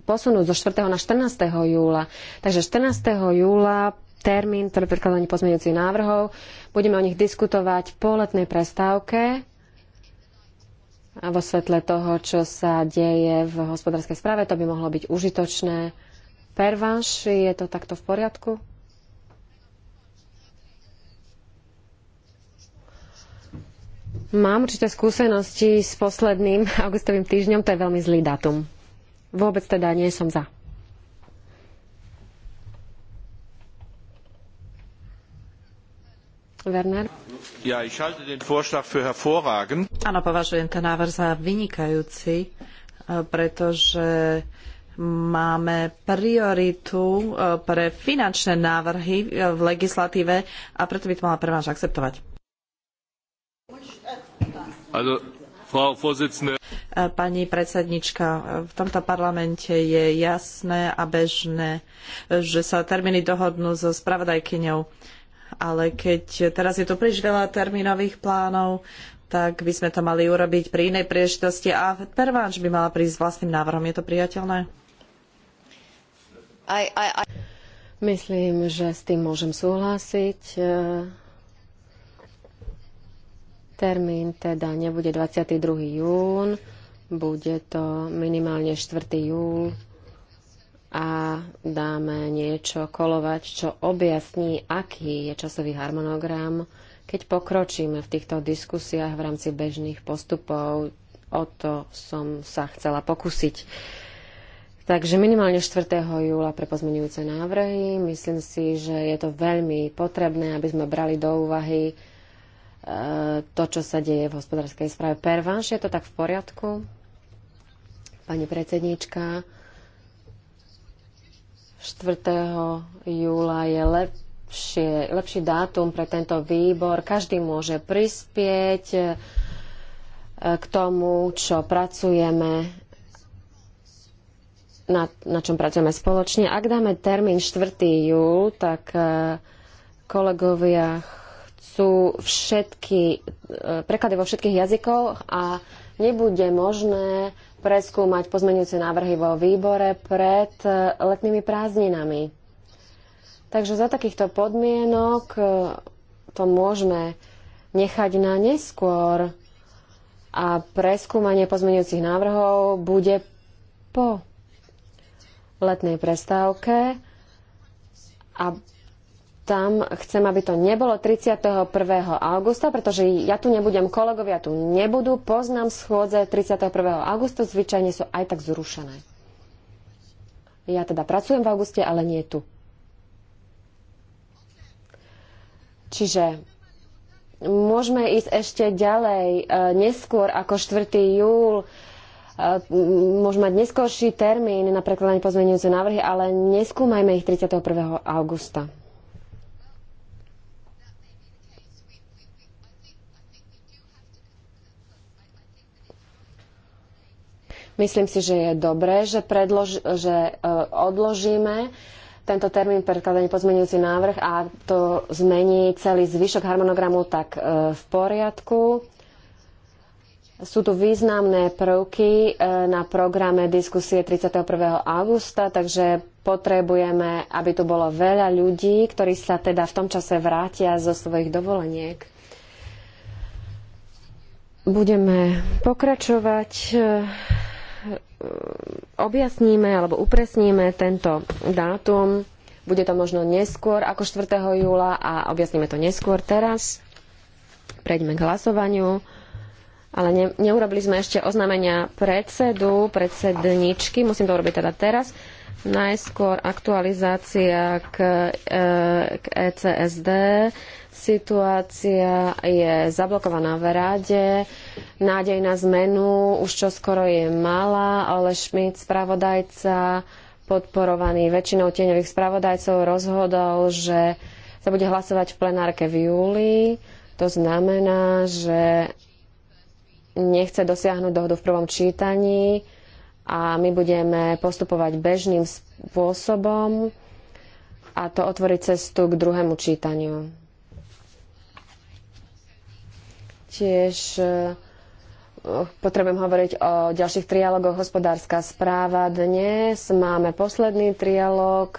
posunúť zo 4. na 14. júla. Takže 14. júla termín pre prekladanie pozmeňujúcich návrhov. Budeme o nich diskutovať po letnej prestávke a vo svetle toho, čo sa deje v hospodárskej správe, to by mohlo byť užitočné Pervanš, je to takto v poriadku? Mám určité skúsenosti s posledným augustovým týždňom, to je veľmi zlý datum. Vôbec teda nie som za. Werner? Ja, ich halte den Vorschlag für hervorragend. Áno, považujem ten návrh za vynikajúci, eh, pretože máme prioritu e, pre finančné návrhy e, v legislatíve a preto by to mala pre vás akceptovať. Also, e, Pani predsednička, v tomto parlamente je jasné a bežné, že sa termíny dohodnú so spravodajkyňou. Ale keď teraz je tu príliš veľa termínových plánov, tak by sme to mali urobiť pri inej príležitosti a Pervanš by mala prísť s vlastným návrhom. Je to priateľné? Myslím, že s tým môžem súhlasiť. E, termín teda nebude 22. jún, bude to minimálne 4. júl a dáme niečo kolovať, čo objasní, aký je časový harmonogram, keď pokročíme v týchto diskusiách v rámci bežných postupov. O to som sa chcela pokúsiť. Takže minimálne 4. júla pre pozmenujúce návrhy. Myslím si, že je to veľmi potrebné, aby sme brali do úvahy e, to, čo sa deje v hospodárskej správe. Pervanš, je to tak v poriadku? Pani predsednička? 4. júla je lepšie, lepší dátum pre tento výbor. Každý môže prispieť e, k tomu, čo pracujeme na, na čom pracujeme spoločne. Ak dáme termín 4. júl, tak e, kolegovia chcú všetky, e, preklady vo všetkých jazykoch a nebude možné preskúmať pozmenujúce návrhy vo výbore pred e, letnými prázdninami. Takže za takýchto podmienok to môžeme nechať na neskôr a preskúmanie pozmenujúcich návrhov bude po letnej prestávke a tam chcem, aby to nebolo 31. augusta, pretože ja tu nebudem, kolegovia tu nebudú, poznám schôdze 31. augusta, zvyčajne sú aj tak zrušené. Ja teda pracujem v auguste, ale nie tu. Čiže môžeme ísť ešte ďalej, e, neskôr ako 4. júl, Eh, môžu mať neskorší termín na prekladanie pozmeňujúce návrhy, ale neskúmajme ich 31. augusta. Myslím si, že je dobré, že, predlož, že eh, odložíme tento termín predkladanie pozmenujúci návrh a to zmení celý zvyšok harmonogramu, tak eh, v poriadku. Sú tu významné prvky e, na programe diskusie 31. augusta, takže potrebujeme, aby tu bolo veľa ľudí, ktorí sa teda v tom čase vrátia zo svojich dovoleniek. Budeme pokračovať. E, e, objasníme alebo upresníme tento dátum. Bude to možno neskôr ako 4. júla a objasníme to neskôr teraz. Prejdeme k hlasovaniu ale ne, neurobili sme ešte oznámenia predsedu, predsedničky, musím to urobiť teda teraz. Najskôr aktualizácia k, e, k ECSD. Situácia je zablokovaná v rade. Nádej na zmenu už čo skoro je malá. ale Šmit, spravodajca, podporovaný väčšinou tieňových spravodajcov, rozhodol, že sa bude hlasovať v plenárke v júli. To znamená, že nechce dosiahnuť dohodu v prvom čítaní a my budeme postupovať bežným spôsobom a to otvorí cestu k druhému čítaniu. Tiež e, potrebujem hovoriť o ďalších trialogoch hospodárska správa. Dnes máme posledný trialog.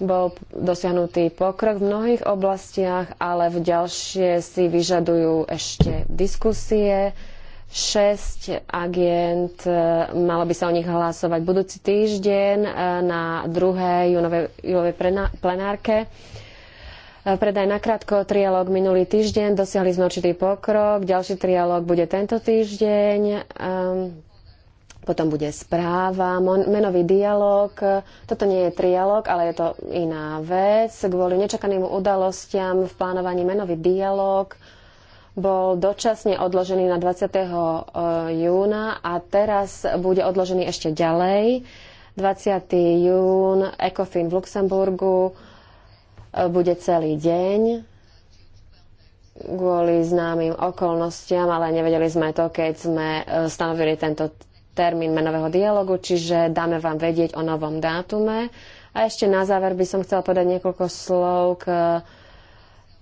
Bol dosiahnutý pokrok v mnohých oblastiach, ale v ďalšie si vyžadujú ešte diskusie. Šesť agent, e, malo by sa o nich hlasovať budúci týždeň e, na druhej júnovej, júnovej plenárke. E, predaj nakrátko trialóg minulý týždeň, dosiahli sme určitý pokrok, ďalší trialóg bude tento týždeň, ehm, potom bude správa, menový dialóg. Toto nie je trialóg, ale je to iná vec. Kvôli nečakaným udalostiam v plánovaní menový dialóg bol dočasne odložený na 20. E, júna a teraz bude odložený ešte ďalej. 20. jún, ECOFIN v Luxemburgu, e, bude celý deň kvôli známym okolnostiam, ale nevedeli sme to, keď sme e, stanovili tento termín menového dialogu, čiže dáme vám vedieť o novom dátume. A ešte na záver by som chcela podať niekoľko slov k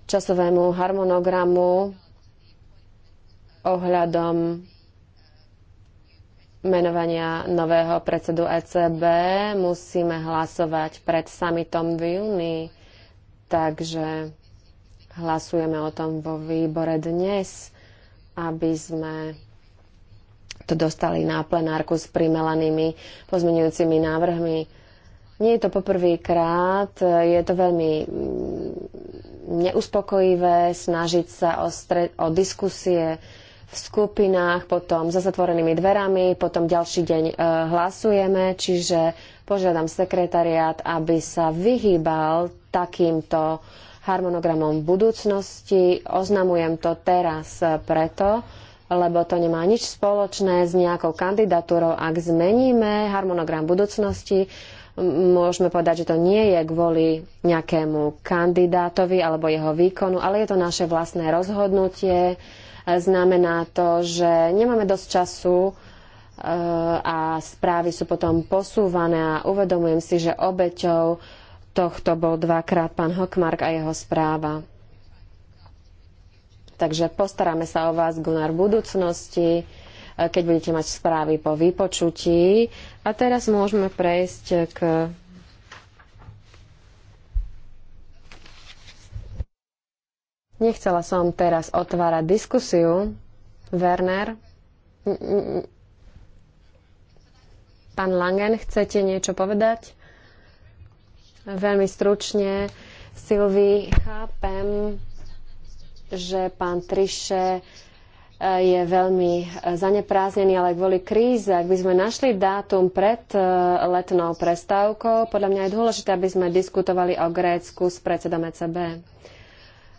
časovému harmonogramu ohľadom menovania nového predsedu ECB musíme hlasovať pred summitom v júni, takže hlasujeme o tom vo výbore dnes, aby sme to dostali na plenárku s primelanými pozmenujúcimi návrhmi. Nie je to poprvýkrát, je to veľmi mm, neuspokojivé snažiť sa o, stre- o diskusie, v skupinách, potom za zatvorenými dverami, potom ďalší deň e, hlasujeme, čiže požiadam sekretariát, aby sa vyhýbal takýmto harmonogramom v budúcnosti. Oznamujem to teraz preto, lebo to nemá nič spoločné s nejakou kandidatúrou. Ak zmeníme harmonogram budúcnosti, môžeme povedať, že to nie je kvôli nejakému kandidátovi alebo jeho výkonu, ale je to naše vlastné rozhodnutie Znamená to, že nemáme dosť času e, a správy sú potom posúvané a uvedomujem si, že obeťou tohto bol dvakrát pán Hokmark a jeho správa. Takže postaráme sa o vás, Gunnar, v budúcnosti, e, keď budete mať správy po vypočutí. A teraz môžeme prejsť k Nechcela som teraz otvárať diskusiu. Werner, pán Langen, chcete niečo povedať? Veľmi stručne. Silvi, chápem, že pán Triše eh, je veľmi eh, zanepráznený, ale kvôli kríze, ak by sme našli dátum pred eh, letnou prestávkou, podľa mňa je dôležité, aby sme diskutovali o Grécku s predsedom ECB.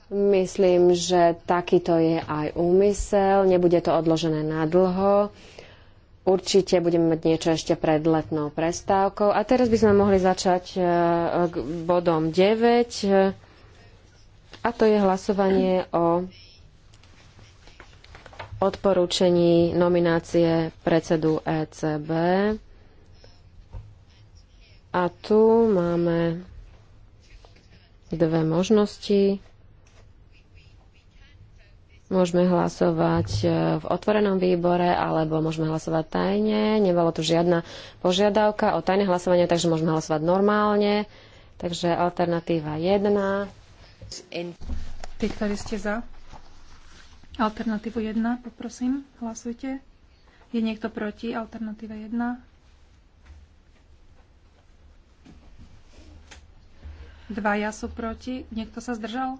Myslím, že takýto je aj úmysel. Nebude to odložené na dlho. Určite budeme mať niečo ešte pred letnou prestávkou. A teraz by sme mohli začať e, k bodom 9. A to je hlasovanie o odporúčení nominácie predsedu ECB. A tu máme dve možnosti. Môžeme hlasovať e, v otvorenom výbore alebo môžeme hlasovať tajne. Nebolo tu žiadna požiadavka o tajné hlasovanie, takže môžeme hlasovať normálne. Takže alternatíva 1. Tí, ktorí ste za alternatívu 1, poprosím, hlasujte. Je niekto proti alternatíve 1? Dvaja sú proti. Niekto sa zdržal?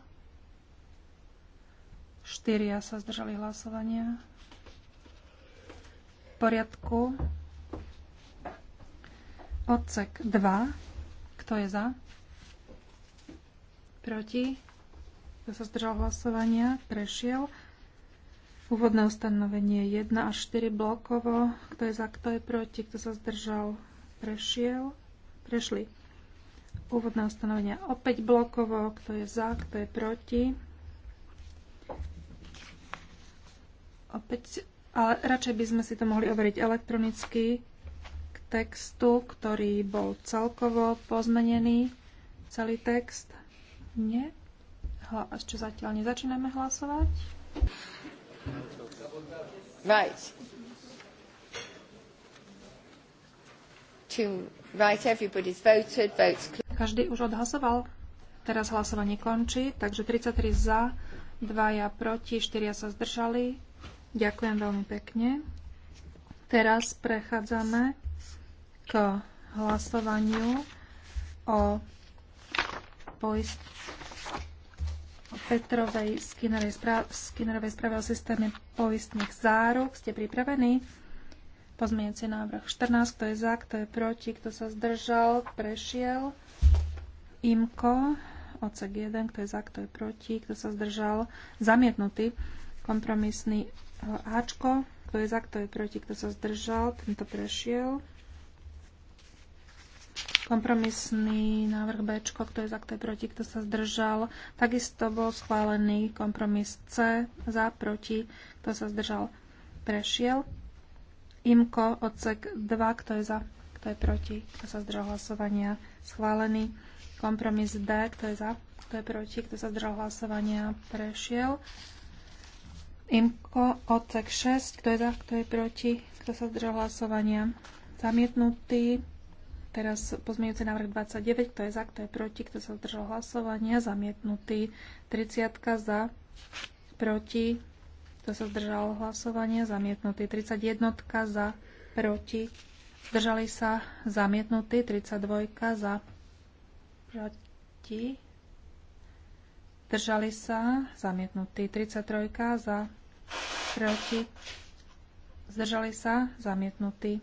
Štyria sa zdržali hlasovania. V poriadku. Odsek 2. Kto je za? Proti? Kto sa zdržal hlasovania? Prešiel. Úvodné ustanovenie 1 až 4 blokovo. Kto je za, kto je proti, kto sa zdržal, prešiel. Prešli. Úvodné ustanovenie opäť blokovo. Kto je za, kto je proti, Opäť, ale radšej by sme si to mohli overiť elektronicky k textu, ktorý bol celkovo pozmenený, celý text. Nie? Hla, čo zatiaľ nezačíname hlasovať. Right. right, everybody's voted, votes... Každý už odhlasoval. Teraz hlasovanie končí, takže 33 za, 2 ja proti, 4 sa zdržali. Ďakujem veľmi pekne. Teraz prechádzame k hlasovaniu o poist Petrovej Skinnerovej, správ- Skinnerovej správe o systéme poistných záruk. Ste pripravení? Pozmienujúci návrh 14. Kto je za, kto je proti, kto sa zdržal, prešiel. Imko, odsek 1. Kto je za, kto je proti, kto sa zdržal, zamietnutý. Kompromisný Ačko, kto je za, kto je proti, kto sa zdržal, tento prešiel. Kompromisný návrh B, kto je za, kto je proti, kto sa zdržal. Takisto bol schválený kompromis C, za, proti, kto sa zdržal, prešiel. Imko, odsek 2, kto je za, kto je proti, kto sa zdržal hlasovania, schválený. Kompromis D, kto je za, kto je proti, kto sa zdržal hlasovania, prešiel. Imko odsek 6, kto je za, kto je proti, kto sa zdržal hlasovania. Zamietnutý. Teraz pozmeňujúci návrh 29, kto je za, kto je proti, kto sa zdržal hlasovania. Zamietnutý. 30 za, proti, kto sa zdržal hlasovania. Zamietnutý. 31 za, proti, zdržali sa. Zamietnutý. 32 za, proti. Držali sa, zamietnutý 33 za, proti, zdržali sa, zamietnutý.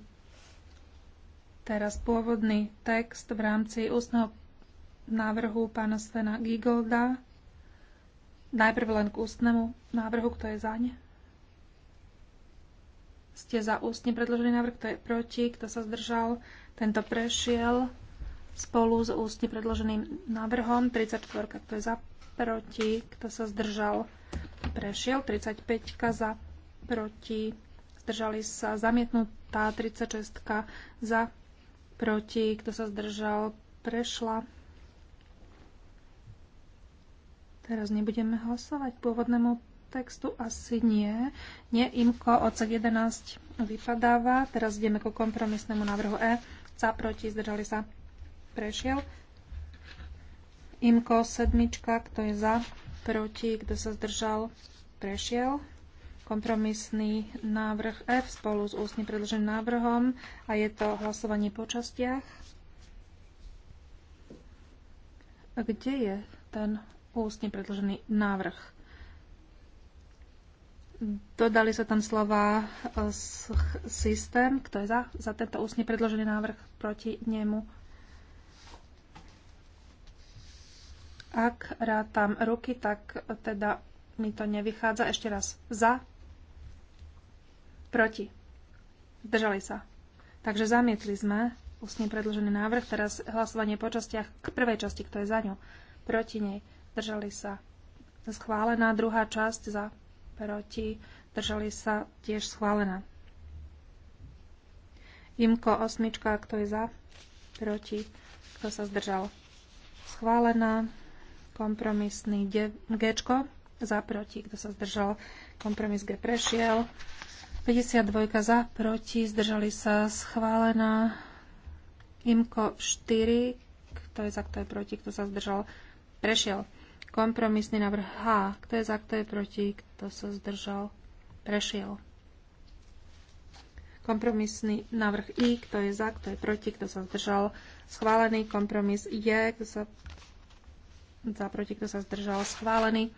Teraz pôvodný text v rámci ústneho návrhu pána Svena Gigolda. Najprv len k ústnemu návrhu, kto je zaň. Ste za ústne predložený návrh, kto je proti, kto sa zdržal. Tento prešiel spolu s ústne predloženým návrhom. 34, kto je za, proti, kto sa zdržal, prešiel. 35 za, proti, zdržali sa, zamietnutá. 36 za, proti, kto sa zdržal, prešla. Teraz nebudeme hlasovať pôvodnému textu? Asi nie. Nie, imko, odsek 11 vypadáva. Teraz ideme ku kompromisnému návrhu E. Za, proti, zdržali sa, prešiel. Imko sedmička, kto je za, proti, kto sa zdržal, prešiel. Kompromisný návrh F spolu s ústne predloženým návrhom a je to hlasovanie po častiach. Kde je ten ústne predložený návrh? Dodali sa tam slova eh, systém, kto je za, za tento ústne predložený návrh proti nemu Ak rátam ruky, tak teda mi to nevychádza. Ešte raz. Za. Proti. Zdržali sa. Takže zamietli sme ústne predložený návrh. Teraz hlasovanie po častiach k prvej časti, kto je za ňu. Proti nej. Držali sa. Schválená druhá časť za. Proti. Držali sa. Tiež schválená. Imko osmička, kto je za? Proti. Kto sa zdržal? Schválená. Kompromisný G za proti, kto sa zdržal. Kompromis G prešiel. 52 za proti, zdržali sa schválená. Imko 4, kto je za, kto je proti, kto sa zdržal. Prešiel. Kompromisný návrh H, kto je za, kto je proti, kto sa zdržal. Prešiel kompromisný návrh I, kto je za, kto je proti, kto sa zdržal, schválený kompromis J, kto sa za proti, kto sa zdržal, schválený.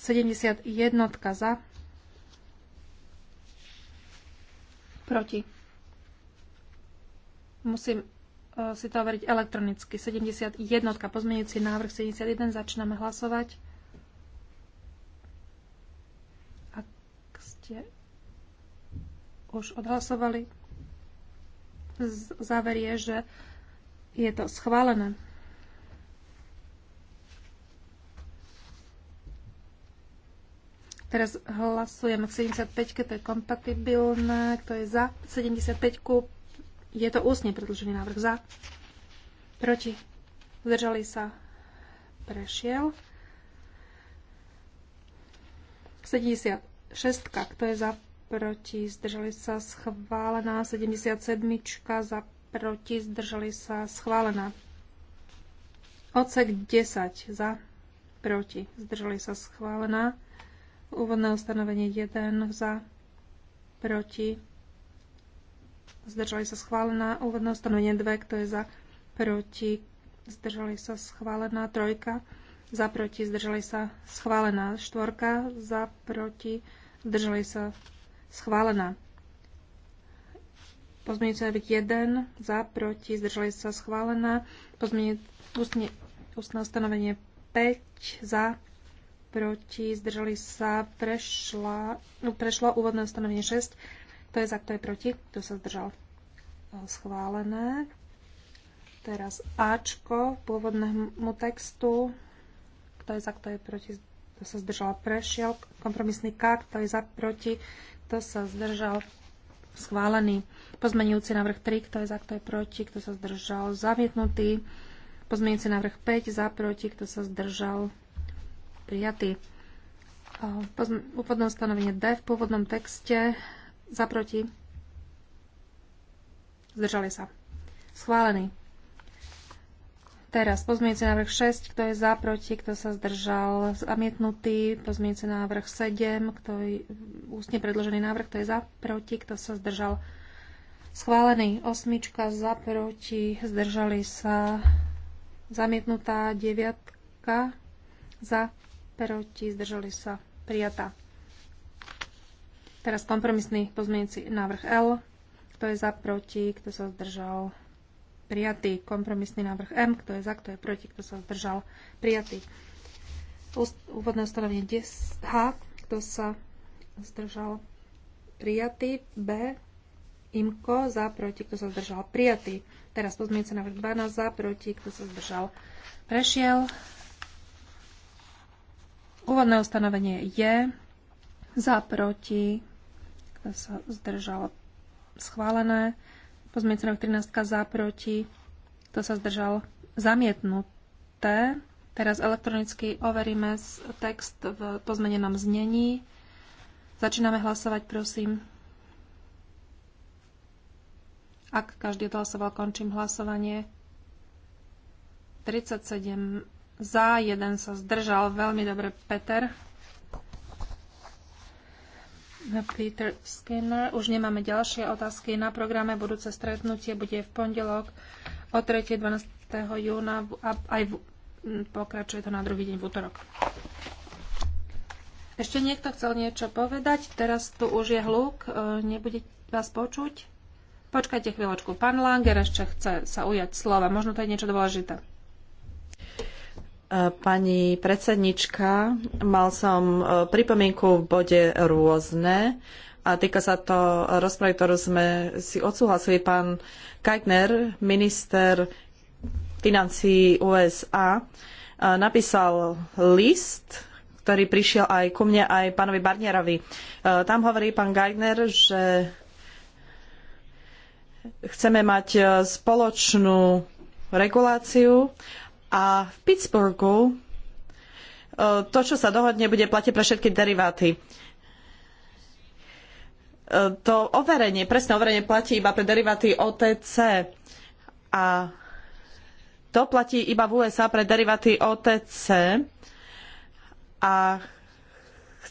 71 za, proti. Musím e, si to overiť elektronicky. 71. Pozmeňujúci návrh 71. Začíname hlasovať. Ak ste už odhlasovali, záver je, že je to schválené. Teraz hlasujeme 75, 75, to je kompatibilné, kto je za 75. -ku. Je to ústne predlžený návrh za. Proti. Zdržali sa. Prešiel. 76. Kto je za? Proti. Zdržali sa. Schválená. 77. Za. Proti. Zdržali sa. Schválená. Odsek 10. Za. Proti. Zdržali sa. Schválená. Úvodné ustanovenie 1 za, proti, zdržali sa schválená. Úvodné ustanovenie 2, kto je za, proti, zdržali sa schválená. Trojka, za, proti, zdržali sa schválená. Štvorka, za, proti, zdržali sa schválená. Pozmeňujúce návrh 1, za, proti, zdržali sa schválená. Pozmeňujúci ústne ustanovenie 5, za, proti, zdržali sa, prešla, no, prešlo úvodné ustanovenie 6, to je za, kto je proti, kto sa zdržal. E, schválené. Teraz Ačko pôvodnému textu, kto je za, kto je proti, kto sa zdržal, prešiel. Kompromisný K, kto je za, proti, kto sa zdržal, schválený. Pozmenujúci návrh 3, kto je za, kto je proti, kto sa zdržal, zamietnutý. Pozmenujúci návrh 5, za, proti, kto sa zdržal, prijatý. Úvodné ustanovenie D v pôvodnom texte za proti. Zdržali sa. Schválený. Teraz pozmienujúci návrh 6, kto je za, proti, kto sa zdržal, zamietnutý. Pozmienujúci návrh 7, kto je ústne predložený návrh, kto je za, proti, kto sa zdržal, schválený. Osmička za, proti, zdržali sa, zamietnutá. Deviatka za, proti, zdržali sa, prijatá. Teraz kompromisný pozmienci návrh L. Kto je za, proti, kto sa zdržal, prijatý. Kompromisný návrh M. Kto je za, kto je proti, kto sa zdržal, prijatý. Úvodné ustanovenie H. Kto sa zdržal, prijatý. B. Imko za, proti, kto sa zdržal, prijatý. Teraz pozmienca návrh 12 za, proti, kto sa zdržal, prešiel. Úvodné ustanovenie je za, proti, kto sa zdržalo schválené. Pozmeňujúci rok 13 za, proti, to sa zdržal, zamietnuté. Teraz elektronicky overíme text v pozmenenom znení. Začíname hlasovať, prosím. Ak každý odhlasoval, končím hlasovanie. 37 za, jeden sa zdržal. Veľmi dobre, Peter. Peter Skinner. Už nemáme ďalšie otázky na programe. Budúce stretnutie bude v pondelok o 12. júna a aj v, pokračuje to na druhý deň v útorok. Ešte niekto chcel niečo povedať? Teraz tu už je hluk, e, nebude vás počuť? Počkajte chvíľočku. Pán Langer ešte chce sa ujať slova. Možno to je niečo dôležité. Pani predsednička, mal som e, pripomienku v bode rôzne a týka sa to rozpravy, ktorú sme si odsúhlasili. Pán Kajkner, minister financií USA, e, napísal list, ktorý prišiel aj ku mne, aj pánovi Barnierovi. E, tam hovorí pán Geigner, že chceme mať spoločnú reguláciu a v Pittsburghu e, to, čo sa dohodne, bude platiť pre všetky deriváty. E, to overenie, presné overenie platí iba pre deriváty OTC a to platí iba v USA pre deriváty OTC a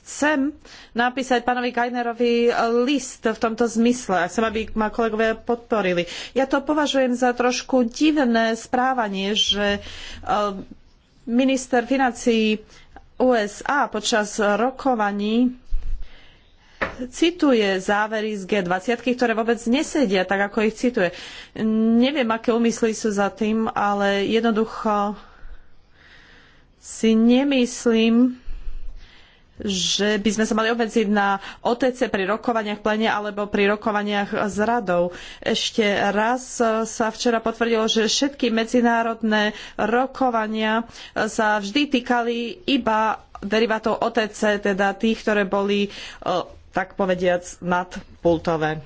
chcem napísať pánovi Kajnerovi list v tomto zmysle a chcem, aby ma kolegovia podporili. Ja to považujem za trošku divné správanie, že eh, minister financií USA počas rokovaní cituje závery z G20, ktoré vôbec nesedia tak, ako ich cituje. Neviem, aké úmysly sú za tým, ale jednoducho si nemyslím, že by sme sa mali obmedziť na OTC pri rokovaniach plene alebo pri rokovaniach s radou. Ešte raz sa včera potvrdilo, že všetky medzinárodné rokovania sa vždy týkali iba derivátov OTC, teda tých, ktoré boli e, tak povediac nadpultové.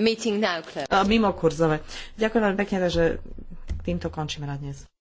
Meeting now, Mimo kurzové. Ďakujem veľmi pekne, takže týmto končíme na dnes.